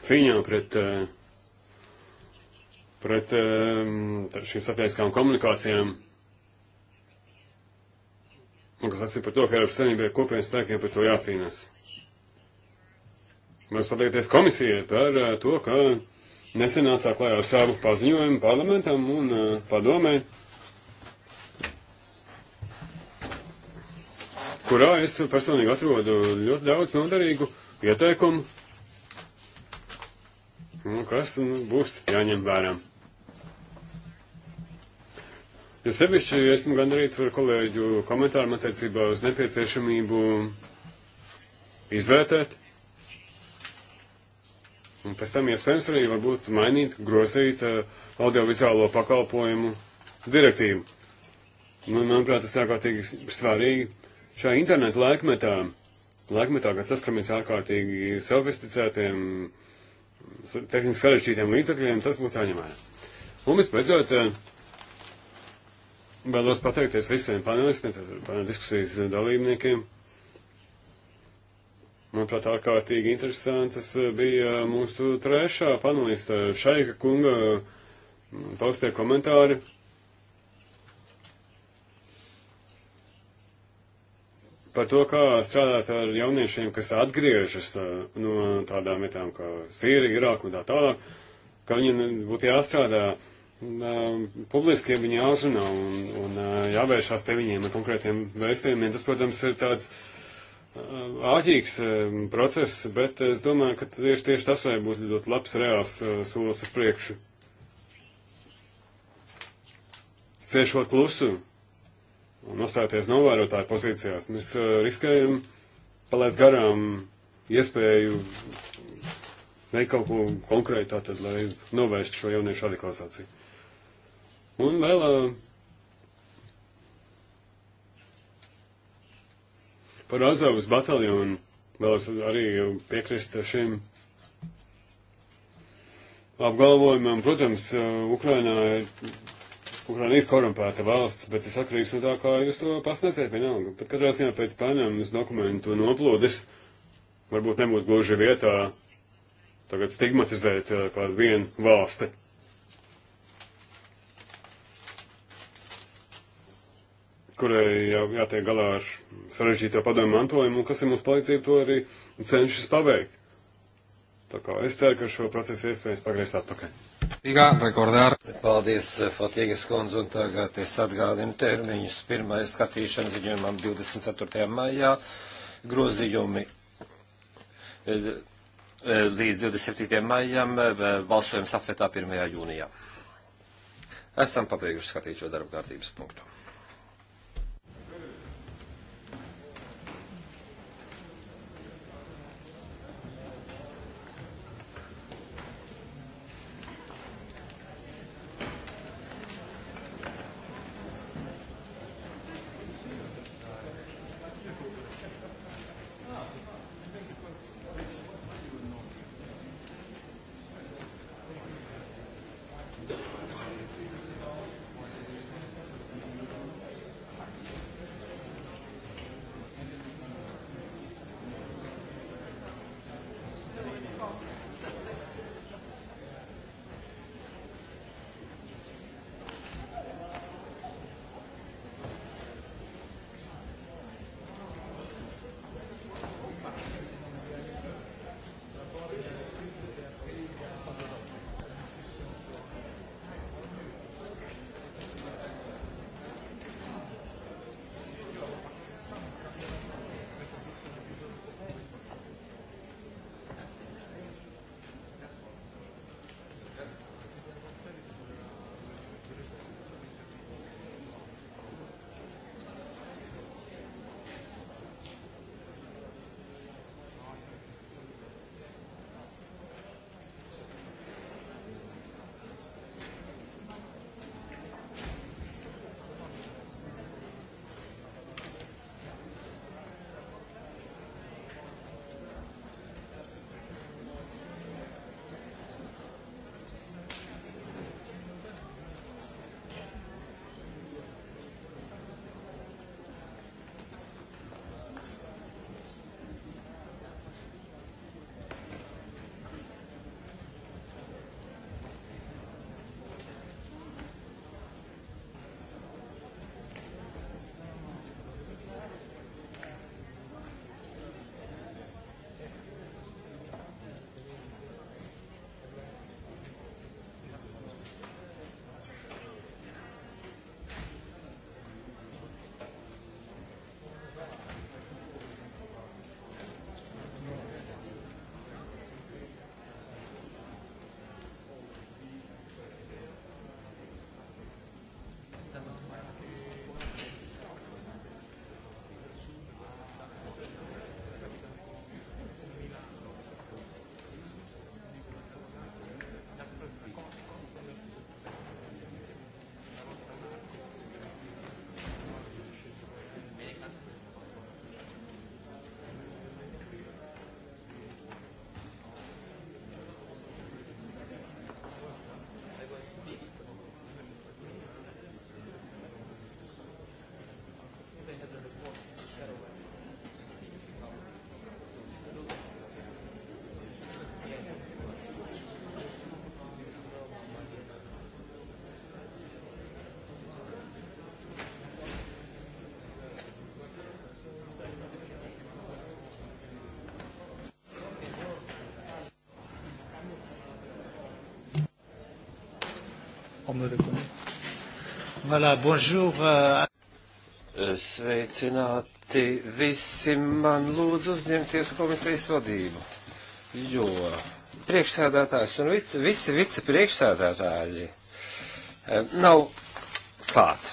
cīņā pret, pret šīm satelītiskām komunikācijām. Un kas atsīja par to, ka Eiropas Savienībai kopējiem spēkiem par to jācīnās. Mēs pateikties komisijai par to, ka nesenācā klājā ar savu paziņojumu parlamentam un padomē. Uh, kurā es personīgi atrodu ļoti daudz noderīgu ieteikumu, nu, kas nu, būs jāņem vērā. Ja sevišķi esmu gandarīt par kolēģu komentāru attiecībā uz nepieciešamību izvērtēt, un pēc tam iespējams arī varbūt mainīt, grozīt uh, audiovizuālo pakalpojumu direktīvu. Nu, manuprāt, tas ir ārkārtīgi svarīgi Šajā internetu laikmetā, laikmetā, kad saskaramies ārkārtīgi sofisticētiem, tehniski sarežģītiem līdzekļiem, tas būtu jāņem vērā. Un vispēcot, eh, vēlos pateikties visiem panelistiem, panel diskusijas dalībniekiem. Manuprāt, ārkārtīgi interesantas eh, bija mūsu trešā panelista Šaika kunga paustie komentāri. par to, kā strādāt ar jauniešiem, kas atgriežas uh, no tādām vietām kā Sīrija, Irāka un tā tālāk, ka viņiem būtu jāstrādā um, publiski, ja viņi jāuzrunā un, un uh, jāvēršās pie viņiem ar konkrētiem vēstījumiem. Tas, protams, ir tāds uh, āķīgs um, process, bet es domāju, ka tieši, tieši tas var būt ļoti labs reāls solis uz priekšu. Ciešot klusu, un uzstāties novērotāju pozīcijās. Mēs eh, riskējam palaist garām iespēju veikt kaut ko konkrētu, tātad, lai novērstu šo jauniešu radikalizāciju. Un vēl. Eh, par Azovas bataljonu vēlos arī piekrist šiem apgalvojumam. Protams, eh, Ukrainā ir kurām ir korumpēta valsts, bet tas atkarīgs no tā, kā jūs to pasniedzat vienalga. Bet katrā ziņā pēc Panamas dokumentu noplūdes varbūt nebūtu gluži vietā tagad stigmatizēt eh, kādu vienu valsti. kurai jau jātiek galā ar sarežģīto padomu mantojumu, un kas ir mūsu palīdzība, to arī cenšas paveikt. Tā kā es ceru, ka šo procesu iespējams pagriezt atpakaļ. Paldies, eh, Fotīgas kundze, un tagad es atgādinu termiņus. Pirmais skatīšana ziņojumam 24. maijā, grozījumi eh, eh, līdz 27. maijam, balsojums apvetā 1. jūnijā. Esam pabeiguši skatīt šo darba kārtības punktu. on me le connaît. Voilà, bonjour. Uh... Sveicināti visi man lūdzu uzņemties komitejas vadību, jo priekšsēdētājs un vic, visi vicepriekšsēdētāji eh, nav klāt.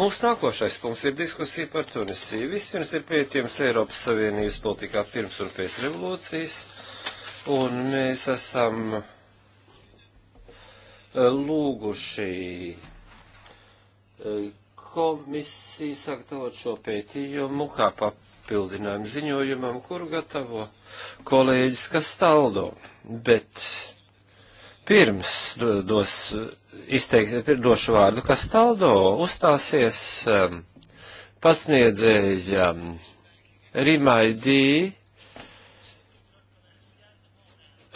Mūsu nākošais punkts ir diskusija par Tunisiju. Vispirms ir pētījums Eiropas Savienības politikā pirms un pēc revolūcijas, un mēs esam uh, lūguši eh, komisiju sagatavot šo pētījumu kā papildinājumu ziņojumam, kuru gatavo kolēģis Kastaldo. Bet pirms dos, izteikt, došu vārdu Kastaldo, uzstāsies um, eh, pasniedzējam um, eh, Rimaidī,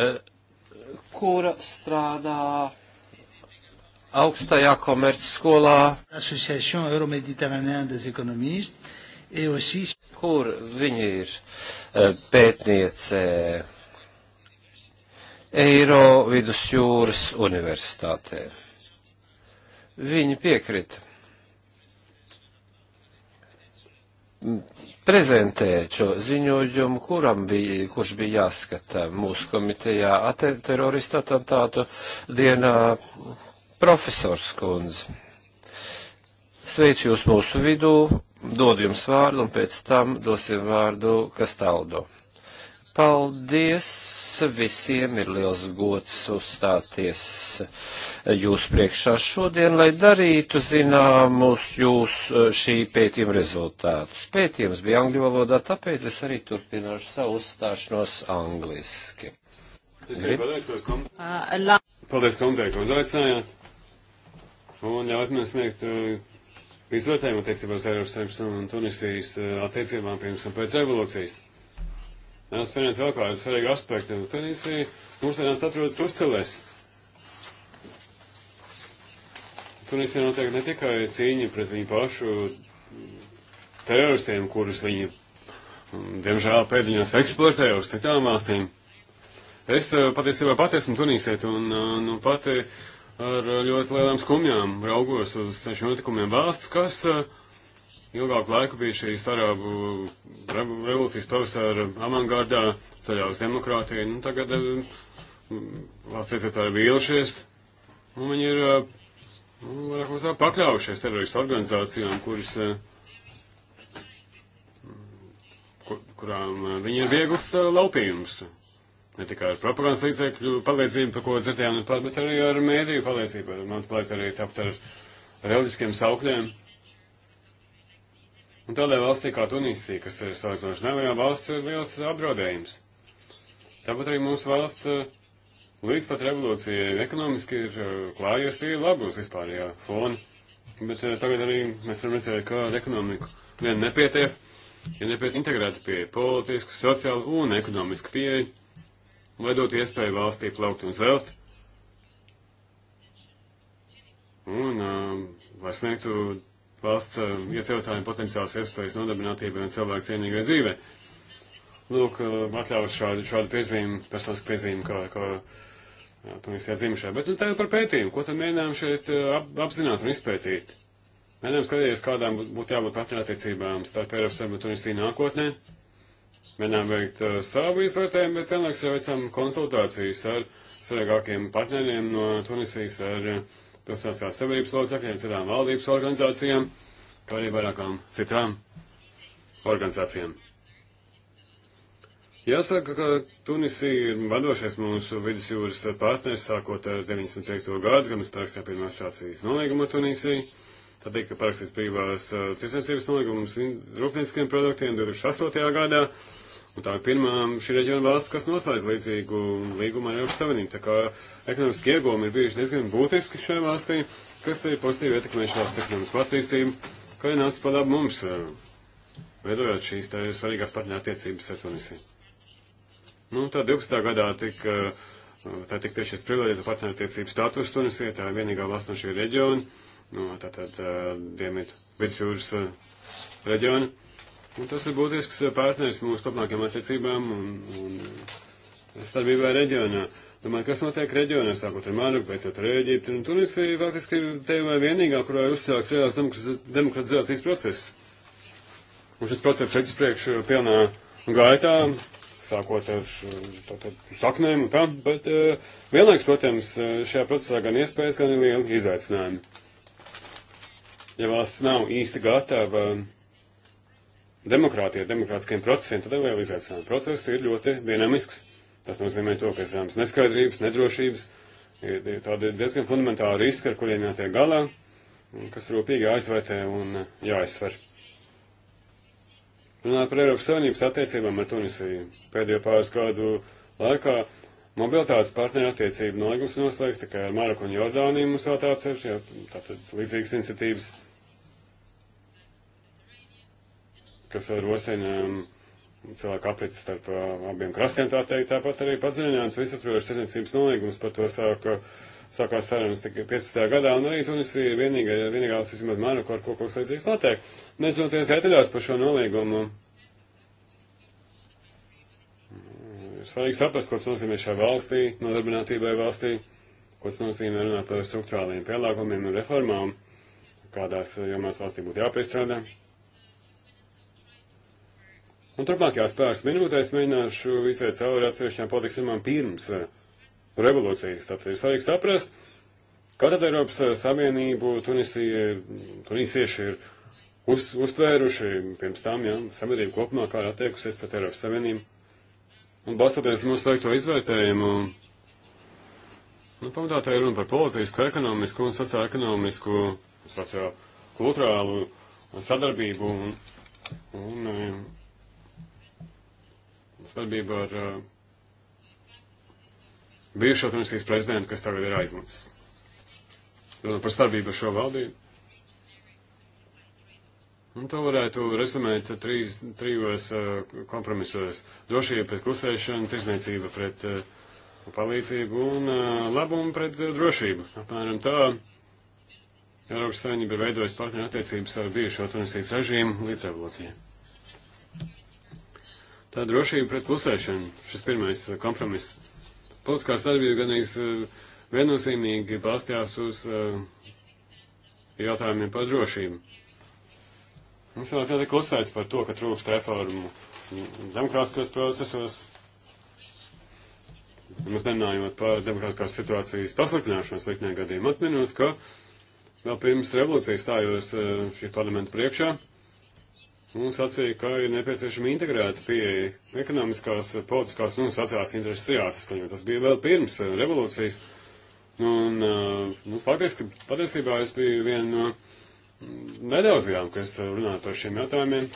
uh, kura strādā augstajā komercskolā, kur viņi ir eh, pētniece Eiro vidusjūras universitātē. Viņi piekrita prezentēt šo ziņojumu, kuram bija, kurš bija jāskata mūsu komitejā teroristu atentātu dienā Profesors Kundz, sveicu jūs mūsu vidū, dodu jums vārdu un pēc tam dosim vārdu Kastaldo. Paldies visiem, ir liels gods uzstāties jūsu priekšā šodien, lai darītu zināmus jūs eh, šī pētījuma rezultātus. Pētījums bija angļu valodā, tāpēc es arī turpināšu savu uzstāšanos angliski. Uh, Paldies, Kondēk, ka uzaicinājāt un ļaut man sniegt eh, izvērtējumu attiecībā uz Eiropas Savienības un Tunisijas eh, attiecībām pirms un pēc revolūcijas. Mēs pieņemt vēl kādu svarīgu aspektu. Tunisija mūsdienās atrodas krustcelēs. Tunisijā notiek ne tikai cīņa pret viņu pašu teroristiem, kurus viņi, mm, diemžēl, pēdiņās eksportē uz citām valstīm. Es eh, patiesībā pat esmu Tunisēt un nu, pati ar eh, ļoti lielām skumjām raugos uz šiem notikumiem valsts, kas eh, ilgāku laiku bija šīs arābu revolūcijas pavasara avangardā ceļā uz demokrātiju. Nu, tagad eh, valsts iedzīvotāji ir vīlušies, un viņi ir nu, vairāk mums tā pakļaujušies teroristu organizācijām, kuras, kur, kurām viņi ir viegls laupījums. Ne tikai ar propagandas līdzekļu palīdzību, par ko dzirdējām, bet arī ar mēdīju palīdzību. Man patīk arī tapt ar reliģiskiem saukļiem. Un tādā valstī kā Tunīsija, kas ir salīdzinoši neliela valsts, ir liels apdraudējums. Tāpat arī mūsu valsts eh, līdz pat revolūcijai ekonomiski ir eh, klājusi labus vispārējā fona. Bet eh, tagad arī mēs varam redzēt, ka ar ekonomiku vien nepietiek, ir ja nepieciešama integrēta pieeja, politiska, sociāla un ekonomiska pieeja lai dotu iespēju valstī plaukt un zelt, un um, lai sniegtu valsts um, iedzīvotājiem potenciāls iespējas nodarbinātībai un cilvēku cienīgai dzīvē. Lūk, um, atļauju šādu, šādu piezīmi, personisku piezīmi, kā, kā Tunisijā dzimšā. Bet nu, tagad par pētījumu, ko tad mēģinām šeit uh, ap, apzināt un izpētīt. Mēģinām skatīties, kādām būtu jābūt partnerattiecībām starp Eiropas Savienību un Tunisiju nākotnē mēģinām veikt uh, savu izvērtējumu, bet vienlaikus jau veicam konsultācijas ar svarīgākiem partneriem no Tunisijas, ar uh, pilsētiskās sabiedrības locekļiem, citām valdības organizācijām, kā arī vairākām citām organizācijām. Jāsaka, ka Tunisija ir vadošais mūsu vidusjūras partners, sākot ar 95. gadu, kad mēs parakstījām pirmā asociācijas nolīgumu ar Tunisiju. Tad tika parakstīts brīvās uh, tirsniecības nolīgums rūpnieciskiem produktiem 2008. gadā. Un tā ir pirmā šī reģiona valsts, kas noslēdz līdzīgu līgumu ar Eiropas Savienību. Tā kā ekonomiski iegūmi ir bijuši diezgan būtiski šai valstī, kas ir pozitīvi ietekmējuši valsts ekonomisko attīstību, kā ir nācis par labu mums, eh, veidojot šīs tā svarīgās partnerattiecības ar Tunisiju. Nu, tā 12. gadā tika, eh, tā tika piešķirts privileģēta partnerattiecību status Tunisijai, tā ir vienīgā valsts no šī reģiona, no tātad eh, Dienvidu vidusjūras reģiona. Un tas ir būtisks partners mūsu turpmākajām attiecībām un, un starpībā reģionā. Domāju, kas notiek reģionā, sākot ar Maroku, beidzot ar Ēģipti. Un Tunisija faktiski te jau ir vienīgā, kurā ir uzsākts reāls demokratizācijas process. Un šis process redz priekš pilnā gaitā, sākot ar tātad, saknēm un tā, bet uh, vienlaiks, protams, eh, šajā procesā gan iespējas, gan ir lieli izaicinājumi. Ja valsts nav īsti gatava. Uh, demokrātija, demokrātiskiem procesiem, tad vēl izaicinājumi. Procesi ir ļoti dinamisks. Tas nozīmē to, ka zemes neskaidrības, nedrošības, ir, ir tādi diezgan fundamentāli riski, ar kuriem jātiek galā, kas rūpīgi jāizvērtē un jāizsver. Runājot par Eiropas Savienības attiecībām ar Tunisiju, pēdējo pāris gadu laikā mobilitātes partneru attiecību nolīgums noslēgts tikai ar Maroku un Jordāniju mums vēl tāds ir, jā, tātad līdzīgas iniciatīvas kas rosina um, cilvēku aprits starp uh, abiem krastiem, tā teikt, tāpat arī padziļinājums visaptvarošs tirdzniecības nolīgums par to sāka, uh, sākās sarunas tikai 15. gadā, un arī Tunisija ir vienīgā, vienīgā vismaz Maroku, ar ko kaut kas līdzīgs notiek. Nezoties detaļās par šo nolīgumu, mm, ir svarīgi saprast, ko tas nozīmē šā valstī, nodarbinātībai valstī, ko tas nozīmē runāt par struktūrāliem pielāgumiem un reformām, kādās jomās valstī būtu jāpiestrādā. Un turpmākajās pāris minūtēs mēģināšu iziet cauri atsevišķām politikas jomām pirms eh, revolūcijas. Tātad ir svarīgi saprast, kā tad Eiropas eh, Savienību Tunisie, tunisieši ir uz, uztvēruši pirms tam, ja, sabiedrība kopumā kā ir attiekusies pret Eiropas Savienību. Un balstoties mūsu veikto izvērtējumu, nu, pamatā tā ir runa par politisku, ekonomisku un sociālo-ekonomisku, sociālo-kulturālu sadarbību un, un, un eh, sadarbību ar uh, bijušo Tunisijas prezidentu, kas tagad ir aizmucis. Runājot par starpību ar šo valdību. Un to varētu rezumēt trīs, trijos uh, kompromisos. Drošība pret klusēšanu, tirzniecība pret uh, palīdzību un uh, labumu pret uh, drošību. Apmēram tā Eiropas Savienība ir veidojusi partneru attiecības ar bijušo Tunisijas režīmu līdz revolūcijai. Tā drošība pret klusēšanu, šis pirmais eh, kompromiss. Politiskā sadarbība ganīs eh, viennozīmīgi balstījās uz eh, jautājumiem par drošību. Mums vajadzētu klusēt par to, ka trūkst reformu demokrātiskos procesos, Mēs nerunājot par demokrātiskās situācijas pasliktināšanos liknē gadījumā, atminos, ka vēl pirms revolūcijas stājos šī parlamenta priekšā, un sacīja, ka ir nepieciešama integrēta pieeja ekonomiskās, politiskās un sociālās intereses trijātas, jo tas bija vēl pirms eh, revolūcijas. Nu, un, eh, nu, faktiski, patiesībā es biju viena no mm, nedaudzajām, kas runāja par šiem jautājumiem.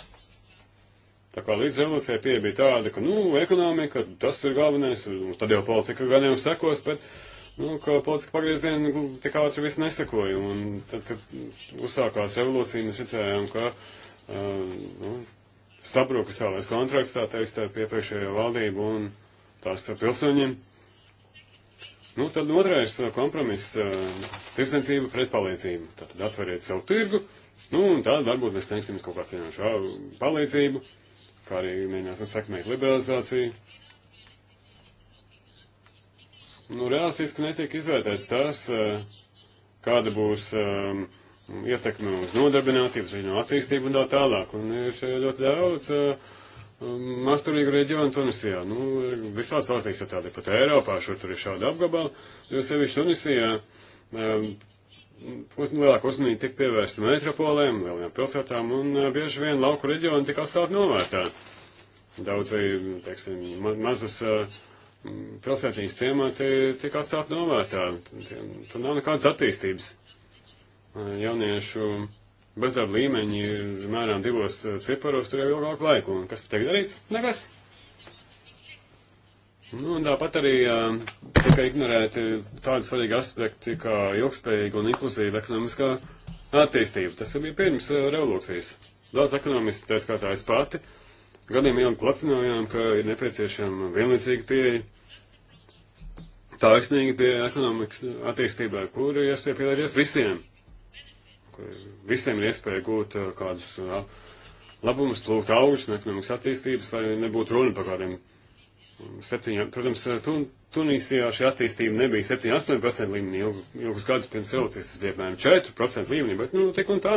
Tā kā līdz revolūcijai pieeja bija tāda, ka, nu, ekonomika, tas ir galvenais, un tad jau politika gan jau sekos, bet, nu, ka politika pagrieziena nu, tik ātri viss nesekoja. Un tad, kad uzsākās revolūcija, mēs redzējām, ka. Uh, Um, nu, sabruka savais kontrakts, tā teikt, starp iepriekšējo valdību un tās pilsoņiem. Nu, tad otrais uh, kompromiss uh, - tirsniecība pret palīdzību. Tātad atveriet savu tirgu, nu, un tad varbūt mēs sniegsim kaut kādu finanšu uh, palīdzību, kā arī mēģināsim sekmēt liberalizāciju. Nu, realistiski netiek izvērtēts tās, kāda būs. Um, ietekme uz nodarbinātību, ziņo attīstību un tā tālāk. Un ir ļoti daudz uh, um, masturīgu reģionu Tunisijā. Nu, visās valstīs ir tādi pat Eiropā, šur tur ir šādi apgabali, jo sevišķi Tunisijā um, uz, lielāku uzmanību tik pievērsta metropolēm, lielajām pilsētām, un uh, bieži vien lauku reģioni tika atstāti novērtā. Daudz vai, teiksim, ma mazas uh, pilsētiņas ciemā tika atstāti novērtā. Tur nav nekādas attīstības jauniešu bezdarba līmeņi ir mērām divos ciparos, tur jau ilgāku laiku. Un kas tiek darīts? Nekas. Nu, un tāpat arī tika ignorēti tādi svarīgi aspekti kā ilgspējīga un inkluzīva ekonomiskā attīstība. Tas bija pirms revolūcijas. Daudz ekonomisti, tā skaitā es pati, gadiem ilgi klacinājām, ka ir nepieciešama vienlīdzīga pieeja, taisnīga pieeja ekonomikas attīstībai, kur ir iespēja pielāgoties visiem kur visiem ir iespēja gūt uh, kādus jā, uh, labumus, plūkt augļus, ekonomikas attīstības, lai nebūtu runa par kādiem um, septiņiem. Protams, uh, tun, Tunīsijā šī attīstība nebija 7-8% līmenī, ilg, ilgus gadus pirms revolūcijas tas bija apmēram 4% līmenī, bet, nu, tik un tā.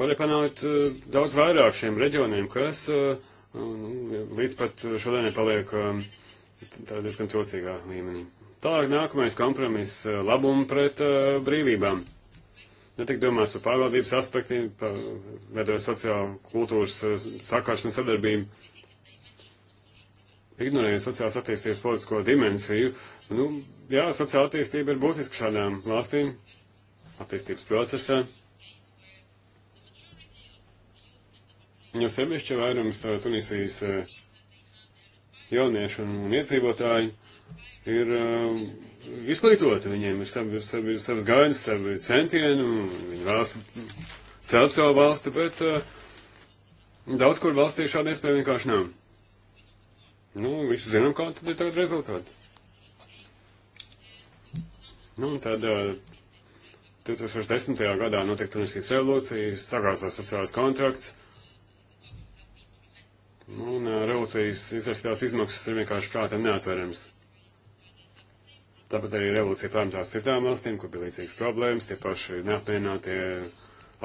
Varēja panākt uh, daudz vairāk šiem reģioniem, kas uh, nu, līdz pat šodienai paliek uh, tā diezgan trocīgā līmenī. Tālāk nākamais kompromiss - labumu pret uh, brīvībām. Ne nu, tik domās par pārvaldības aspektiem, par veidojot sociālu kultūras eh, sakāršanu sadarbību, ignorējot sociālās attīstības politisko dimensiju. Nu, jā, sociāla attīstība ir būtiska šādām valstīm attīstības procesā. Jo sevišķi vairums Tunisijas eh, jauniešu un iedzīvotāju ir eh, izglītoti, viņiem ir savi, savi, savas gaidas, savi centieni, viņi vēlas celt savu valsti, bet uh, daudz kur valstī šāda iespēja vienkārši nav. Nu, visu zinām, kā tad ir tagad rezultāti. Nu, tad uh, eh, 2010. gadā notika Tunisijas revolūcija, sagāzās sociālais kontrakts, nu, un uh, revolūcijas izraisītās izmaksas ir vienkārši prātam neatverams. Tāpat arī revolūcija plānotās citām valstīm, kur bija līdzīgas problēmas, tie paši neapmienātie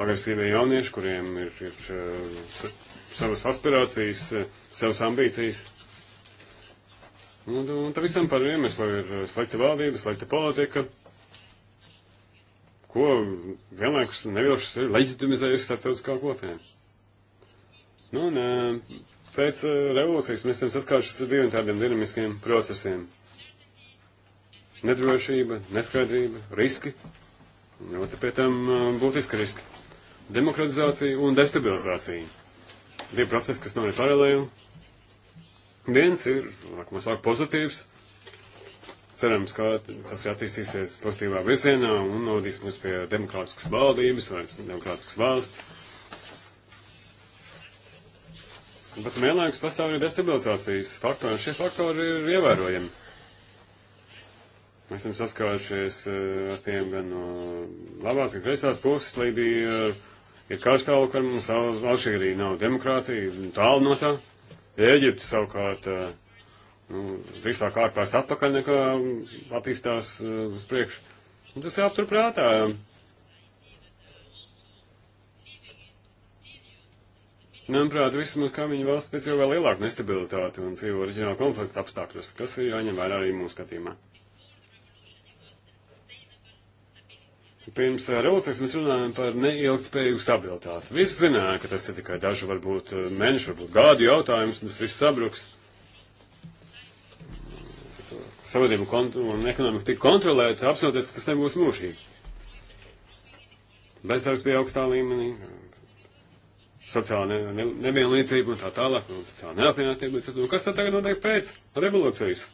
agresīvie jaunieši, kuriem ir, ir uh, savas aspirācijas, uh, savas ambīcijas. Un, un tam visam par iemeslu ir uh, slikta valdība, slikta politika, ko vienlaikus nevilšas ir leģitimizējusi starptautiskā kopiena. Nu, un pēc revolūcijas mēs esam saskārušies ar diviem tādiem dinamiskiem procesiem nedrošība, neskaidrība, riski, ļoti pie tam būtiski riski. Demokratizācija un destabilizācija. Divi procesi, kas nav ne paralēli. Viens ir, nākamā sāk pozitīvs. Cerams, ka tas attīstīsies pozitīvā virzienā un novadīs mūs pie demokrātiskas valdības vai demokrātiskas valsts. Bet vienlaikus pastāv arī destabilizācijas faktori, un šie faktori ir ievērojami. Mēs esam saskārušies eh, ar tiem gan no labās, gan kreisās puses. Lībija eh, ir karstāvokļa, mums Alžīrija nav demokrātija, tālu no tā. Ēģipte savukārt eh, nu, visā kārtās atpakaļ nekā attīstās uz priekšu. Un tas jāaptur prātā. Manuprāt, visas mūsu kaimiņu valsts pēc jau vēl lielāku nestabilitāti un dzīvo reģionāla konflikta apstākļus, kas ir jāņem vērā arī mūsu skatījumā. Pirms revolūcijas mēs runājam par neilgspējīgu stabilitāti. Visi zināja, ka tas ir tikai dažu varbūt mēnešu, varbūt gādu jautājums, tas viss sabruks. Sabiedrība un ekonomika tik kontrolēta, apsūties, ka tas nebūs mūžīgi. Bezdarbs bija augstā līmenī, sociāla ne, ne, nevienlīdzība un tā tālāk, un sociāla neapvienotība. Kas tad tagad notiek pēc revolūcijas?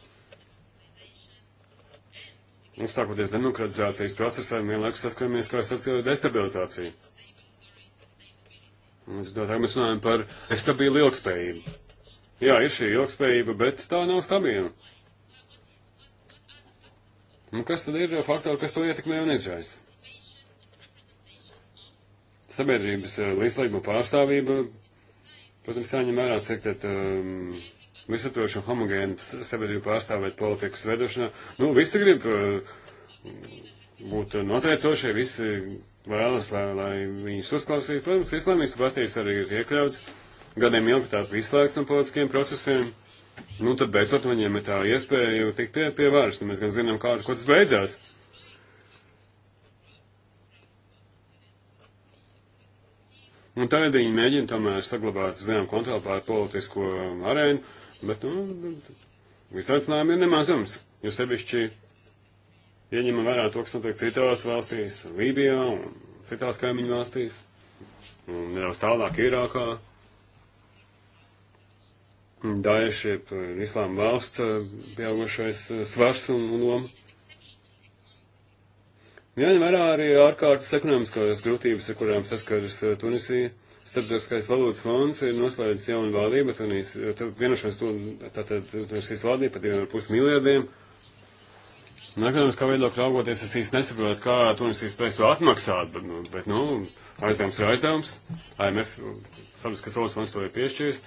Un stākoties demokratizācijas procesam, vienlaikus saskaramies, kā es sacīju, destabilizāciju. Un es domāju, mēs runājam par stabilu ilgspējību. Jā, ir šī ilgspējība, bet tā nav stabila. Un nu, kas tad ir faktori, kas to ietekmē un izraisa? Sabiedrības eh, līdzlaikuma pārstāvība, protams, jāņem vērā, cik tad um, visaptvarošu homogēnu sabiedrību pārstāvēt politikas vedošanā. Nu, visi grib eh, būt noteicošie, visi vēlas, lai, lai viņus uzklausītu. Protams, islāmistu partijas arī ir iekļauts. Gadiem ilgi tās bija izslēgts no politiskiem procesiem. Nu, tad beidzot viņiem ir tā iespēja jau tikt pie, pie varas. Nu, mēs gan zinām, kā, ko tas beidzās. Un tagad viņi mēģina tomēr saglabāt, zinām, kontroli pār politisko arēnu. Bet, nu, izaicinājumi ir nemazums, jo sevišķi ieņemam vērā to, kas notiek citās valstīs, Lībijā un citās kaimiņu valstīs, un nedaudz tālāk Irākā. Daesh, jeb Islāma valsts pieaugušais svars un, un loma. Jāņem vērā arī ārkārtas ekonomiskās grūtības, ar kurām saskaras eh, Tunisija. Starptautiskais valūtas fonds ir noslēdzis jaunu valdību, Tunīs, vienošanos to, tātad, Tunīs valdība par 1,5 miljardiem. Un nu, ekonomiskā viedokļa raugoties, es īsti nesaprotu, kā Tunisija spēs to atmaksāt, bet, nu, bet, nu aizdevums ir aizdevums. AMF, sabiedriskais valsts fonds to ir piešķīris.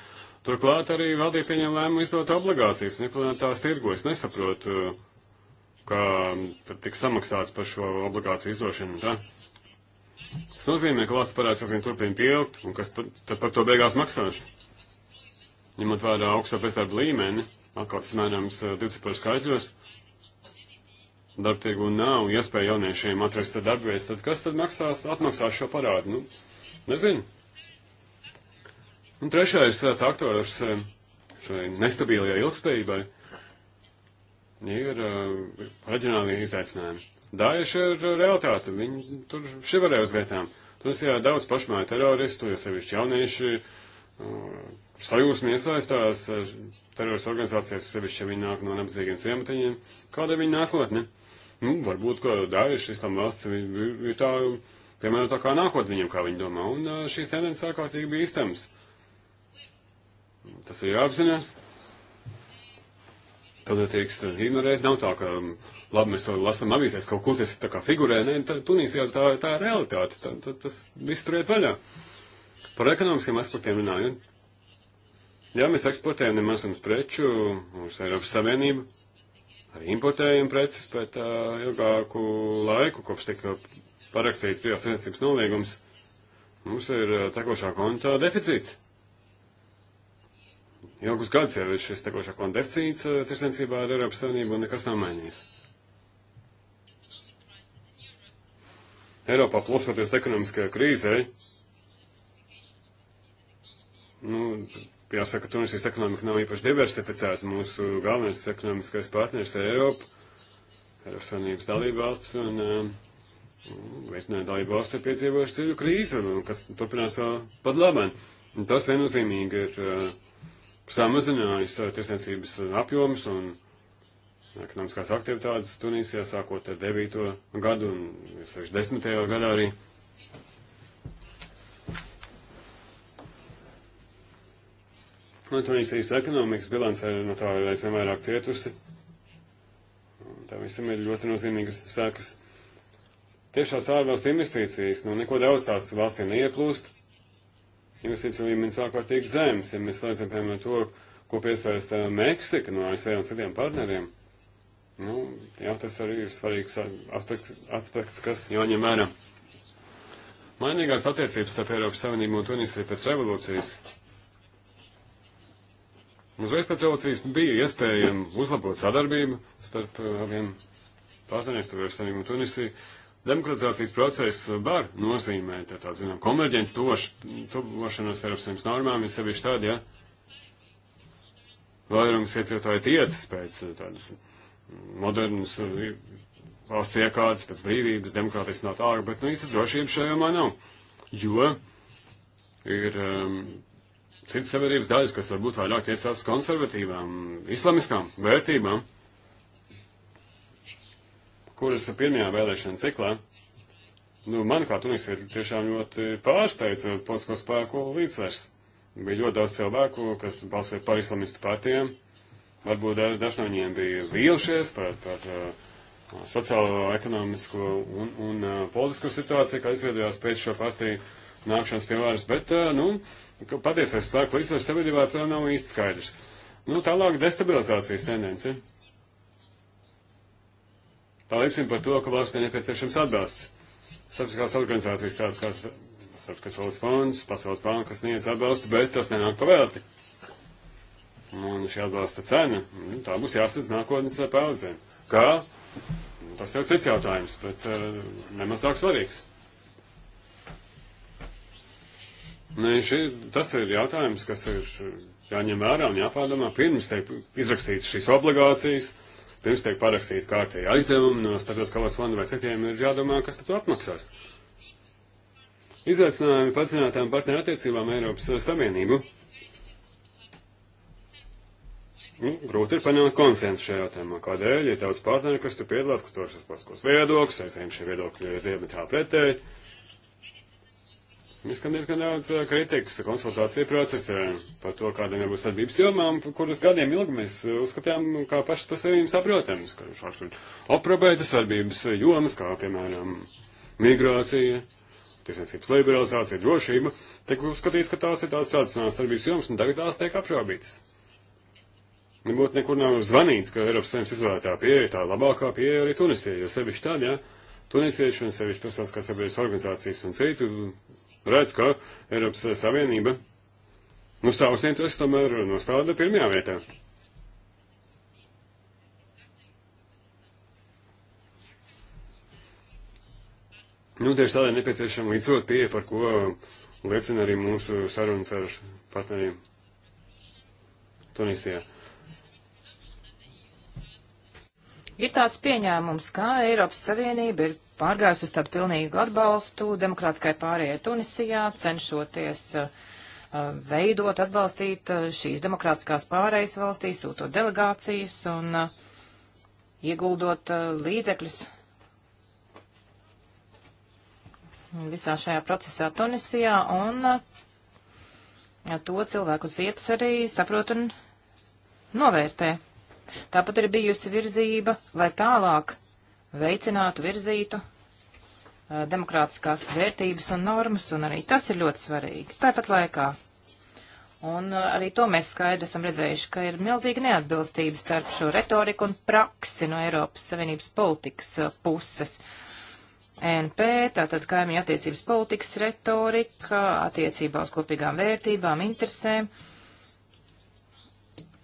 Turklāt arī valdība pieņem lēmumu izdot obligācijas, neplānotās tirgojas. Nesaprotu, kā tiks samaksāts par šo obligāciju izdošanu. Tā? Tas nozīmē, ka valsts parāds aizvien turpina pieaugt, un kas pat, tad par to beigās maksās. Ņemot vērā augsto bezdarba līmeni, atkal tas mērams 20 eh, par skaitļos, darba tirgu nav un iespēja jauniešiem atrast darbu vietas, tad kas tad maksās, atmaksās šo parādu? Nu, nezinu. Un trešais eh, faktors eh, šai nestabilajai ilgspējībai ir uh, reģionālie izaicinājumi. Dāieši ir realitāte, viņi tur šivarē uz lietām. Tas jā, daudz pašmāja teroristu, jo sevišķi jaunieši uh, sajūsmi iesaistās teroristu organizācijas, sevišķi, ja viņi nāk no nebadzīgiem ciematiņiem. Kāda ir viņa nākotne? Nu, varbūt, ka Dāieši, Islam valsts, ir tā, piemēram, tā kā nākotne viņam, kā viņi domā. Un uh, šīs tendences ārkārtīgi bija istamas. Tas ir jāapzinās. Tad tiek ignorēt. Nav tā, ka um, labi, mēs to lasām avīzēs, kaut kur tas tā kā figurē, nē, Tunīsijā tā, tā ir realitāte, tā, tā, tas viss tur iet vaļā. Par ekonomiskiem aspektiem runājot. Jā, mēs eksportējam nemazums preču uz Eiropas Savienību, arī importējam preces, bet uh, ilgāku laiku, kopš tika parakstīts privās tiesības nolīgums, mums ir uh, tekošā konta deficīts. Ilgus gadus jau ir šis tekošā konta deficīts uh, tirsniecībā ar Eiropas Savienību un nekas nav mainījies. Eiropā plosoties ekonomiskajā krīzē, nu, jāsaka, Tunisijas ekonomika nav īpaši diversificēta. Mūsu galvenais ekonomiskais partners ir Eiropa, Eiropas Savienības dalībvalsts, un uh, um, vietnē dalībvalsts ir piedzīvojuši dziļu krīzi, un kas turpinās vēl pat labāk. Tas viennozīmīgi ir uh, samazinājis uh, tirsniecības apjomus un ekonomiskās aktivitātes Tunīsijā sākot ar 9. gadu un 60. gadā arī. Nu, Tunīsijas ekonomikas bilance no nu, tā ir aizvien vairāk cietusi. Tā visam ir ļoti nozīmīgas sēkas. Tiešās ārvalstu investīcijas, nu, neko daudz tās valstī neieplūst. Investīciju līmenis ārkārtīgi zemes, ja mēs slēdzam, piemēram, to, ko piesaista Meksika no ASV un citiem partneriem. Nu, jā, tas arī ir svarīgs aspekts, aspekts kas jāņem vērā. Mainīgās attiecības starp Eiropas Savienību un Tunisiju pēc revolūcijas. Uzreiz pēc revolūcijas bija iespējama uzlabot sadarbību starp uh, abiem partneriem, starp Eiropas Savienību un Tunisiju. Demokratizācijas process var nozīmēt, tā, tā zinām, konverģents toš, tuvošanos Eiropas Savienības normām, ir sevišķi tad, ja vairums iedzīvotāji tiecas pēc uh, tādas modernas uh, valsts iekārtas, pēc brīvības, demokrātijas nav tālu, bet nu, īsta drošība šajā jomā nav. Jo ir um, citas sabiedrības daļas, kas varbūt vairāk tiecās konservatīvām, islamiskām vērtībām, kuras pirmajā vēlēšana ciklā, nu, manuprāt, universitāti tiešām ļoti pārsteidza politisko spēku līdzsvars. Bija ļoti daudz cilvēku, kas balsoja par islamistu partijām. Varbūt daži no viņiem bija vīlušies par, par uh, sociālo, ekonomisko un, un uh, politisko situāciju, kā izveidojās pēc šo partiju nākšanas pie varas, bet, uh, nu, patiesais spēku līdzsvars sabiedrībā vēl nav īsti skaidrs. Nu, tālāk destabilizācijas tendence. Tā liecina par to, ka valstī nepieciešams atbalsts. Sabiedriskās organizācijas tādas kā Starptautiskās valsts fonds, Pasaules bankas sniedz atbalstu, bet tas nenāk pavēlti. Un šī atbalsta cena, nu, tā būs jāsadz nākotnes paudzēm. Kā? Nu, tas jau cits jautājums, bet uh, eh, nemazāk svarīgs. Nē, nu, šī, tas ir jautājums, kas ir jāņem vērā un jāpārdomā pirms tiek izrakstītas šīs obligācijas, pirms tiek parakstīta kārtēja aizdevuma no starptautiskās fonda vai citiem, ir jādomā, kas to apmaksās. Izaicinājumi padziļinātām partneru attiecībām Eiropas Savienību. Nu, grūti ir panākt konsensu šajā jautājumā. Kādēļ ir daudz partneri, kas tur piedalās, kas tur ir paskos viedokļus, aizējām šie viedokļi ir diametrā pretēji. Izskan diezgan daudz eh, kritikas konsultāciju procesā par to, kādam jābūt sadarbības jomām, kuras gadiem ilgi mēs eh, uzskatījām kā pašas par sevi saprotams, ka šāds ir aprobētas sadarbības jomas, kā piemēram migrācija, tiesniecības liberalizācija, drošība, tiek uzskatīts, ka tās ir tās tradicionālās sadarbības jomas, un tagad tās tiek apšaubītas nebūtu nekur nav zvanīts, ka Eiropas Savienības izvēlētā pieeja, tā labākā pieeja arī Tunisijai, jo sevišķi tad, ja Tunisieši un sevišķi pilsētiskās sabiedrības organizācijas un citu redz, ka Eiropas Savienība nu savus intereses tomēr nostāda pirmajā vietā. Nu, tieši tādēļ nepieciešama līdzsvarot pieeja, par ko liecina arī mūsu sarunas ar partneriem Tunisijā. Ir tāds pieņēmums, ka Eiropas Savienība ir pārgājusi uz tādu pilnīgu atbalstu demokrātiskai pārējai Tunisijā, cenšoties uh, veidot, atbalstīt uh, šīs demokrātiskās pārējas valstīs, sūtot delegācijas un uh, ieguldot uh, līdzekļus visā šajā procesā Tunisijā, un uh, to cilvēku uz vietas arī saprot un novērtē. Tāpat ir bijusi virzība, lai tālāk veicinātu, virzītu demokrātiskās vērtības un normas, un arī tas ir ļoti svarīgi. Tāpat laikā. Un arī to mēs skaidri esam redzējuši, ka ir milzīga neatbilstība starp šo retoriku un praksi no Eiropas Savienības politikas puses. NP, tātad kaimiņa attiecības politikas retorika, attiecībā uz kopīgām vērtībām, interesēm. Uh,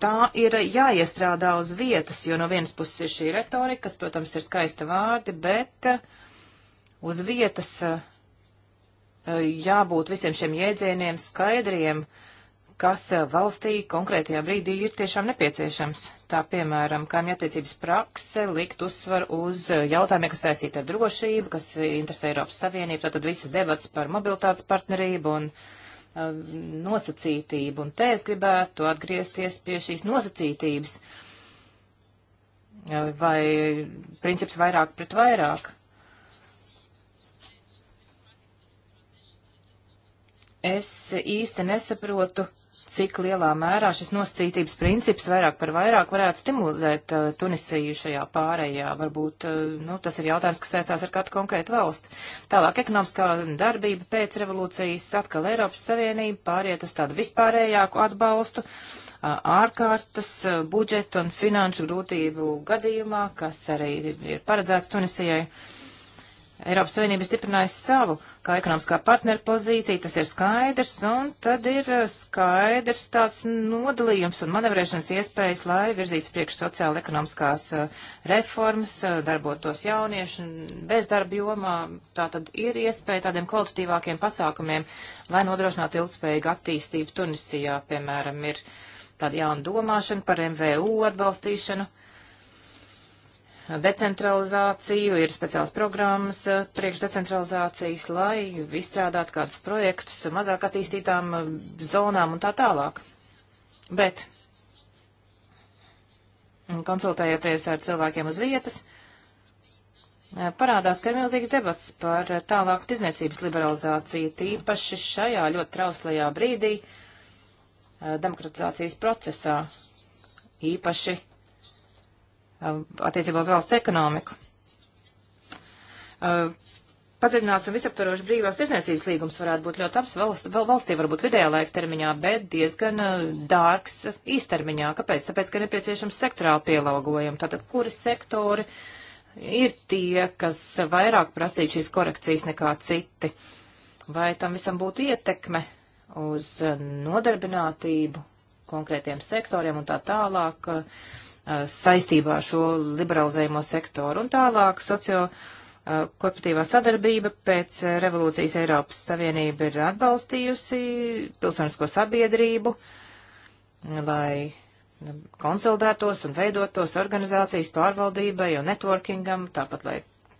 tā ir jāiestrādā uz vietas, jo no vienas puses ir šī retorika, kas, protams, ir skaista vārdi, bet uh, uz vietas uh, uh, jābūt visiem šiem jēdzieniem skaidriem, kas valstī konkrētajā brīdī ir tiešām nepieciešams. Tā piemēram, kaimiņattiecības prakse likt uzsvaru uz jautājumiem, kas saistīti ar drošību, kas interesē Eiropas Savienību, tātad visas debats par mobilitātes partnerību un uh, Um, nosacītību, un te es gribētu atgriezties pie šīs nosacītības, uh, vai princips vairāk pret vairāk. Es īsti nesaprotu, cik lielā mērā šis nosacītības princips vairāk par vairāk varētu stimulēt uh, Tunisiju šajā pārējā. Varbūt uh, nu, tas ir jautājums, kas saistās ar katru konkrētu valsti. Tālāk ekonomiskā darbība pēc revolūcijas atkal Eiropas Savienība pāriet uz tādu vispārējāku atbalstu uh, ārkārtas uh, budžeta un finanšu grūtību gadījumā, kas arī ir paredzēts Tunisijai. Uh, Eiropas Savienība stiprinājusi savu kā ekonomiskā partneru pozīciju, tas ir skaidrs, un tad ir eh, skaidrs tāds nodalījums un manevrēšanas iespējas, lai virzītu priekš sociāla ekonomiskās eh, reformas, eh, darbotos jaunieši bezdarba jomā. Tā tad ir iespēja tādiem kvalitatīvākiem pasākumiem, lai nodrošinātu ilgspējīgu attīstību Tunisijā, piemēram, ir tāda jauna domāšana par MVU atbalstīšanu decentralizāciju, ir speciāls programmas eh, priekš decentralizācijas, lai izstrādātu kādus projektus mazāk attīstītām eh, zonām un tā tālāk. Bet, konsultējoties ar cilvēkiem uz vietas, eh, parādās, ka ir milzīgs debats par tālāku tirzniecības liberalizāciju, tīpaši šajā ļoti trauslajā brīdī demokratizācijas procesā, īpaši Um, attiecībā uz valsts ekonomiku. Uh, padziļināts un visaptvarošs brīvās tirsniecības līgums varētu būt ļoti labs valst, valstī, varbūt vidējā laika termiņā, bet diezgan uh, dārgs īstermiņā. Kāpēc? Tāpēc, ka nepieciešams sektorāli pielāgojumi. Tātad, kuri sektori ir tie, kas vairāk prasīja šīs korekcijas nekā citi? Vai tam visam būtu ietekme uz nodarbinātību konkrētiem sektoriem un tā tālāk? Uh, Uh, saistībā ar šo liberalizējumu sektoru un tālāk socio uh, korporatīvā sadarbība pēc uh, revolūcijas Eiropas Savienība ir atbalstījusi pilsonisko sabiedrību, lai nu, konsolidētos un veidotos organizācijas pārvaldībai un networkingam, tāpat lai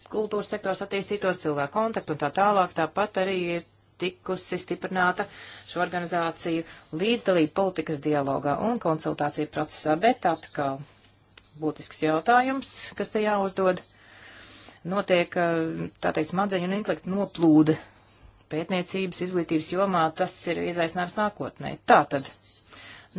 kultūras sektors attīstītos, cilvēku kontaktu un tā tālāk, tāpat arī ir tikusi stiprināta šo organizāciju līdzdalība politikas dialogā un konsultāciju procesā, bet atkal būtisks jautājums, kas te jāuzdod. Notiek, tā teikt, smadzeņu un intelektu noplūde pētniecības, izglītības jomā. Tas ir izaicinājums nākotnē. Tātad,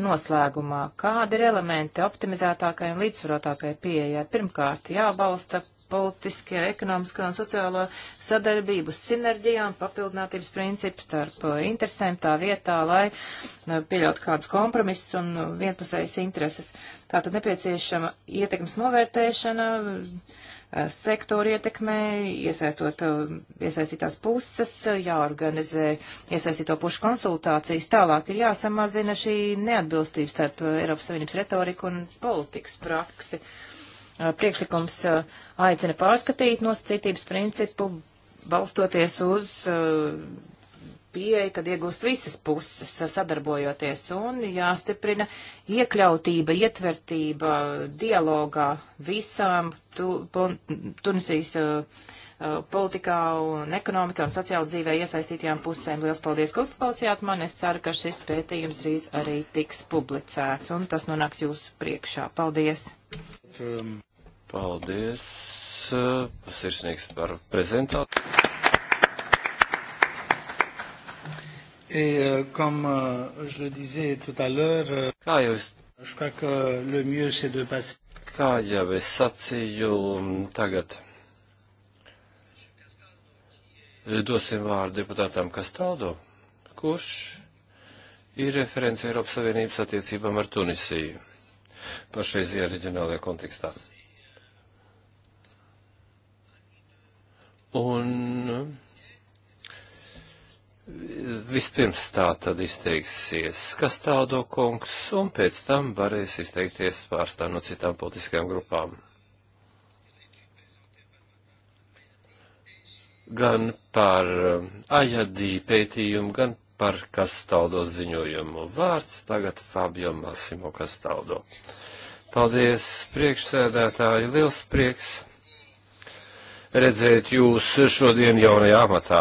noslēgumā, kādi ir elementi optimizētākai un līdzsvarotākai pieejai? Pirmkārt, jābalsta politiskajā, ekonomiskā un sociālā sadarbību, sinerģijām, papildinātības principu starp uh, interesēm tā vietā, lai uh, pieļaut kādus kompromisus un uh, vienpusējas intereses. Tātad nepieciešama ietekmes novērtēšana, sektoru ietekmē, iesaistot iesaistītās puses, jāorganizē iesaistīto pušu konsultācijas. Tālāk ir jāsamazina šī neatbilstība starp Eiropas Savienības retoriku un politikas praksi. Priekšlikums uh, aicina pārskatīt nosacītības principu, balstoties uz uh, pieeja, kad iegūst visas puses uh, sadarbojoties un jāstiprina iekļautība, ietvertība dialogā visām tu, pol, Tunisijas uh, uh, politikā un ekonomikā un sociāla dzīvē iesaistītajām pusēm. Lielas paldies, ka uzklausījāt mani. Es ceru, ka šis pētījums drīz arī tiks publicēts un tas nonāks jūsu priekšā. Paldies! Um. Paldies, eh, sirsnīgs par prezentāciju. Et euh, comme euh, je le disais tout à l'heure, euh, je crois que le mieux c'est de passer. Kā jau es sacīju, mm, tagad eh, dosim vārdu deputātam Kastaldo, kurš ir referents Eiropas Savienības attiecībām ar Tunisiju pašreizie reģionālajā kontekstā. Un eh, vispirms tā tad izteiksies Kastādo kungs, un pēc tam varēs izteikties pārstāv no citām politiskajām grupām. Gan par eh, Ajadī pētījumu, gan par Kastaldo ziņojumu. Vārds tagad Fabio Massimo Kastaldo. Paldies, priekšsēdētāji, liels prieks! redzēt jūs šodien jaunajā amatā,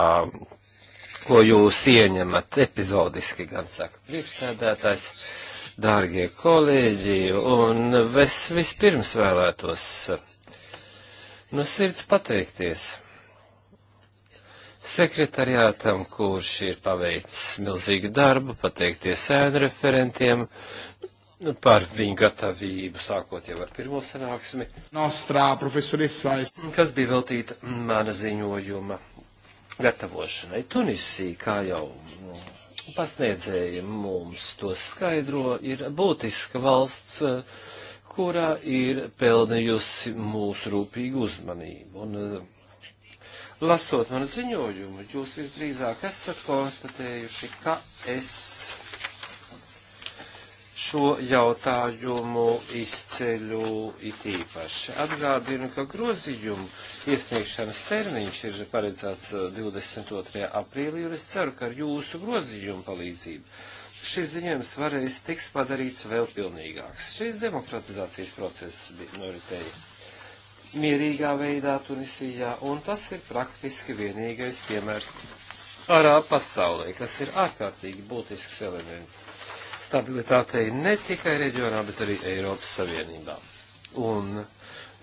ko jūs ieņemat epizodiski, gan saka priekšsēdētājs, dārgie kolēģi, un es vispirms vēlētos no nu, sirds pateikties sekretariātam, kurš ir paveicis milzīgu darbu, pateikties ēnu referentiem, Nu, par viņu gatavību, sākot jau ar pirmo sanāksmi, Nostrā, kas bija veltīta mana ziņojuma gatavošanai. Tunisija, kā jau nu, pasniedzēji mums to skaidro, ir būtiska valsts, kurā ir pelnījusi mūsu rūpīgu uzmanību. Un, lasot manu ziņojumu, jūs visdrīzāk esat konstatējuši, ka es šo jautājumu izceļu it īpaši. Atgādinu, ka grozījumu iesniegšanas termiņš ir paredzēts 22. Uh, aprīlī, un es ceru, ka ar jūsu grozījumu palīdzību šis ziņojums varēs tiks padarīts vēl pilnīgāks. Šis demokratizācijas process noritēja mierīgā veidā Tunisijā, un tas ir praktiski vienīgais piemērs arā pasaulē, kas ir ārkārtīgi būtisks elements stabilitātei ne tikai reģionā, bet arī Eiropas Savienībā. Un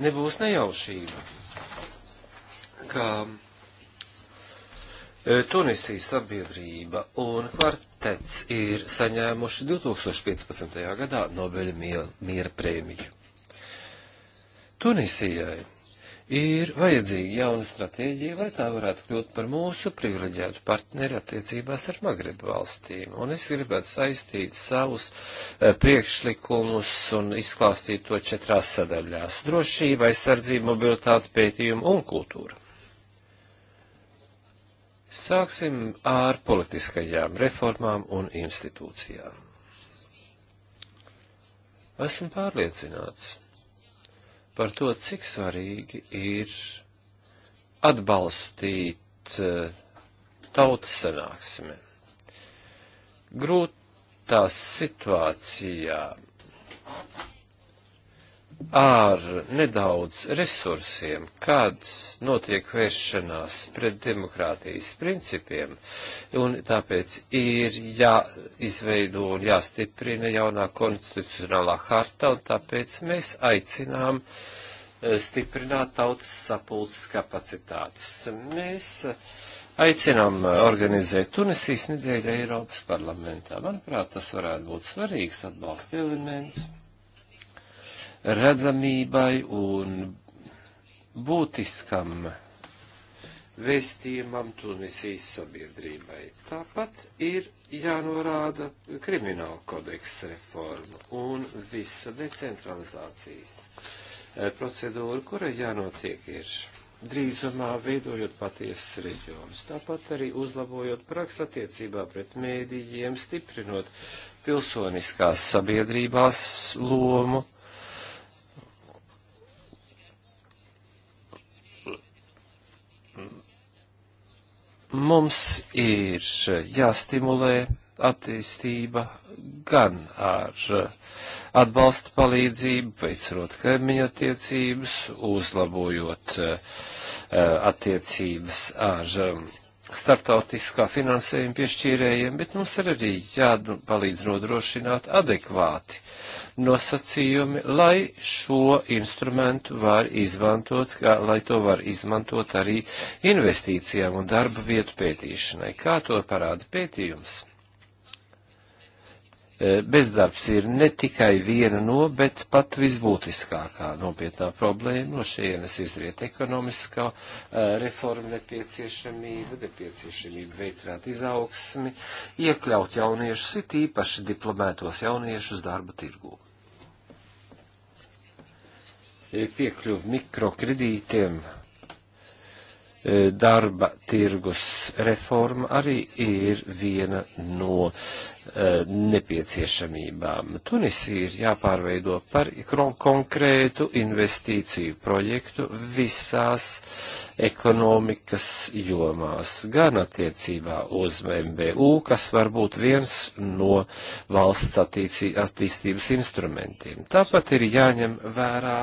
nebūs nejaušība, ka e, Tunisijas sabiedrība un kvartets ir saņēmuši 2015. gadā Nobeļa miera prēmiju. Tunisijai ir vajadzīga jauna stratēģija, lai tā varētu kļūt par mūsu privileģētu partneri attiecībās ar Magrebu valstīm. Un es gribētu saistīt savus e, priekšlikumus un izklāstīt to četrās sadaļās - drošība, aizsardzība, mobilitāte, pētījuma un kultūra. Sāksim ar politiskajām reformām un institūcijām. Esmu pārliecināts, par to, cik svarīgi ir atbalstīt eh, tautas sanāksmi. Grūtā situācijā ar nedaudz resursiem, kad notiek vēršanās pret demokrātijas principiem, un tāpēc ir jāizveido un jāstiprina jaunā konstitucionālā harta, un tāpēc mēs aicinām eh, stiprināt tautas sapulces kapacitātes. Mēs eh, aicinām eh, organizēt Tunisijas nedēļu Eiropas parlamentā. Manuprāt, tas varētu būt svarīgs atbalsta elements redzamībai un būtiskam vēstījumam Tunisijas sabiedrībai. Tāpat ir jānorāda krimināla kodeksa reforma un visa decentralizācijas eh, procedūra, kurai jānotiek ir drīzumā veidojot patiesas reģionus, tāpat arī uzlabojot praks attiecībā pret mēdījiem, stiprinot pilsoniskās sabiedrībās lomu Mums ir jāstimulē attīstība gan ar atbalsta palīdzību, veicinot kaimiņu attiecības, uzlabojot eh, attiecības ar starptautiskā finansējuma piešķīrējiem, bet mums ir arī jāpalīdz nodrošināt adekvāti nosacījumi, lai šo instrumentu var izmantot, kā, lai to var izmantot arī investīcijām un darba vietu pētīšanai. Kā to parāda pētījums? Eh, bezdarbs ir ne tikai viena no, bet pat visbūtiskākā nopietnā problēma. No šienes izriet ekonomiskā eh, reforma nepieciešamība, nepieciešamība veicināt izaugsmi, iekļaut jauniešus, it īpaši diplomētos jauniešus darba tirgū. Eh, piekļuvi mikrokredītiem E, darba tirgus reforma arī ir viena no e, nepieciešamībām. Tunisija ir jāpārveido par konkrētu investīciju projektu visās ekonomikas jomās, gan attiecībā uz MBU, kas var būt viens no valsts attīstības instrumentiem. Tāpat ir jāņem vērā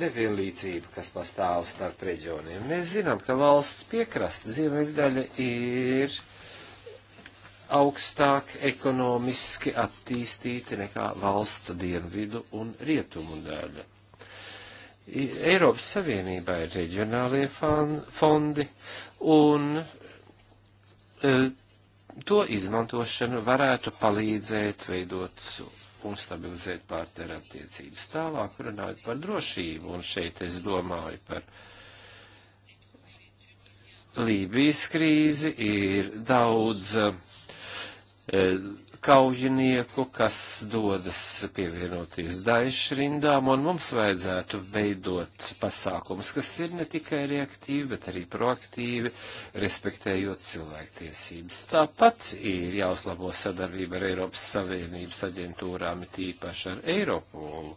nevienlīdzību, kas pastāv starp reģioniem. Mēs zinām, ka valsts piekrasta ziemeļdaļa ir augstāk ekonomiski attīstīta nekā valsts dienvidu un rietumu daļa. Eiropas Savienībā ir reģionālie fondi, un e, to izmantošanu varētu palīdzēt veidot pasākumu stabilizēt pārtēra attiecības. Tālāk runājot par drošību, un šeit es domāju par Lībijas krīzi, ir daudz. Uh, kaujinieku, kas dodas pievienoties daišu rindām, un mums vajadzētu veidot pasākums, kas ir ne tikai reaktīvi, bet arī proaktīvi, respektējot cilvēktiesības. Tāpat ir jāuzlabo sadarbība ar Eiropas Savienības aģentūrām, it īpaši ar Eiropolu.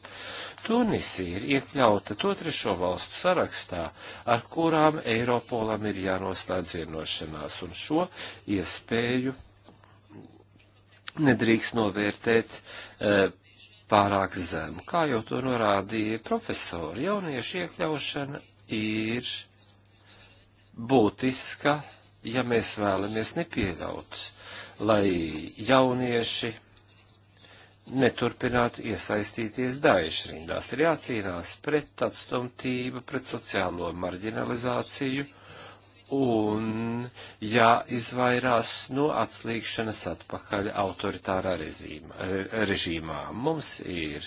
Tunisija ir iekļauta to trešo valstu sarakstā, ar kurām Eiropolam ir jānoslēdz vienošanās, un šo iespēju nedrīkst novērtēt e, pārāk zemu. Kā jau to norādīja profesori, jauniešu iekļaušana ir būtiska, ja mēs vēlamies nepieļaut, lai jaunieši neturpinātu iesaistīties daišu rindās. Ir jācīnās pret atstumtību, pret sociālo marginalizāciju un jāizvairās no atslīgšanas atpakaļ autoritārā režīmā. Eh, režīmā. Mums ir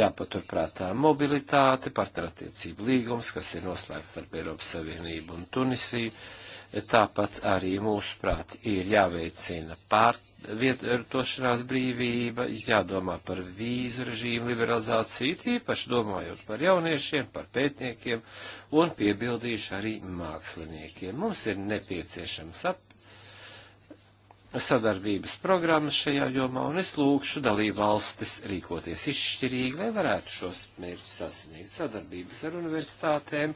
jāpaturprātā mobilitāte, partnerattiecību līgums, kas ir noslēgts ar Eiropas Savienību un Tunisiju. Tāpat arī mūsu prāt ir jāveicina pārt vietošanās brīvība, jādomā par vīzu režīmu liberalizāciju, tīpaši domājot par jauniešiem, par pētniekiem un piebildīšu arī māksliniekiem. Mums ir nepieciešams ap sadarbības programmas šajā jomā, un es lūgšu dalību valstis rīkoties izšķirīgi, lai varētu šos mērķus sasniegt. Sadarbības ar universitātēm,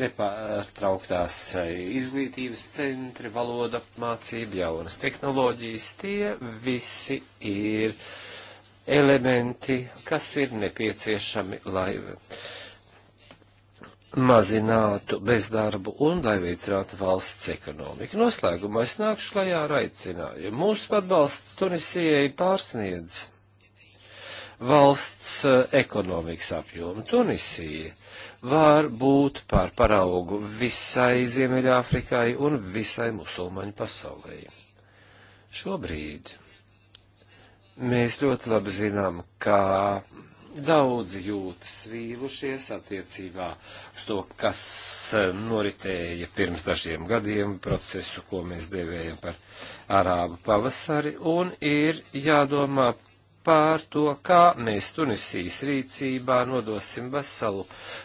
nepārtrauktās eh, izglītības centri, valoda apmācība, jaunas tehnoloģijas, tie visi ir elementi, kas ir nepieciešami, lai mazinātu bezdarbu un lai veicinātu valsts ekonomiku. Noslēgumā es nākšu klajā ar aicinājumu. Mūsu atbalsts Tunisijai pārsniedz valsts eh, ekonomikas apjomu. Tunisija var būt par paraugu visai Ziemeļāfrikai un visai musulmaņu pasaulē. Šobrīd mēs ļoti labi zinām, kā Daudzi jūtas vīlušies attiecībā uz to, kas eh, noritēja pirms dažiem gadiem procesu, ko mēs devējam par arābu pavasari, un ir jādomā par to, kā mēs Tunisijas rīcībā nodosim veselu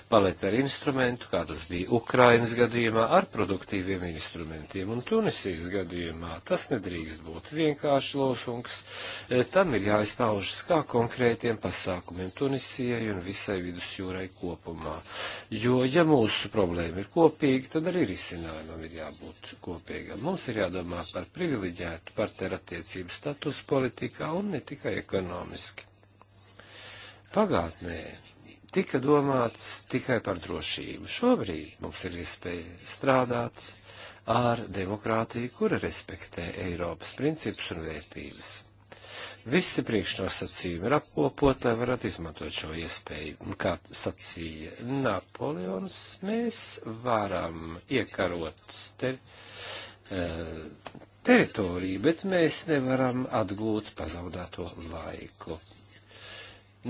paleti ar instrumentu, kā tas bija Ukrainas gadījumā, ar produktīviem instrumentiem. Un Tunisijas gadījumā tas nedrīkst būt vienkārši lūsungs, e, tam ir jāizpaužas kā konkrētiem pasākumiem Tunisijai un visai vidusjūrai kopumā. Jo, ja mūsu problēma ir kopīga, tad arī risinājumam ir jābūt kopīgam. Mums ir jādomā par privileģētu partnerattiecību status politikā un ne tikai ekonomiski ekonomiski. Pagātnē tika domāts tikai par drošību. Šobrīd mums ir iespēja strādāt ar demokrātiju, kura respektē Eiropas principus un vērtības. Visi priekšnosacījumi ir apkopot, lai varētu izmantot šo iespēju. Un kā sacīja Napoleons, mēs varam iekarot te, eh, teritoriju, bet mēs nevaram atgūt pazaudēto laiku.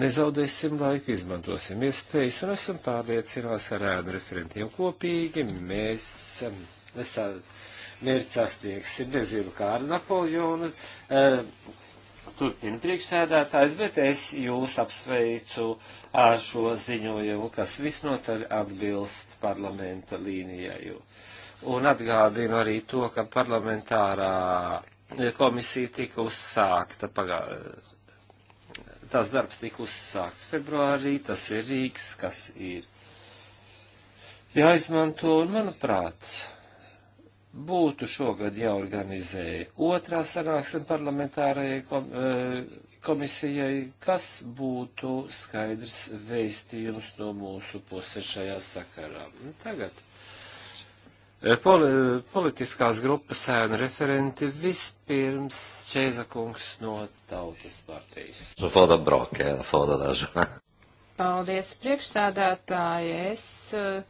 Nezaudēsim laiku, izmantosim iespējas un esam pārliecinās ar ēnu referentiem kopīgi. Mēs esā, mērķi sasniegsim, nezinu, kā ar Napoljonu. Uh, turpina priekšsēdētājs, bet es jūs apsveicu ar šo ziņojumu, kas visnotaļ atbilst parlamenta līnijai. Jo un atgādinu arī to, ka parlamentārā komisija tika uzsākta pagā... Tās darbs tika uzsākts februārī, tas ir Rīgas, kas ir jāizmanto, un manuprāt, būtu šogad jāorganizē otrā sanāksme parlamentārajai e, komisijai, kas būtu skaidrs vēstījums no mūsu puses šajā sakarā. Tagad Eh, poli, politiskās grupas sēnu referenti vispirms Čeizakungs no Tautas partijas. Eh, Paldies, priekšsādātāji. Es uh,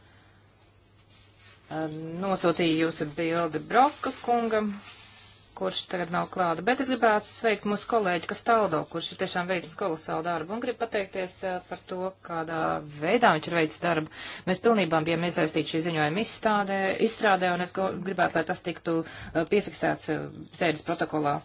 nosūtīju jūsu bildi Broka kungam, kurš tagad nav klāta, bet es gribētu sveikt mūsu kolēģi Kastaldo, kurš ir tiešām veicis kolosālu darbu un gribu pateikties eh, par to, kādā veidā viņš ir veicis darbu. Mēs pilnībā bijām iesaistīti šī ziņojuma izstādē, izstrādē un es gribētu, lai tas tiktu eh, piefiksēts eh, sēdes protokolā.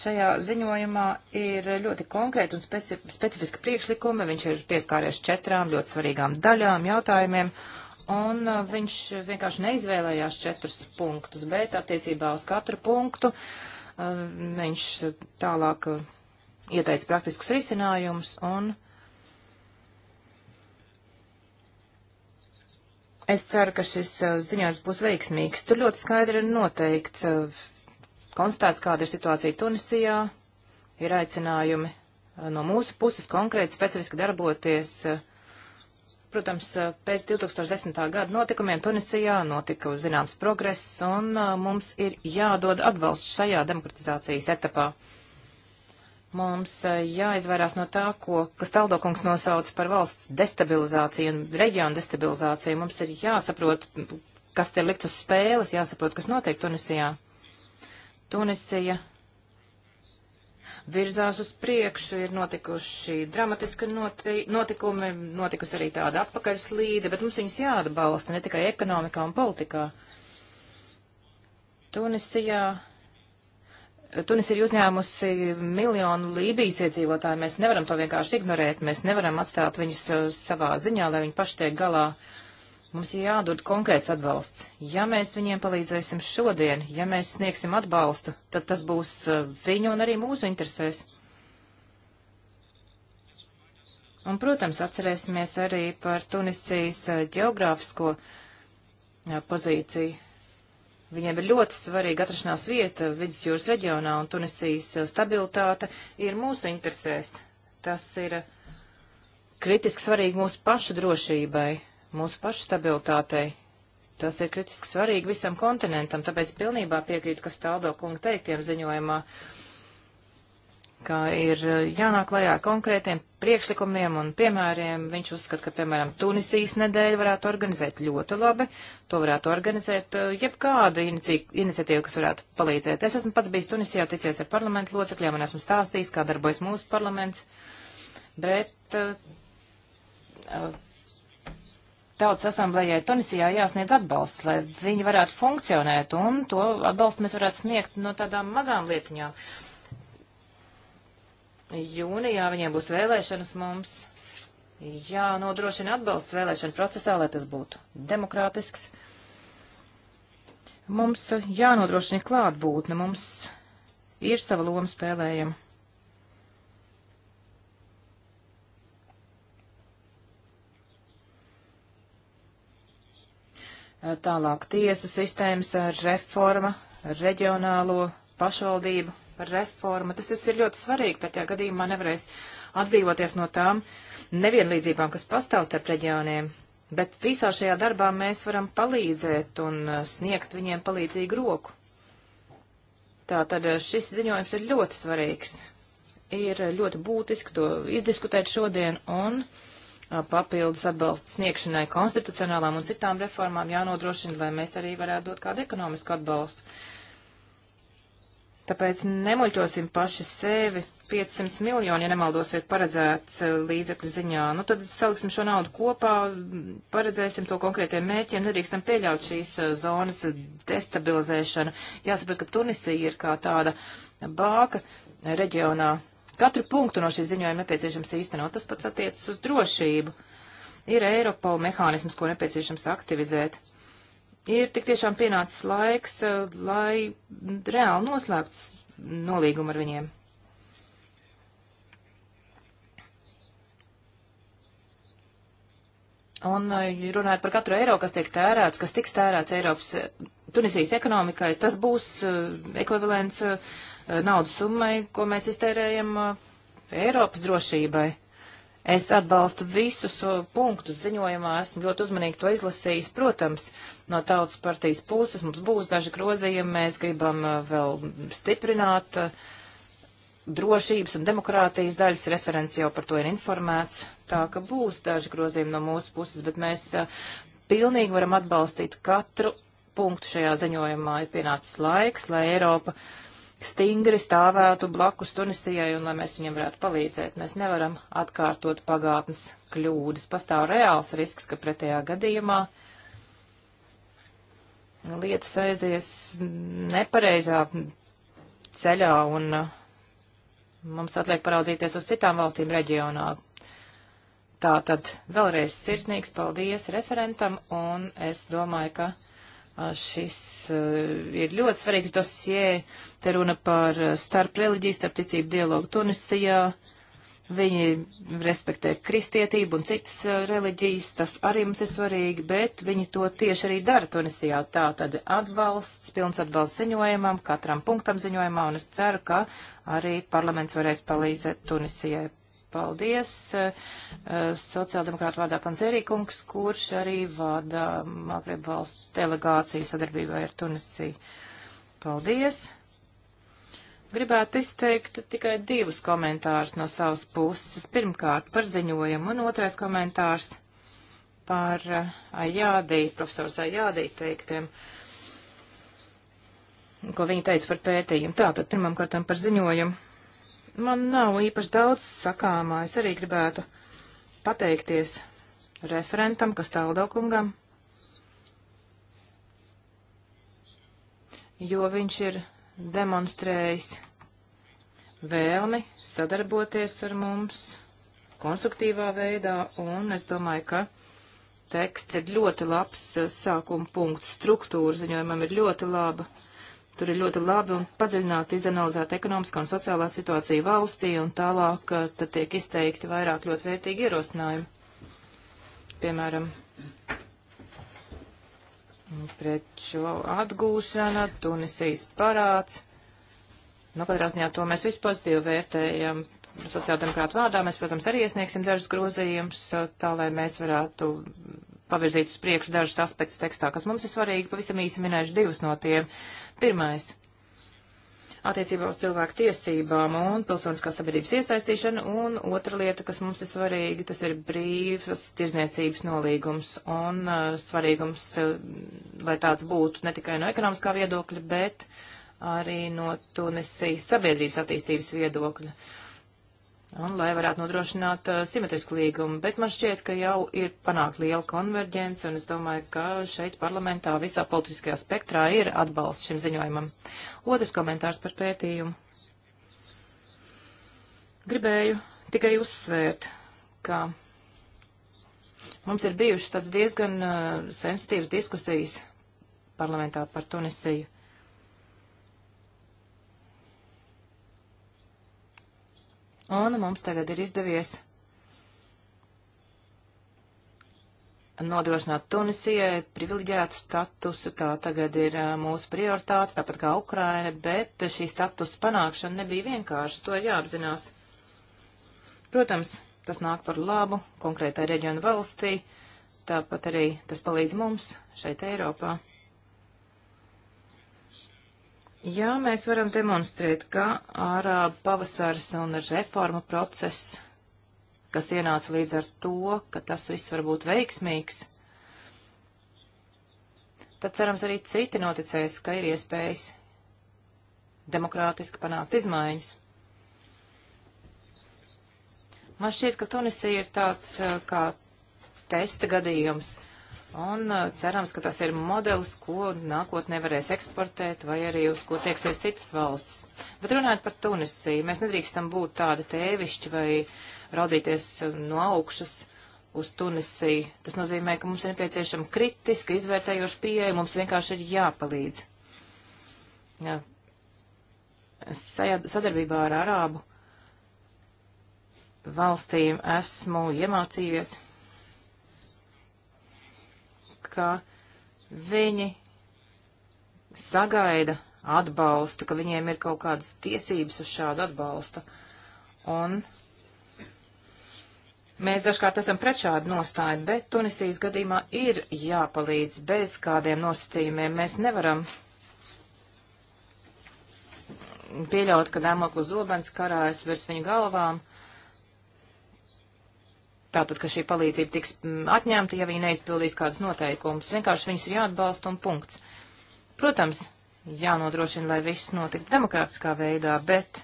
Šajā ziņojumā ir ļoti konkrēti un specifiski priekšlikumi. Viņš ir pieskāries četrām ļoti svarīgām daļām, jautājumiem. Uh, un uh, viņš vienkārši neizvēlējās četrus punktus, bet attiecībā uz katru punktu uh, viņš tālāk uh, ieteica praktiskus risinājumus, un es ceru, ka šis ziņojums būs veiksmīgs. Tur ļoti skaidri ir noteikts, konstatēts, kāda ir situācija Tunisijā, ir aicinājumi no mūsu puses konkrēti specifiski darboties uh, Protams, pēc 2010. gada notikumiem Tunisijā notika zināms progress, un mums ir jādod atbalsts šajā demokratizācijas etapā. Mums jāizvairās no tā, ko Kastaldokungs nosauc par valsts destabilizāciju un reģionu destabilizāciju. Mums ir jāsaprot, kas te likt uz spēles, jāsaprot, kas notiek Tunisijā. Tunisija virzās uz priekšu, ir notikuši dramatiski noti notikumi, notikusi arī tāda apakaļslīde, bet mums viņus jāatbalsta ne tikai ekonomikā un politikā. Tunisijā. Tunis ir uzņēmusi miljonu Lībijas iedzīvotāju. Mēs nevaram to vienkārši ignorēt. Mēs nevaram atstāt viņus uh, savā ziņā, lai viņi paši tiek galā uh, Mums ir jādod konkrēts atbalsts. Ja mēs viņiem palīdzēsim šodien, ja mēs sniegsim atbalstu, tad tas būs eh, viņu un arī mūsu interesēs. Un, protams, atcerēsimies arī par Tunisijas ģeogrāfisko eh, eh, pozīciju. Viņiem ir ļoti svarīga atrašanās vieta vidusjūras reģionā, un Tunisijas stabilitāte ir mūsu interesēs. Tas ir kritiski svarīgi mūsu pašu drošībai, mūsu pašu stabilitātei. Tas ir kritiski svarīgi visam kontinentam, tāpēc pilnībā piekrītu, kas Taldo kunga teiktiem ziņojumā, ka ir eh, jānāk lajā konkrētiem priekšlikumiem un piemēriem. Viņš uzskata, ka, piemēram, Tunisijas nedēļa varētu organizēt ļoti labi. To varētu organizēt eh, jebkāda iniciatīva, kas varētu palīdzēt. Es esmu pats bijis Tunisijā, ticies ar parlamentu locekļiem un esmu stāstījis, kā darbojas mūsu parlaments. Bet uh, tautas asamblējai Tunisijā jāsniedz atbalsts, lai viņi varētu funkcionēt, un to atbalstu mēs varētu sniegt no tādām mazām lietiņām. Jūnijā viņiem būs vēlēšanas mums. Jā, nodrošina atbalsts vēlēšana procesā, lai tas būtu demokrātisks. Mums jānodrošina klātbūtne, mums ir sava loma spēlējama. Eh, tālāk tiesu sistēmas eh, reforma, reģionālo pašvaldību reforma. Tas viss ir ļoti svarīgi, bet tajā gadījumā nevarēs atbrīvoties no tām nevienlīdzībām, kas pastāv starp reģioniem. Bet visā šajā darbā mēs varam palīdzēt un eh, sniegt viņiem palīdzīgu roku. Tātad šis ziņojums ir ļoti svarīgs. Ir ļoti būtiski to izdiskutēt šodien, un papildus atbalsts sniegšanai konstitucionālām un citām reformām jānodrošina, lai mēs arī varētu dot kādu ekonomisku atbalstu. Tāpēc nemuļķosim paši sevi. 500 miljoni, ja nemaldos, ir paredzēts līdzekļu ziņā. Nu, tad saliksim šo naudu kopā, paredzēsim to konkrētiem mērķiem, nedrīkstam pieļaut šīs zonas destabilizēšanu. Jāsaprot, ka Tunisija ir kā tāda bāka reģionā, Katru punktu no šī ziņojuma nepieciešams īstenot, tas pats attiecas uz drošību. Ir Eiropola mehānisms, ko nepieciešams aktivizēt. Ir tik tiešām pienācis laiks, eh, lai reāli noslēpts nolīgumu ar viņiem. Un eh, runājot par katru eiro, kas tiek tērēts, kas tiks tērēts Eiropas eh, Tunisijas ekonomikai, tas būs ekvivalents uh, naudas summai, ko mēs iztērējam uh, Eiropas drošībai. Es atbalstu visus uh, punktus ziņojumā, esmu ļoti uzmanīgi to izlasījis. Protams, no tautas partijas puses mums būs daži grozījumi, mēs gribam uh, vēl stiprināt drošības un demokrātijas daļas referents jau par to ir informēts. Tā ka būs daži grozījumi no mūsu puses, bet mēs pilnīgi varam atbalstīt katru punktu šajā ziņojumā. Ir pienācis laiks, lai Eiropa uh, stingri stāvētu blakus Tunisijai un lai mēs viņiem varētu palīdzēt. Mēs nevaram atkārtot pagātnes kļūdas. Pastāv reāls risks, ka pretējā gadījumā lietas aizies nepareizā ceļā un uh, mums atliek paraudzīties uz citām valstīm reģionā. Tā tad vēlreiz sirsnīgs paldies referentam un es domāju, ka Šis ir ļoti svarīgs dosie. Te runa par starp reliģiju, starp ticību dialogu Tunisijā. Viņi respektē kristietību un citas reliģijas, tas arī mums ir svarīgi, bet viņi to tieši arī dara Tunisijā. Tā tad atbalsts, pilns atbalsts ziņojumam, katram punktam ziņojumā, un es ceru, ka arī parlaments varēs palīdzēt Tunisijai. Paldies. Eh, eh, sociāldemokrāta vārdā Panzerīkungs, kurš arī vada Magreb valsts delegāciju sadarbībā ar Tunisiju. Paldies. Gribētu izteikt tikai divus komentārus no savas puses. Pirmkārt par ziņojumu un otrais komentārs par eh, Ajādī, profesors Ajādī teiktiem, ko viņi teica par pētījumu. Tātad pirmam kārtam par ziņojumu. Man nav īpaši daudz sakāmā. Es arī gribētu pateikties referentam, kas tāldaukungam, jo viņš ir demonstrējis vēlmi sadarboties ar mums konstruktīvā veidā, un es domāju, ka teksts ir ļoti labs sākuma punkts, struktūra ziņojumam ir ļoti laba. Uh, Tur ir ļoti labi un padziļināti izanalizēta ekonomiskā un sociālā situācija valstī, un tālāk tad tiek izteikti vairāk ļoti vērtīgi ierosinājumi. Piemēram, preču atgūšana, Tunisijas parāds. Nu, katrā ziņā to mēs visu pozitīvi vērtējam. Sociāldemokrātu vārdā mēs, protams, arī iesniegsim dažus grozījumus, tā lai mēs varētu pavirzīt uz priekšu dažus aspektus tekstā, kas mums ir svarīgi. Pavisam īsi minēšu divus no tiem. Pirmais attiecībā uz cilvēku tiesībām un pilsoniskās sabiedrības iesaistīšanu, un otra lieta, kas mums ir svarīga, tas ir brīvas tirzniecības nolīgums, un uh, svarīgums, uh, lai tāds būtu ne tikai no ekonomiskā viedokļa, bet arī no Tunisijas sabiedrības attīstības viedokļa. Uh, un lai varētu nodrošināt uh, simetrisku līgumu. Bet man šķiet, ka jau ir panākt liela konverģence, un es domāju, ka šeit parlamentā visā politiskajā spektrā ir atbalsts šim ziņojumam. Otrs komentārs par pētījumu. Gribēju tikai uzsvērt, ka mums ir bijušas tāds diezgan uh, sensitīvas diskusijas parlamentā par Tunisiju. Un mums tagad ir izdevies nodrošināt Tunisijai privileģētu statusu, tā tagad ir mūsu prioritāte, tāpat kā Ukraina, bet šī statusa panākšana nebija vienkārši, to ir jāapzinās. Protams, tas nāk par labu konkrētai reģionu valstī, tāpat arī tas palīdz mums šeit Eiropā. Jā, mēs varam demonstrēt, ka ārā pavasars un reforma process, kas ienāca līdz ar to, ka tas viss var būt veiksmīgs, tad cerams arī citi noticēs, ka ir iespējas demokrātiski panākt izmaiņas. Man šķiet, ka Tunisija ir tāds eh, kā testa gadījums Un uh, cerams, ka tas ir modelis, ko nākotnē varēs eksportēt vai arī uz ko tieksies citas valstis. Bet runājot par Tunisiju, mēs nedrīkstam būt tādi tēvišķi vai raudīties uh, no augšas uz Tunisiju. Tas nozīmē, ka mums ir nepieciešama kritiska, izvērtējoša pieeja, mums vienkārši ir jāpalīdz. Jā. Sadarbībā ar Arābu valstīm esmu iemācījies ka viņi sagaida atbalstu, ka viņiem ir kaut kādas tiesības uz šādu atbalstu. Un Mēs dažkārt esam pret šādu nostāju, bet Tunisijas gadījumā ir jāpalīdz bez kādiem nosacījumiem. Mēs nevaram pieļaut, ka Damoklis Zobens karājas virs viņu galvām, Tātad, ka šī palīdzība tiks mm, atņemta, ja viņi neizpildīs kādus noteikumus. Vienkārši viņus ir jāatbalsta un punkts. Protams, jānodrošina, lai viss notiktu demokrātiskā veidā, bet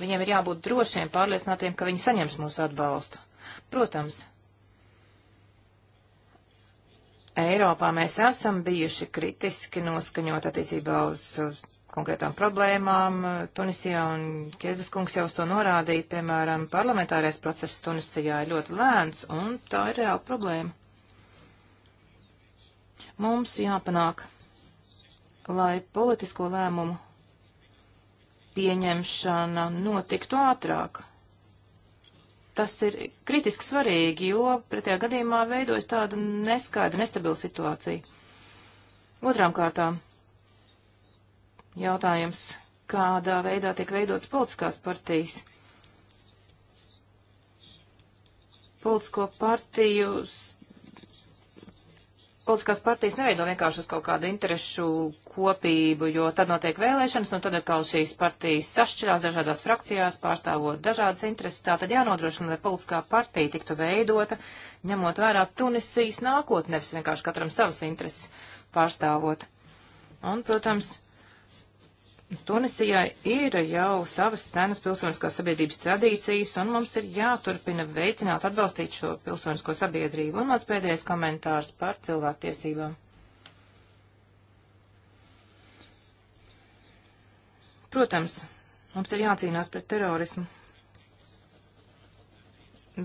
viņiem ir jābūt drošiem, pārliecinātiem, ka viņi saņems mūsu atbalstu. Protams, Eiropā mēs esam bijuši kritiski noskaņot attiecībā uz konkrētām problēmām Tunisijā, un Kiezes kungs jau uz to norādīja, piemēram, parlamentārais process Tunisijā ir ļoti lēns, un tā ir reāla problēma. Mums jāpanāk, lai politisko lēmumu pieņemšana notiktu ātrāk. Tas ir kritiski svarīgi, jo pretējā gadījumā veidojas tāda neskaidra, nestabila situācija. Otrām kārtām Jautājums, kādā veidā tiek veidotas politiskās partijas? Politisko partiju, politiskās partijas neveido vienkārši uz kaut kādu interesu kopību, jo tad notiek vēlēšanas, un tad atkal šīs partijas sašķirās dažādās frakcijās, pārstāvot dažādas intereses. Tā tad jānodrošina, lai politiskā partija tiktu veidota, ņemot vērā Tunisijas nākotni, nevis vienkārši katram savas intereses pārstāvot. Un, protams, Tunisijai ir jau savas senas pilsoniskās sabiedrības tradīcijas, un mums ir jāturpina veicināt, atbalstīt šo pilsonisko sabiedrību. Un mans pēdējais komentārs par cilvēktiesībām. Protams, mums ir jācīnās pret terorismu,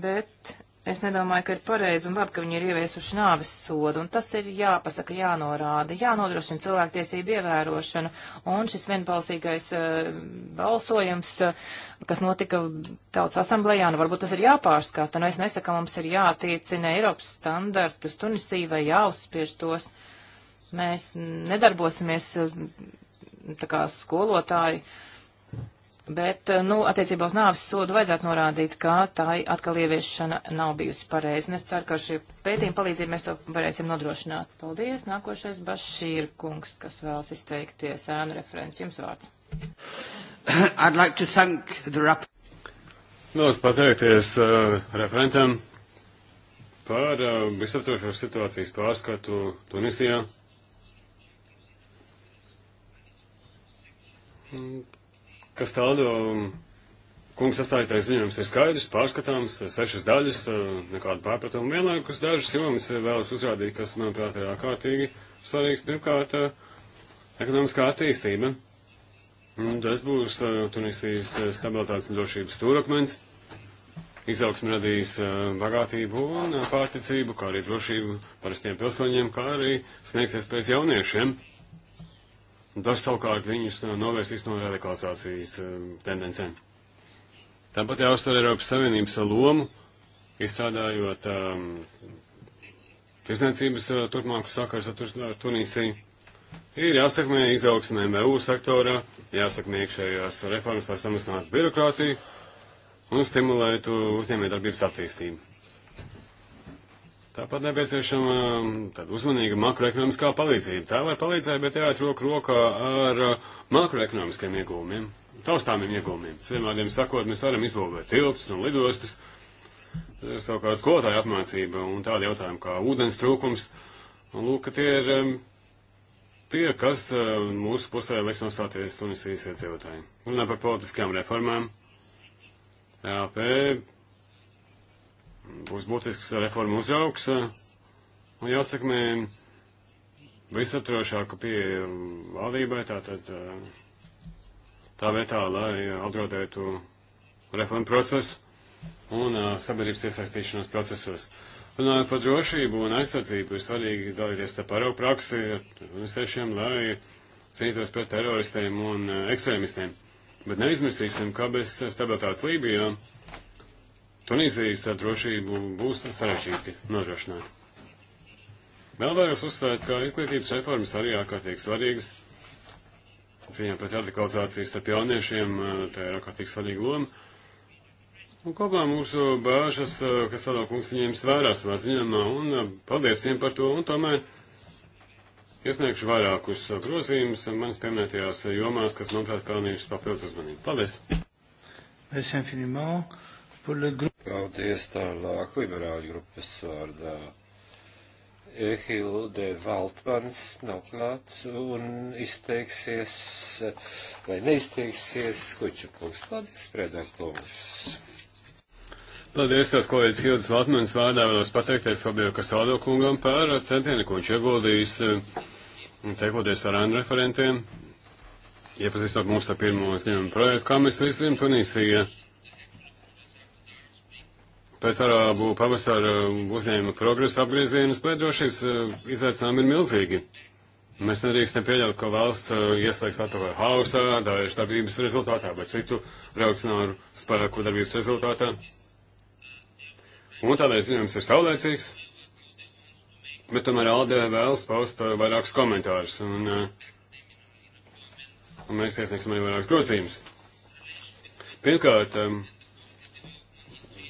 bet Es nedomāju, ka ir pareizi un labi, ka viņi ir ieviesuši nāves sodu, un tas ir jāpasaka, jānorāda, jānodrošina cilvēktiesību ievērošana, un šis vienbalsīgais uh, balsojums, uh, kas notika tautas asamblējā, nu varbūt tas ir jāpārskata, nu es nesaku, mums ir jātiecina Eiropas standartus Tunisija vai jāuzspiež tos. Mēs nedarbosimies uh, tā kā skolotāji. Uh, Bet, eh, nu, attiecībā uz nāvis sodu vajadzētu norādīt, ka tā atkal ieviešana nav bijusi pareiza. Es ceru, ka šī pētījuma palīdzību mēs to varēsim nodrošināt. Paldies. Nākošais Bašīr kungs, kas vēlas izteikties ēnu referents. Jums vārds. I'd like to thank the rap. Vēlos pateikties uh, referentam par uh, visaptvarošo situācijas pārskatu Tunisijā. Mm kas tādu um, kungs sastādītais ziņojums ir skaidrs, pārskatāms, sešas daļas, uh, nekādu pārpratumu. Vienlaikus dažas jomas vēlas uzrādīt, kas, manuprāt, ir ārkārtīgi svarīgs. Pirmkārt, uh, ekonomiskā attīstība. Un tas būs uh, Tunisijas uh, stabilitātes un drošības stūrakmens. Izaugsme radīs uh, bagātību un uh, pārticību, kā arī drošību parastiem pilsoņiem, kā arī sniegs iespējas jauniešiem. Un tas savukārt viņus uh, novērsīs no radikalizācijas uh, tendencēm. Tāpat jāuzsver Eiropas Savienības lomu, izstrādājot um, tirsniecības uh, turpmāku sakars ar, ar Tunīsiju. Ir jāsakmē izaugsmē MVU sektorā, jāsakmē iekšējās reformas, lai samazinātu birokrātiju un stimulētu uzņēmējdarbības attīstību. Tāpat nepieciešama um, tāda uzmanīga makroekonomiskā palīdzība. Tā lai palīdzēja, bet jāiet roku rokā ar uh, makroekonomiskiem iegūmiem, taustāmiem iegūmiem. Vienādiem sakot, mēs varam izbūvēt tiltus un lidostas, savukārt skolotāja apmācība un tādi jautājumi kā ūdens trūkums. Un lūk, ka tie ir um, tie, kas uh, mūsu pusē liks nostāties Tunisijas iedzīvotājiem. Runā par politiskajām reformām. AP būs būtisks reformu uzaugs eh, un jāsakmē visaptrošāku pie valdībai, tātad eh, tā vietā, lai apdraudētu reformu procesu un eh, sabiedrības iesaistīšanos procesos. Runājot par drošību un aizsardzību, ir svarīgi dalīties te paraugu praksi ar sešiem, lai cīnītos pret teroristiem un ekstrēmistiem. Bet neizmirsīsim, ka bez stabilitātes Lībijā. Ja Tunīzijas drošību būs sarežģīti nodrošināt. Vēl vēros uzsvērt, ka izglītības reformas arī ārkārtīgi svarīgas. Cīņā pret radikalizāciju starp jauniešiem, tā ir ārkārtīgi svarīga loma. Un kopā mūsu bāžas, kas tādā kungs viņiem svērā savā ziņamā, un paldies viņiem par to, un tomēr iesniegšu vairākus grozījumus manas pieminētajās jomās, kas, manuprāt, pelnījušas papildus uzmanību. Paldies! Merci infiniment. Paldies tālāk, liberāļu grupas vārdā. Hilde Valtmans nav klāts un izteiksies, vai neizteiksies, Kučukungs. Paldies, Prēdākungs. Paldies, tās kolēģis Hildes Valtmans vārdā vēlos pateikties Fabio Kastaldo kungam par centienu, ko viņš ieguldījis, eh, teikoties ar ANU referentiem, iepazīstot mūs ar pirmo ziņojumu projektu, kā mēs visi zinām, Tunīsija. Ja pēc arābu pavasara uzņēma progresa apgriezienus, bet drošības eh, izaicinājumi ir milzīgi. Mēs nedrīkstam pieļaut, ka valsts eh, ieslēgs atkal hausā, dažu darbības rezultātā vai citu raucināru spēku darbības rezultātā. Un tādēļ ziņojums ir saulēcīgs, bet tomēr Aldē vēlas paust eh, vairākus komentārus, un, un mēs iesniegsim arī vairākus grozījumus. Pirmkārt,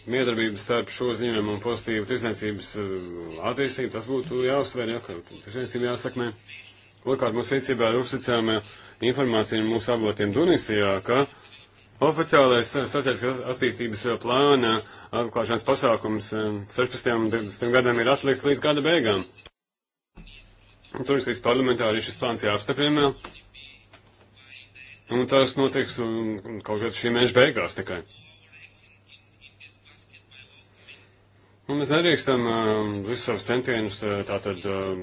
miedarbības starp šo ziņojumu un pozitīvu tirsniecības eh, attīstību, tas būtu jāuzsver, jā, ka tirsniecība jāsakmē. Otrkārt, mūsu rīcībā ir uzticama informācija no mūsu avotiem Dunisijā, ka oficiālais strateģiskās attīstības plāna atklāšanas pasākums 16. Eh, un 20. gadam ir atliks līdz gada beigām. Turisijas parlamentāri šis plāns jāapstiprina. Un tas notiks um, kaut kad šī mēneša beigās tikai. Un nu, mēs nedrīkstam um, visus savus centienus uh, tātad um,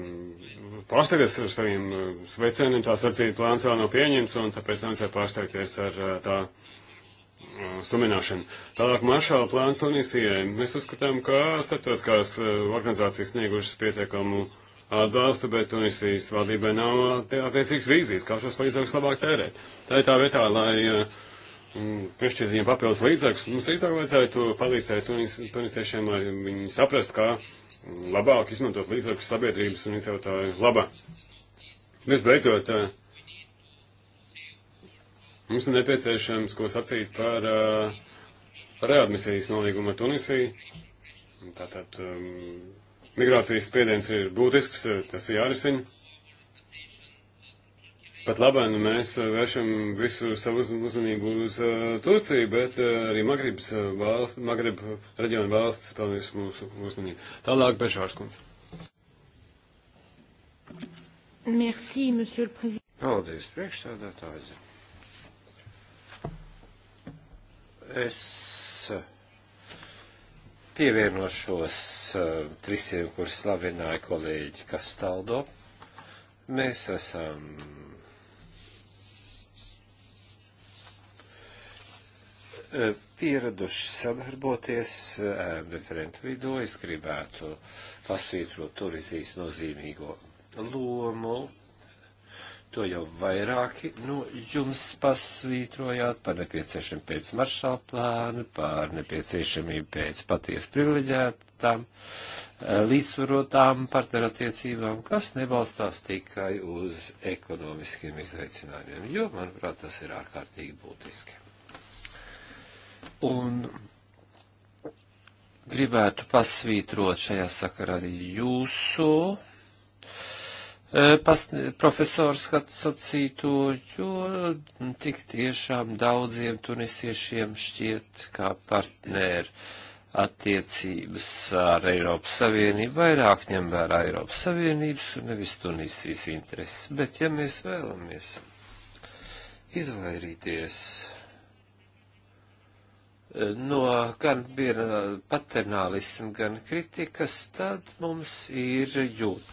pārsteigties ar saviem uh, sveicieniem, tā sacīt, plāns vēl nav pieņemts, un tāpēc nevajadzētu pārsteigties ar uh, tā sumināšanu. Tālāk maršāla plāns Tunisijai. Mēs uzskatām, ka starptautiskās organizācijas sniegušas pietiekamu atbalstu, bet Tunisijas valdībai nav attiecīgas vīzijas, kā šos līdzekļus labāk tērēt. Tā ir tā vietā, lai uh, Mm, piešķirt viņiem papildus līdzekļus. Mums īstenībā vajadzētu palīdzēt tunis, tunisiešiem, lai viņi saprastu, kā labāk izmantot līdzekļus sabiedrības un iedzīvotāju labā. Visbeidzot, eh, mums ir nepieciešams, ko sacīt par eh, readmisijas nolīgumu ar Tunisiju. Tātad ehm, migrācijas spiediens ir būtisks, eh, tas ir jārisina. Pat labāk nu, mēs eh, vēršam visu savu uzmanību uz uh, Turciju, bet uh, arī Magribas uh, valsts, Magrib reģiona valsts pelnīs mūsu uzmanību. Tālāk Bežārs kundze. Merci, monsieur le président. Paldies, priekšstādātāji. Es pievienošos uh, trisiem, kurus slavināja kolēģi Kastaldo. Mēs esam pieraduši sadarboties referentu vidū. Es gribētu pasvītrot Turizijas nozīmīgo lomu. To jau vairāki no nu, jums pasvītrojāt par nepieciešamību pēc maršāla plāna, par nepieciešamību pēc patiesi privileģētām, eh, līdzsvarotām partnerattiecībām, kas nebalstās tikai uz ekonomiskiem izaicinājumiem, jo, manuprāt, tas ir ārkārtīgi būtiski. Un gribētu pasvītrot šajā sakarā arī jūsu eh, profesors sacīto, jo tik tiešām daudziem tunisiešiem šķiet kā partneri attiecības ar Eiropas Savienību, vairāk ņem vērā Eiropas Savienības un nevis Tunisijas intereses. Bet ja mēs vēlamies izvairīties no gan paternālismu, gan kritikas, tad mums ir jūt.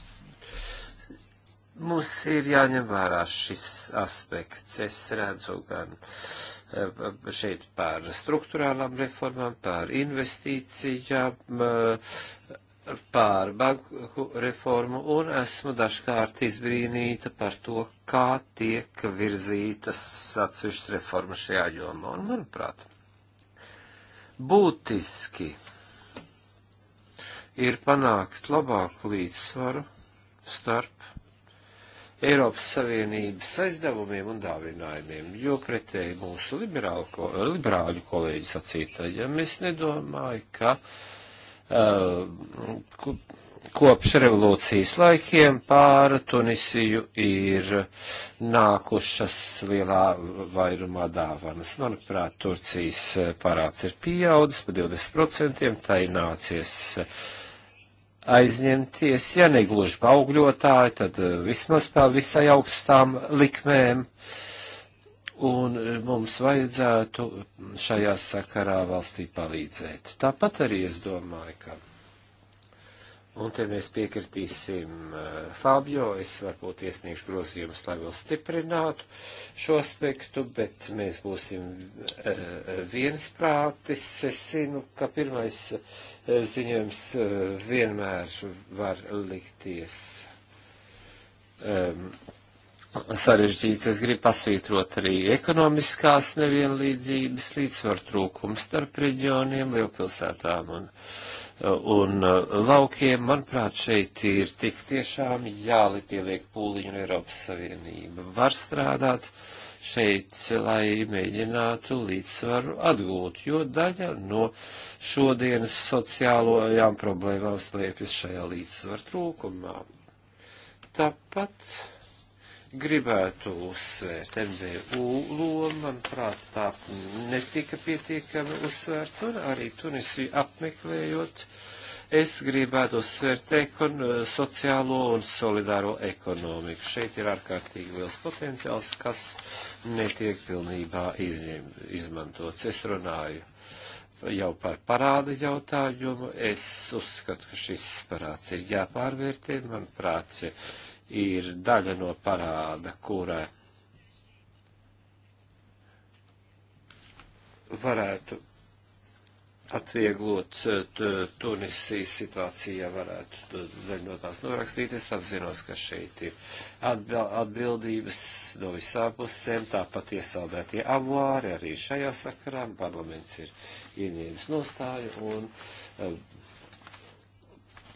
Mums ir jāņem vērā šis aspekts. Es redzu gan eh, šeit par struktūrālām reformām, par investīcijām, eh, pār banku reformu un esmu dažkārt izbrīnīta par to, kā tiek virzītas atsevišķas reformas šajā jomā. Un, manuprāt, būtiski ir panākt labāku līdzsvaru starp Eiropas Savienības aizdevumiem un dāvinājumiem, jo pretēji mūsu ko, liberāļu kolēģi sacītājiem, es nedomāju, ka uh, kopš revolūcijas laikiem pār Tunisiju ir nākušas lielā vairumā dāvanas. Manuprāt, Turcijas parāds ir pieaudzis pa 20%, tai nācies aizņemties, ja negluži paugļotāji, tad eh, vismaz pā visai augstām likmēm. Un eh, mums vajadzētu šajā sakarā valstī palīdzēt. Tāpat arī es domāju, ka Un te mēs piekritīsim eh, Fabio, es varbūt iesniegšu grozījumus, lai vēl stiprinātu šo aspektu, bet mēs būsim eh, viensprātis. Es zinu, ka pirmais eh, ziņojums vienmēr var likties um, sarežģīts. Es gribu pasvītrot arī ekonomiskās nevienlīdzības, līdzsvar trūkums starp reģioniem, lielpilsētām un. Uh, un uh, laukiem. Manuprāt, šeit ir tik tiešām jālipieliek pūliņu un Eiropas Savienība var strādāt šeit, lai mēģinātu līdzsvaru atgūt, jo daļa no šodienas sociālajām problēmām slēpjas šajā līdzsvaru trūkumā. Tāpat gribētu uzsvērt MVU lomu, manuprāt, tā netika pietiekami uzsvērt, un arī Tunisiju apmeklējot, es gribētu uzsvērt ekon, sociālo un solidāro ekonomiku. Šeit ir ārkārtīgi liels potenciāls, kas netiek pilnībā izņem, izmantots. Es runāju jau par parādu jautājumu. Es uzskatu, ka šis parāds ir jāpārvērtē, manuprāt, ir daļa no parāda, kura varētu atvieglot eh, Tunisijas situācijā, varētu daļu no tās norakstīt. Es apzinos, ka šeit ir atbildības no visām pusēm, tāpat iesaldētie avāri arī šajā sakarā. Parlaments ir ieņēmis nostāju un eh,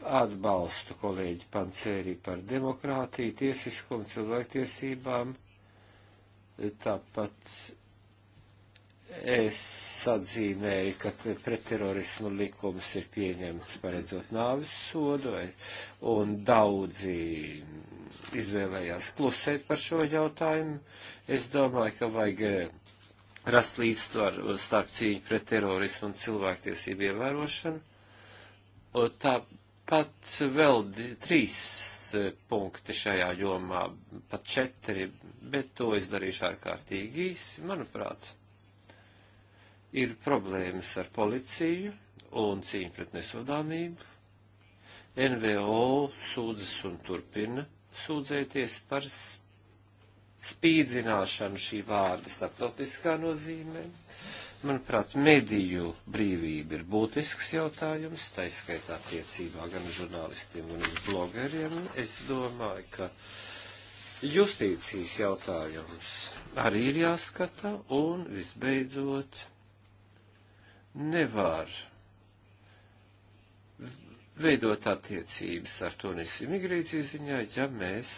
atbalstu kolēģi Pancēri par demokrātiju, tiesiskumu, cilvēktiesībām. Tāpat es atzīmēju, ka pretterorismu likums ir pieņemts paredzot nāvis sodu, un daudzi izvēlējās klusēt par šo jautājumu. Es domāju, ka vajag eh, rast līdzsvaru starp cīņu pret terorismu un cilvēktiesību ievērošanu. Un tā pat vēl trīs e, punkti šajā jomā, pat četri, bet to es darīšu ārkārtīgi īsi, manuprāt. Ir problēmas ar policiju un cīņu pret nesodāmību. NVO sūdzas un turpina sūdzēties par spīdzināšanu šī vārda starptautiskā nozīmē Manuprāt, mediju brīvība ir būtisks jautājums, taiskaitā attiecībā gan žurnālistiem, gan blogeriem. Es domāju, ka justīcijas jautājums arī ir jāskata, un visbeidzot, nevar veidot attiecības ar Tunisiju imigrācijas ziņā, ja mēs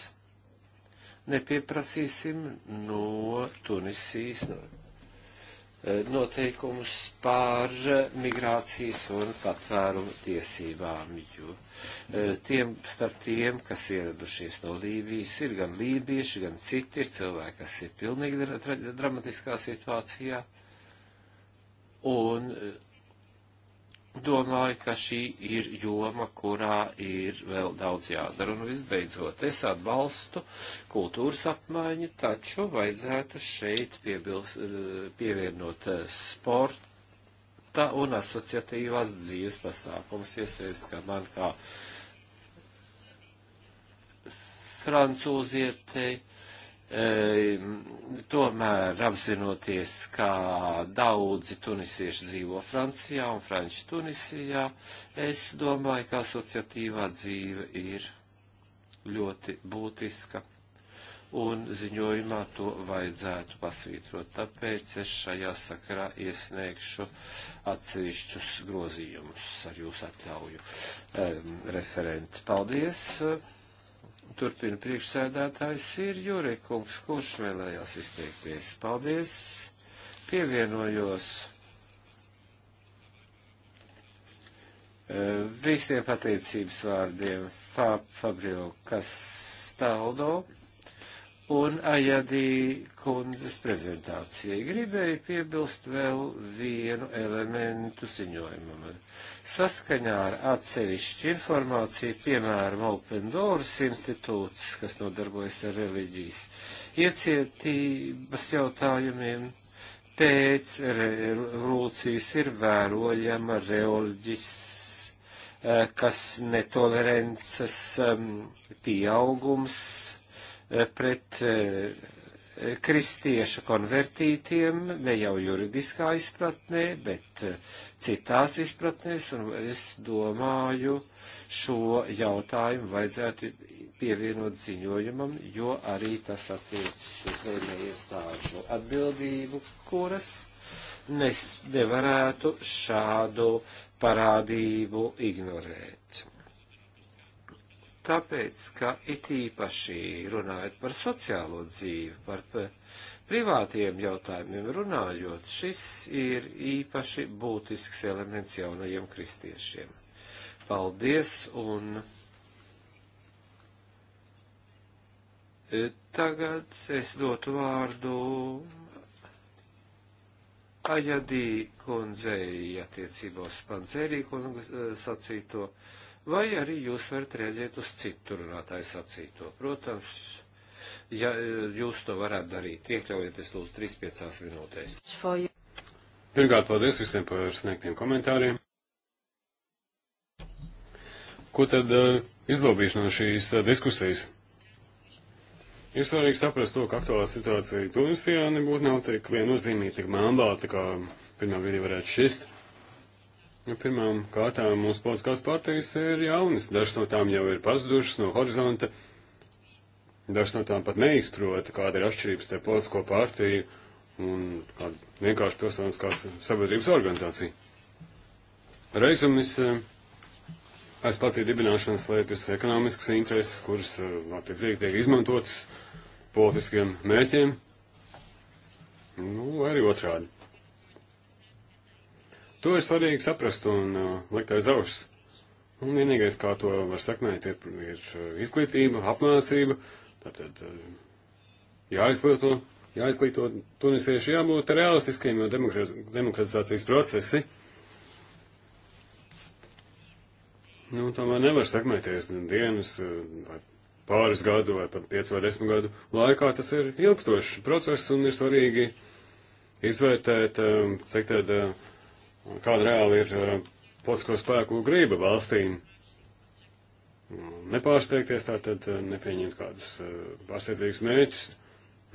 nepieprasīsim no Tunisijas. No Eh, noteikumus pār eh, migrācijas un patvērumu tiesībām, jo eh, tiem starp tiem, kas ieradušies no Lībijas, ir gan lībieši, gan citi ir cilvēki, kas ir pilnīgi dramatiskā situācijā, un domāju, ka šī ir joma, kurā ir vēl daudz jādara. Un visbeidzot, es atbalstu kultūras apmaiņu, taču vajadzētu šeit piebils, eh, pievienot eh, sporta un asociatīvās dzīves pasākumus, iespējams, ka man kā francūzietei Ehm, tomēr apzinoties, kā daudzi tunisieši dzīvo Francijā un franči Tunisijā, es domāju, ka asociatīvā dzīve ir ļoti būtiska un ziņojumā to vajadzētu pasvītrot. Tāpēc es šajā sakarā iesniegšu atsevišķus grozījumus ar jūsu atļauju. Um, referents, paldies! turpina priekšsēdētājs, ir Jurekungs, kurš vēlējās izteikties. Paldies, pievienojos. Eh, visiem pateicības vārdiem Fab, Fabrio Castaldo un Ajadī kundzes prezentācijai. Gribēju piebilst vēl vienu elementu ziņojumam. Saskaņā ar atsevišķu informāciju, piemēram, Open Doors institūts, kas nodarbojas ar reliģijas iecietības jautājumiem, pēc revolūcijas ir vērojama reliģis eh, kas netolerances ehm, pieaugums Eh, pret eh, kristiešu konvertītiem, ne jau juridiskā izpratnē, bet eh, citās izpratnēs, un es domāju, šo jautājumu vajadzētu pievienot ziņojumam, jo arī tas attiecas uz lēmēju iestāžu atbildību, kuras nes, nevarētu šādu parādību ignorēt tāpēc, ka it īpaši runājot par sociālo dzīvi, par privātiem jautājumiem runājot, šis ir īpaši būtisks elements jaunajiem kristiešiem. Paldies un e, tagad es dotu vārdu Ajadī kundzei attiecībā uz Panzerī kungu e, sacīto. Uh, vai arī jūs varat rēģēt uz citu runātāju sacīto. Protams, ja e, jūs to varētu darīt, iekļaujieties lūdzu 3-5 minūtēs. Pirmkārt, paldies visiem par sniegtiem komentāriem. Ko tad uh, izlobīšu no šīs uh, diskusijas? Ir svarīgi saprast to, ka aktuālā situācija Tunisijā nebūtu nav tik viennozīmīga, tik māmbā, tā kā pirmā brīdī varētu šķist. Nu, pirmām kārtām mūsu politiskās partijas ir jaunas. Dažas no tām jau ir pazudušas no horizonta. Dažas no tām pat neizprota, kāda ir atšķirības starp politisko partiju un kādu vienkārši pilsoniskās sabiedrības organizāciju. Reizumis aiz eh, partiju dibināšanas slēpjas ekonomiskas intereses, kuras, eh, attiecīgi, tiek izmantotas politiskiem mēķiem, nu, arī otrādi. To ir svarīgi saprast un uh, likt aiz aušas. Un vienīgais, kā to var sekmēt, ir, ir uh, izglītība, apmācība. Tātad uh, jāizglīto, jāizglīto tunisieši, jābūt realistiskiem, jo demokratizācijas procesi. Nu, tomēr nevar sekmēties dienas uh, vai pāris gadu vai pat piecu vai desmit gadu laikā. Tas ir ilgstošs process un ir svarīgi izvērtēt, um, cik tad. Uh, kāda reāli ir uh, politisko spēku grība valstīm. Nepārsteigties tātad, eh, nepieņemt kādus uh, pārsteidzīgus mērķus,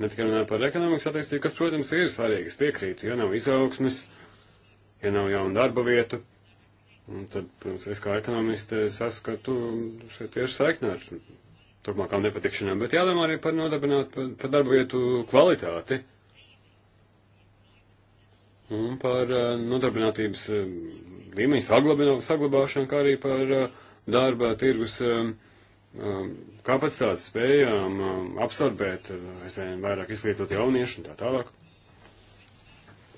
ne tikai runāt par ekonomikas attīstību, kas, protams, ir svarīgas, piekrītu, ja nav izaugsmes, ja nav jaunu darba vietu, un tad, protams, es kā ekonomisti saskatu šeit tieši saikni ar turpmākām nepatikšanām, bet jādomā arī par nodarbināt, par, par darba vietu kvalitāti. Uh, un par eh, nodarbinātības eh, līmeņu saglabāšanu, kā arī par eh, darba tirgus kapacitātes spējām absorbēt aizvien vairāk izglītot jauniešu un tā tālāk.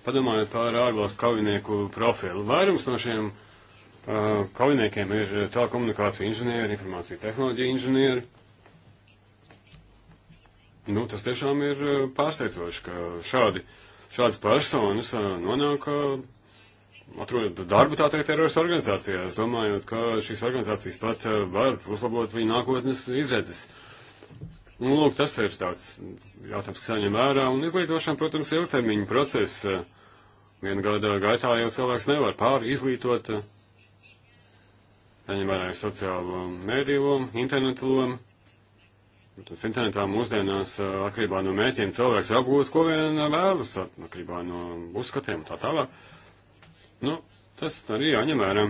Padomājiet par ārvalstu kaujinieku profilu. Vairums no šiem uh, kaujiniekiem ir telekomunikāciju inženieri, informācija tehnoloģija inženieri. Nu, tas tiešām ir pārsteidzoši, ka šādi uh, šādas personas nonāk, atrodot darbu tā teikt, teroristu organizācijās, domājot, ka šīs organizācijas pat var uzlabot viņu nākotnes izredzes. Nu, lūk, tas ir tāds jautājums, kas jāņem vērā, un izglītošana, protams, ilgtermiņa process. Vienu gadu gaitā jau cilvēks nevar pāri izglītot, jāņem vērā sociālo mēdīlo, internetu lomu. Tas internetā mūsdienās atkarībā no mēķiem cilvēks var apgūt, ko vien vēlas, atkarībā no uzskatiem un tā tālāk. Nu, tas arī jāņem vērā.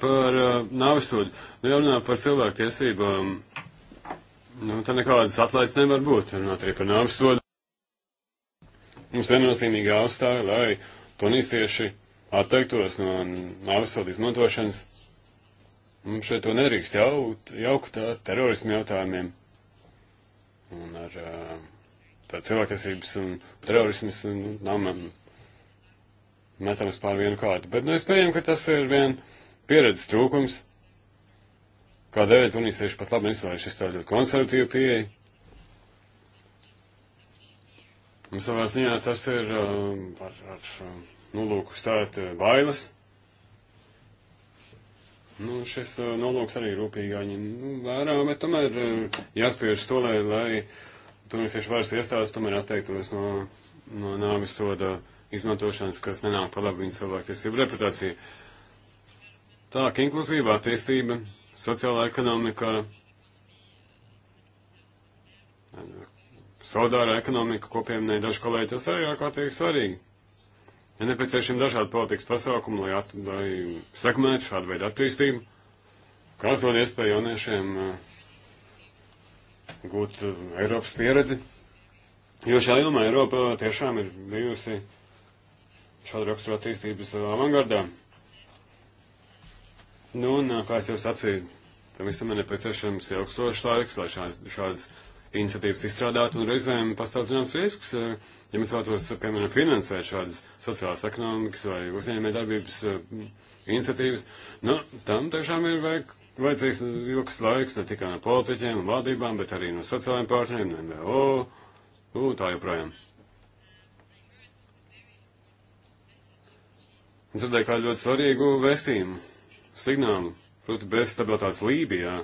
Par uh, nāvistodu. Nu, jārunā par cilvēku tiesībām. Nu, tā nekādas atlaides nevar būt. Runāt arī par nāvistodu. Mums ir nozīmīgi jāuzstāja, lai tonīsieši atteiktos no nāvisodu izmantošanas. Mums šeit to nedrīkst jaukt, jaukt ar terorismu jautājumiem un ar tā cilvēktiesības un terorismas nu, nav man metams pār vienu kārtu. Bet nu, es pieņemu, ka tas ir vien pieredzes trūkums, kādēļ tunisieši pat labi izvēlējuši šis tādu konservatīvu pieeju. Un savā ziņā tas ir uh, ar, ar nu, lūk, uzstāt eh, bailes. Nu, šis eh, nolūks arī rūpīgi jāņem nu, vērā, bet tomēr eh, jāspiež to, lai, lai tunisiešu varas iestādes tomēr atteiktos no, no nāvis soda izmantošanas, kas nenāk par labu viņas cilvēku tiesību reputāciju. Tā, ka inklusīva attīstība, sociālā ekonomika, saudāra ekonomika, kopiem ne daži kolēģi, tas arī ārkārtīgi svarīgi. Ir nepieciešami dažādi politikas pasākumi, lai, at, lai sekmētu šādu veidu attīstību, kas dod iespēju jauniešiem eh, gūt eh, Eiropas pieredzi. Jo šajā jomā Eiropa tiešām ir bijusi šāda rakstura attīstības eh, avangardā. Nu, un, kā es jau sacīju, tam visam ir nepieciešams ilgstošs laiks, lai šādas, šādas iniciatīvas izstrādātu, un reizēm pastāv zināms risks. Uh, Ja mēs vēlētos, piemēram, finansēt šādas sociālās ekonomikas vai uzņēmē darbības eh, iniciatīvas, nu, tam tiešām ir vajag, vajadzīgs ilgs laiks ne tikai no politiķiem un valdībām, bet arī no sociālajiem partneriem, no MBO, un nu, tā joprojām. Es dzirdēju kādu ļoti svarīgu vēstījumu, signālu, proti bez stabilitātes Lībijā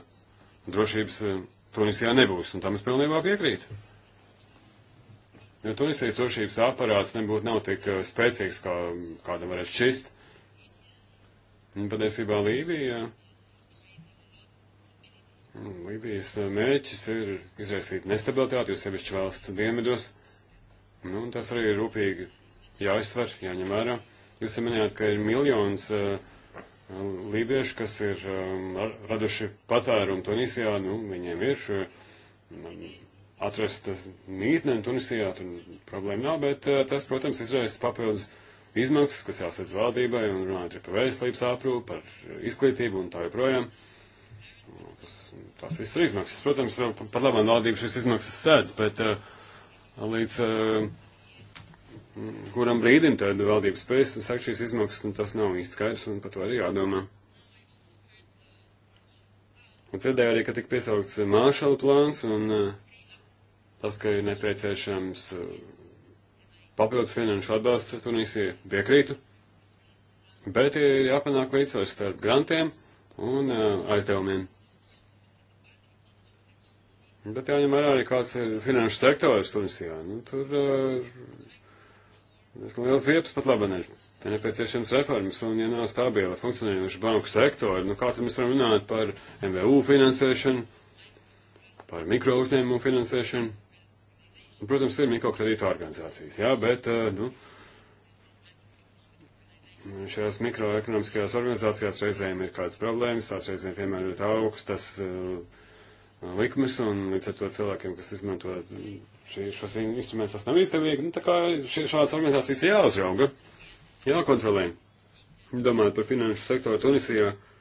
drošības eh, Tunisijā nebūs, un tam es pilnībā piekrītu jo Tunisijas drošības aparāts nebūtu nav tik eh, spēcīgs, kā kādam varētu šķist. Un patiesībā Lībija. Mm, Lībijas eh, mērķis ir izraisīt nestabilitāti, jo sevišķi valsts dienvidos. Nu, un tas arī ir rūpīgi jāizsver, jāņem vērā. Jūs jau minējāt, ka ir miljons uh, lībiešu, kas ir um, raduši patvērumu Tunisijā, nu, viņiem ir um, atrast mītnēm Tunisijā, tur problēma nav, bet eh, tas, protams, izraisa papildus izmaksas, kas jāsadz valdībai, un runājot par veselības aprūpu, par izglītību un tā joprojām. Tas, tas viss ir izmaksas. Protams, pat labāk valdība šīs izmaksas sēdz, bet eh, līdz eh, kuram brīdim tad valdības spējas sekt šīs izmaksas, un nu, tas nav īsti skaidrs, un par to arī jādomā. Un dzirdēju arī, ka tika piesaukts Māršala plāns, un uh, Tas, ka ir nepieciešams eh, papildus finanšu atbalsts Tunīsijai, piekrītu. Bet ir jāpanāk līdzsvars starp grantiem un eh, aizdevumiem. Bet jāņem vērā arī kāds ir finanšu sektors Tunisijā. Nu, tur uh, liels ziepes pat labi ir. Te nepieciešams reformas, un ja nav stabila funkcionējoša banku sektora, nu kā tad mēs varam runāt par MVU finansēšanu, par mikro uzņēmumu finansēšanu? Protams, ir mikrokredīta organizācijas, jā, bet, eh, nu, šajās mikroekonomiskajās organizācijās reizēm ir kādas problēmas, tās reizēm piemērot augstas uh, eh, likmes, un līdz ar to cilvēkiem, kas izmanto šī, šos instrumentus, tas nav izdevīgi. Nu, tā kā šī, šādas organizācijas jāuzrauga, jākontrolē. Domājot par finanšu sektoru Tunisijā. Uh,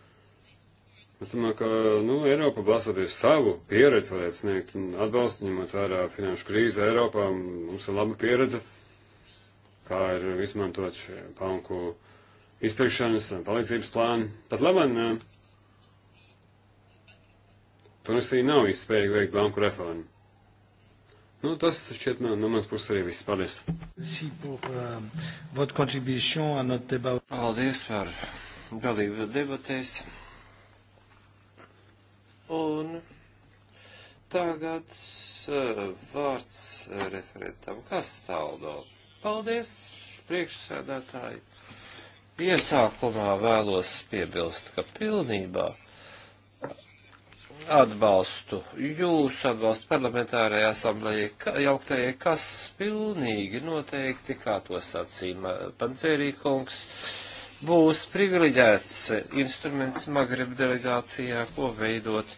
Es domāju, ka nu, Eiropa, balstoties savu pieredzi, varētu sniegt atbalstu, ņemot vērā finanšu krīzi Eiropā. Mums ir laba pieredze, kā ir izmantot šie banku izpirkšanas un palīdzības plāni. Pat labam, Tunisija nav izspējīga veikt banku reformu. Nu, tas šķiet no, no manas puses arī viss. Paldies. Paldies par dalību debatēs. Un tagad uh, vārds uh, referentam Kastaldo. Paldies, priekšsēdētāji. Iesākumā vēlos piebilst, ka pilnībā atbalstu jūs, atbalstu parlamentārajai asamblējai, ka, jauktajai, kas pilnīgi noteikti, kā to sacīja Pancerī kungs, uh, būs privileģēts instruments Magreb delegācijā, ko veidot,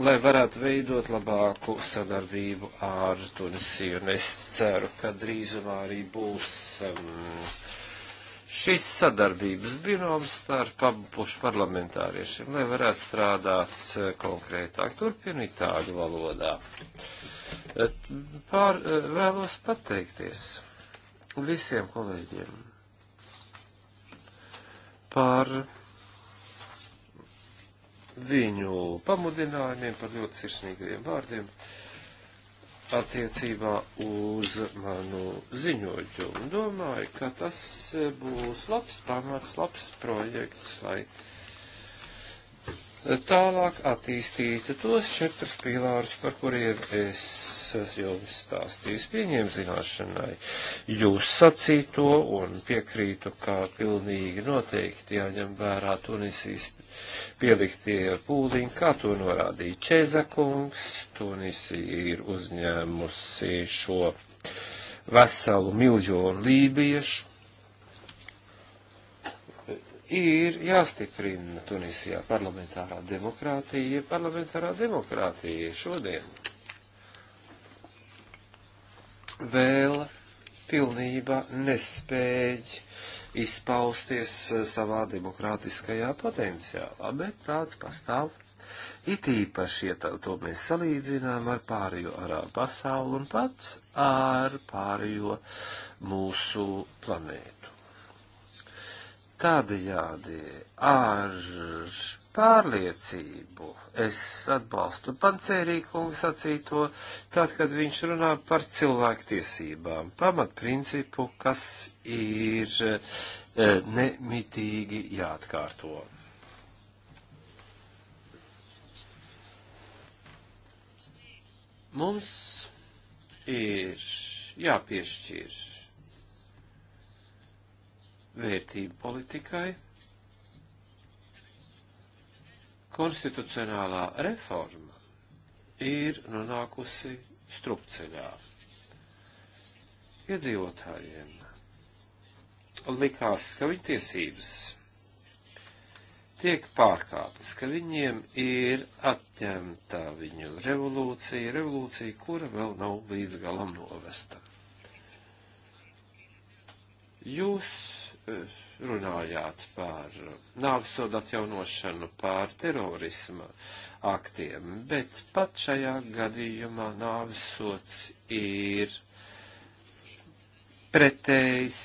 lai varētu veidot labāku sadarbību ar Tunisiju. Un es ceru, ka drīzumā arī būs um, šis sadarbības binoms starp abušu parlamentāriešiem, lai varētu strādāt konkrētāk turpinu itāļu valodā. Pār, vēlos pateikties visiem kolēģiem par viņu pamudinājumiem, par ļoti sirsnīgiem vārdiem attiecībā uz manu ziņojumu. Domāju, ka tas būs labs pamats, labs projekts, lai. Lai tālāk attīstītu tos četrus pīlārus, par kuriem es jums stāstīju, pieņem zināšanai. Jūs sacīto un piekrītu, ka pilnīgi noteikti jāņem vērā Tunisijas pieliktie pūliņi, kā to norādīja Čezakungs. Tunisija ir uzņēmusi šo veselu miljonu lībiešu ir jāstiprina Tunisijā parlamentārā demokrātija, parlamentārā demokrātija šodien vēl pilnībā nespēj izpausties savā demokrātiskajā potenciālā, bet tāds pastāv. It īpaši, ja to mēs salīdzinām ar pārējo arābu pasauli un pats ar pārējo mūsu planētu. Tādējādi ar pārliecību es atbalstu pancērīkungu sacīto, tad, kad viņš runā par cilvēktiesībām, pamatprincipu, kas ir e, nemitīgi jāatkārto. Mums ir jāpiešķir vērtību politikai. Konstitucionālā reforma ir nonākusi strupceļā. Iedzīvotājiem likās, ka viņu tiesības tiek pārkāptas, ka viņiem ir atņemta viņu revolūcija, revolūcija, kura vēl nav līdz galam novesta. Jūs runājāt par nāvisodu atjaunošanu, par terorisma aktiem, bet pat šajā gadījumā nāvisods ir pretējs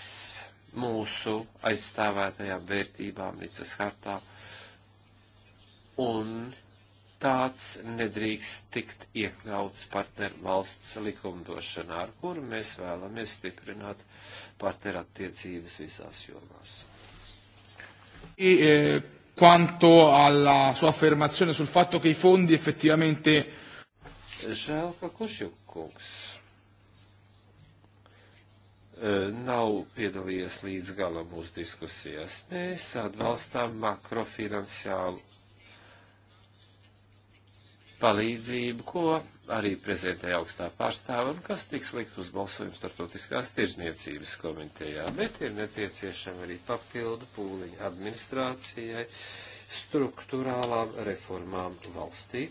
mūsu aizstāvētajām vērtībām, Nicas hartā, un tāds nedrīkst tikt iekļauts partneru valsts likumdošanā, ar kuru mēs vēlamies stiprināt partneru attiecības visās jomās. E, eh, quanto alla sua affermazione sul fatto che i fondi effettivamente. Žēl, ka Kušjukungs e, nav piedalījies līdz galam mūsu diskusijās. Mēs atbalstām makrofinansiālu palīdzību, ko arī prezentēja augstā pārstāva un kas tiks likt uz balsojumu starptautiskās tirzniecības komitejā, bet ir nepieciešama arī papildu pūliņu administrācijai, struktūrālām reformām valstī.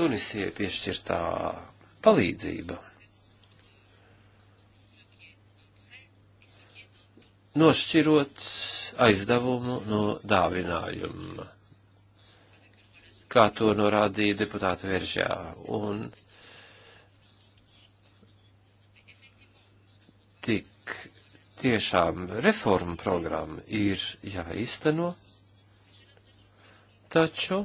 Tunisie piešķirtā palīdzība nošķirot aizdevumu no dāvinājuma kā to norādīja deputāta Veržā. Un tik tiešām reforma programma ir jāizteno, taču,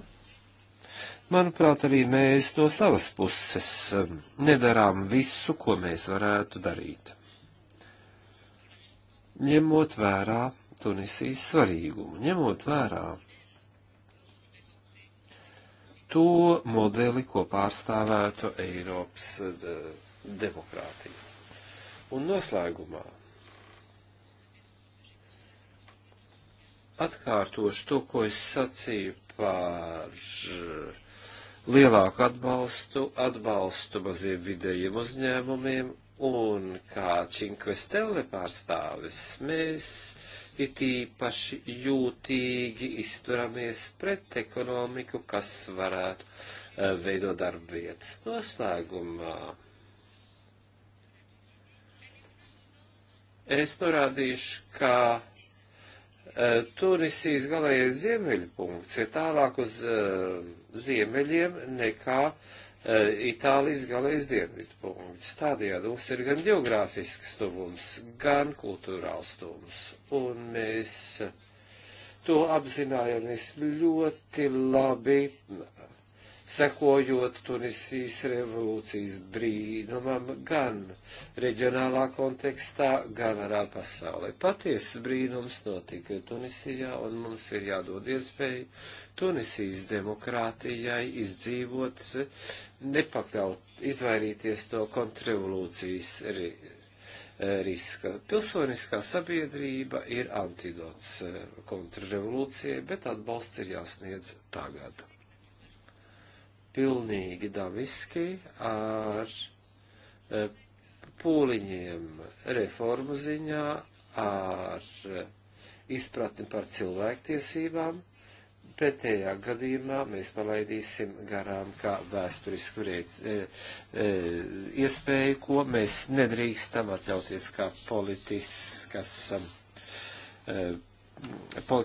manuprāt, arī mēs no savas puses um, nedarām visu, ko mēs varētu darīt. Ņemot vērā Tunisijas svarīgumu, ņemot vērā to modeli, ko pārstāvētu Eiropas eh, demokrātija. Un noslēgumā atkārtošu to, ko es sacīju par eh, lielāku atbalstu, atbalstu maziem vidējiem uzņēmumiem, un kā Činkvestele pārstāvis mēs it īpaši jūtīgi izturamies pret ekonomiku, kas varētu eh, veidot darba vietas noslēgumā. Es norādīšu, ka eh, Tunisijas galējais ziemeļpunkts ir tālāk uz uh, ziemeļiem nekā Eh, Itālijas galais dienvidu punkts. Tādējādi mums ir gan geogrāfisks tuvums, gan kultūrāls tuvums. Un mēs to apzināmies ļoti labi sekojot Tunisijas revolūcijas brīnumam gan reģionālā kontekstā, gan arā pasaulē. Patiesas brīnums notika Tunisijā, un mums ir jādod iespēju Tunisijas demokrātijai izdzīvot, nepakļaut, izvairīties no kontrrevolūcijas ri, e, riska. Pilsoniskā sabiedrība ir antidots e, kontrrevolūcijai, bet atbalsts ir jāsniedz tagad pilnīgi dabiski ar e, pūliņiem reformu ziņā, ar e, izpratni par cilvēktiesībām. Pretējā gadījumā mēs palaidīsim garām kā vēsturisku reic, e, e, iespēju, ko mēs nedrīkstam atļauties kā politiskas e,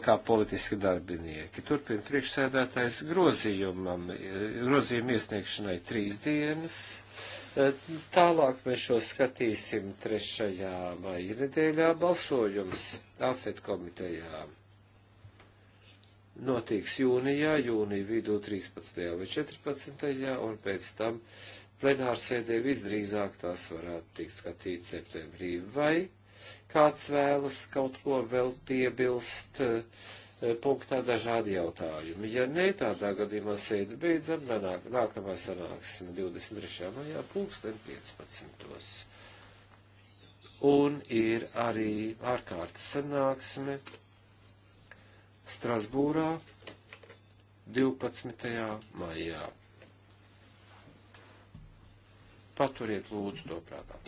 kā politiski darbinieki. Turpin priekšsēdētājs grozījumam, grozījuma iesniegšanai trīs dienas. Tālāk mēs šo skatīsim trešajā vai nedēļā balsojums AFET komitejā. Notiks jūnijā, jūnija vidū 13. vai 14. un pēc tam plenārsēdē visdrīzāk tās varētu tikt skatīt septembrī vai Kāds vēlas kaut ko vēl piebilst eh, punktā dažādi jautājumi? Ja nē, tādā gadījumā sēdi beidzam, nāk, nākamā sanāksme 23. maijā pulksten 15. Un ir arī ārkārtas sanāksme Strasbūrā 12. maijā. Paturiet lūdzu to prātā.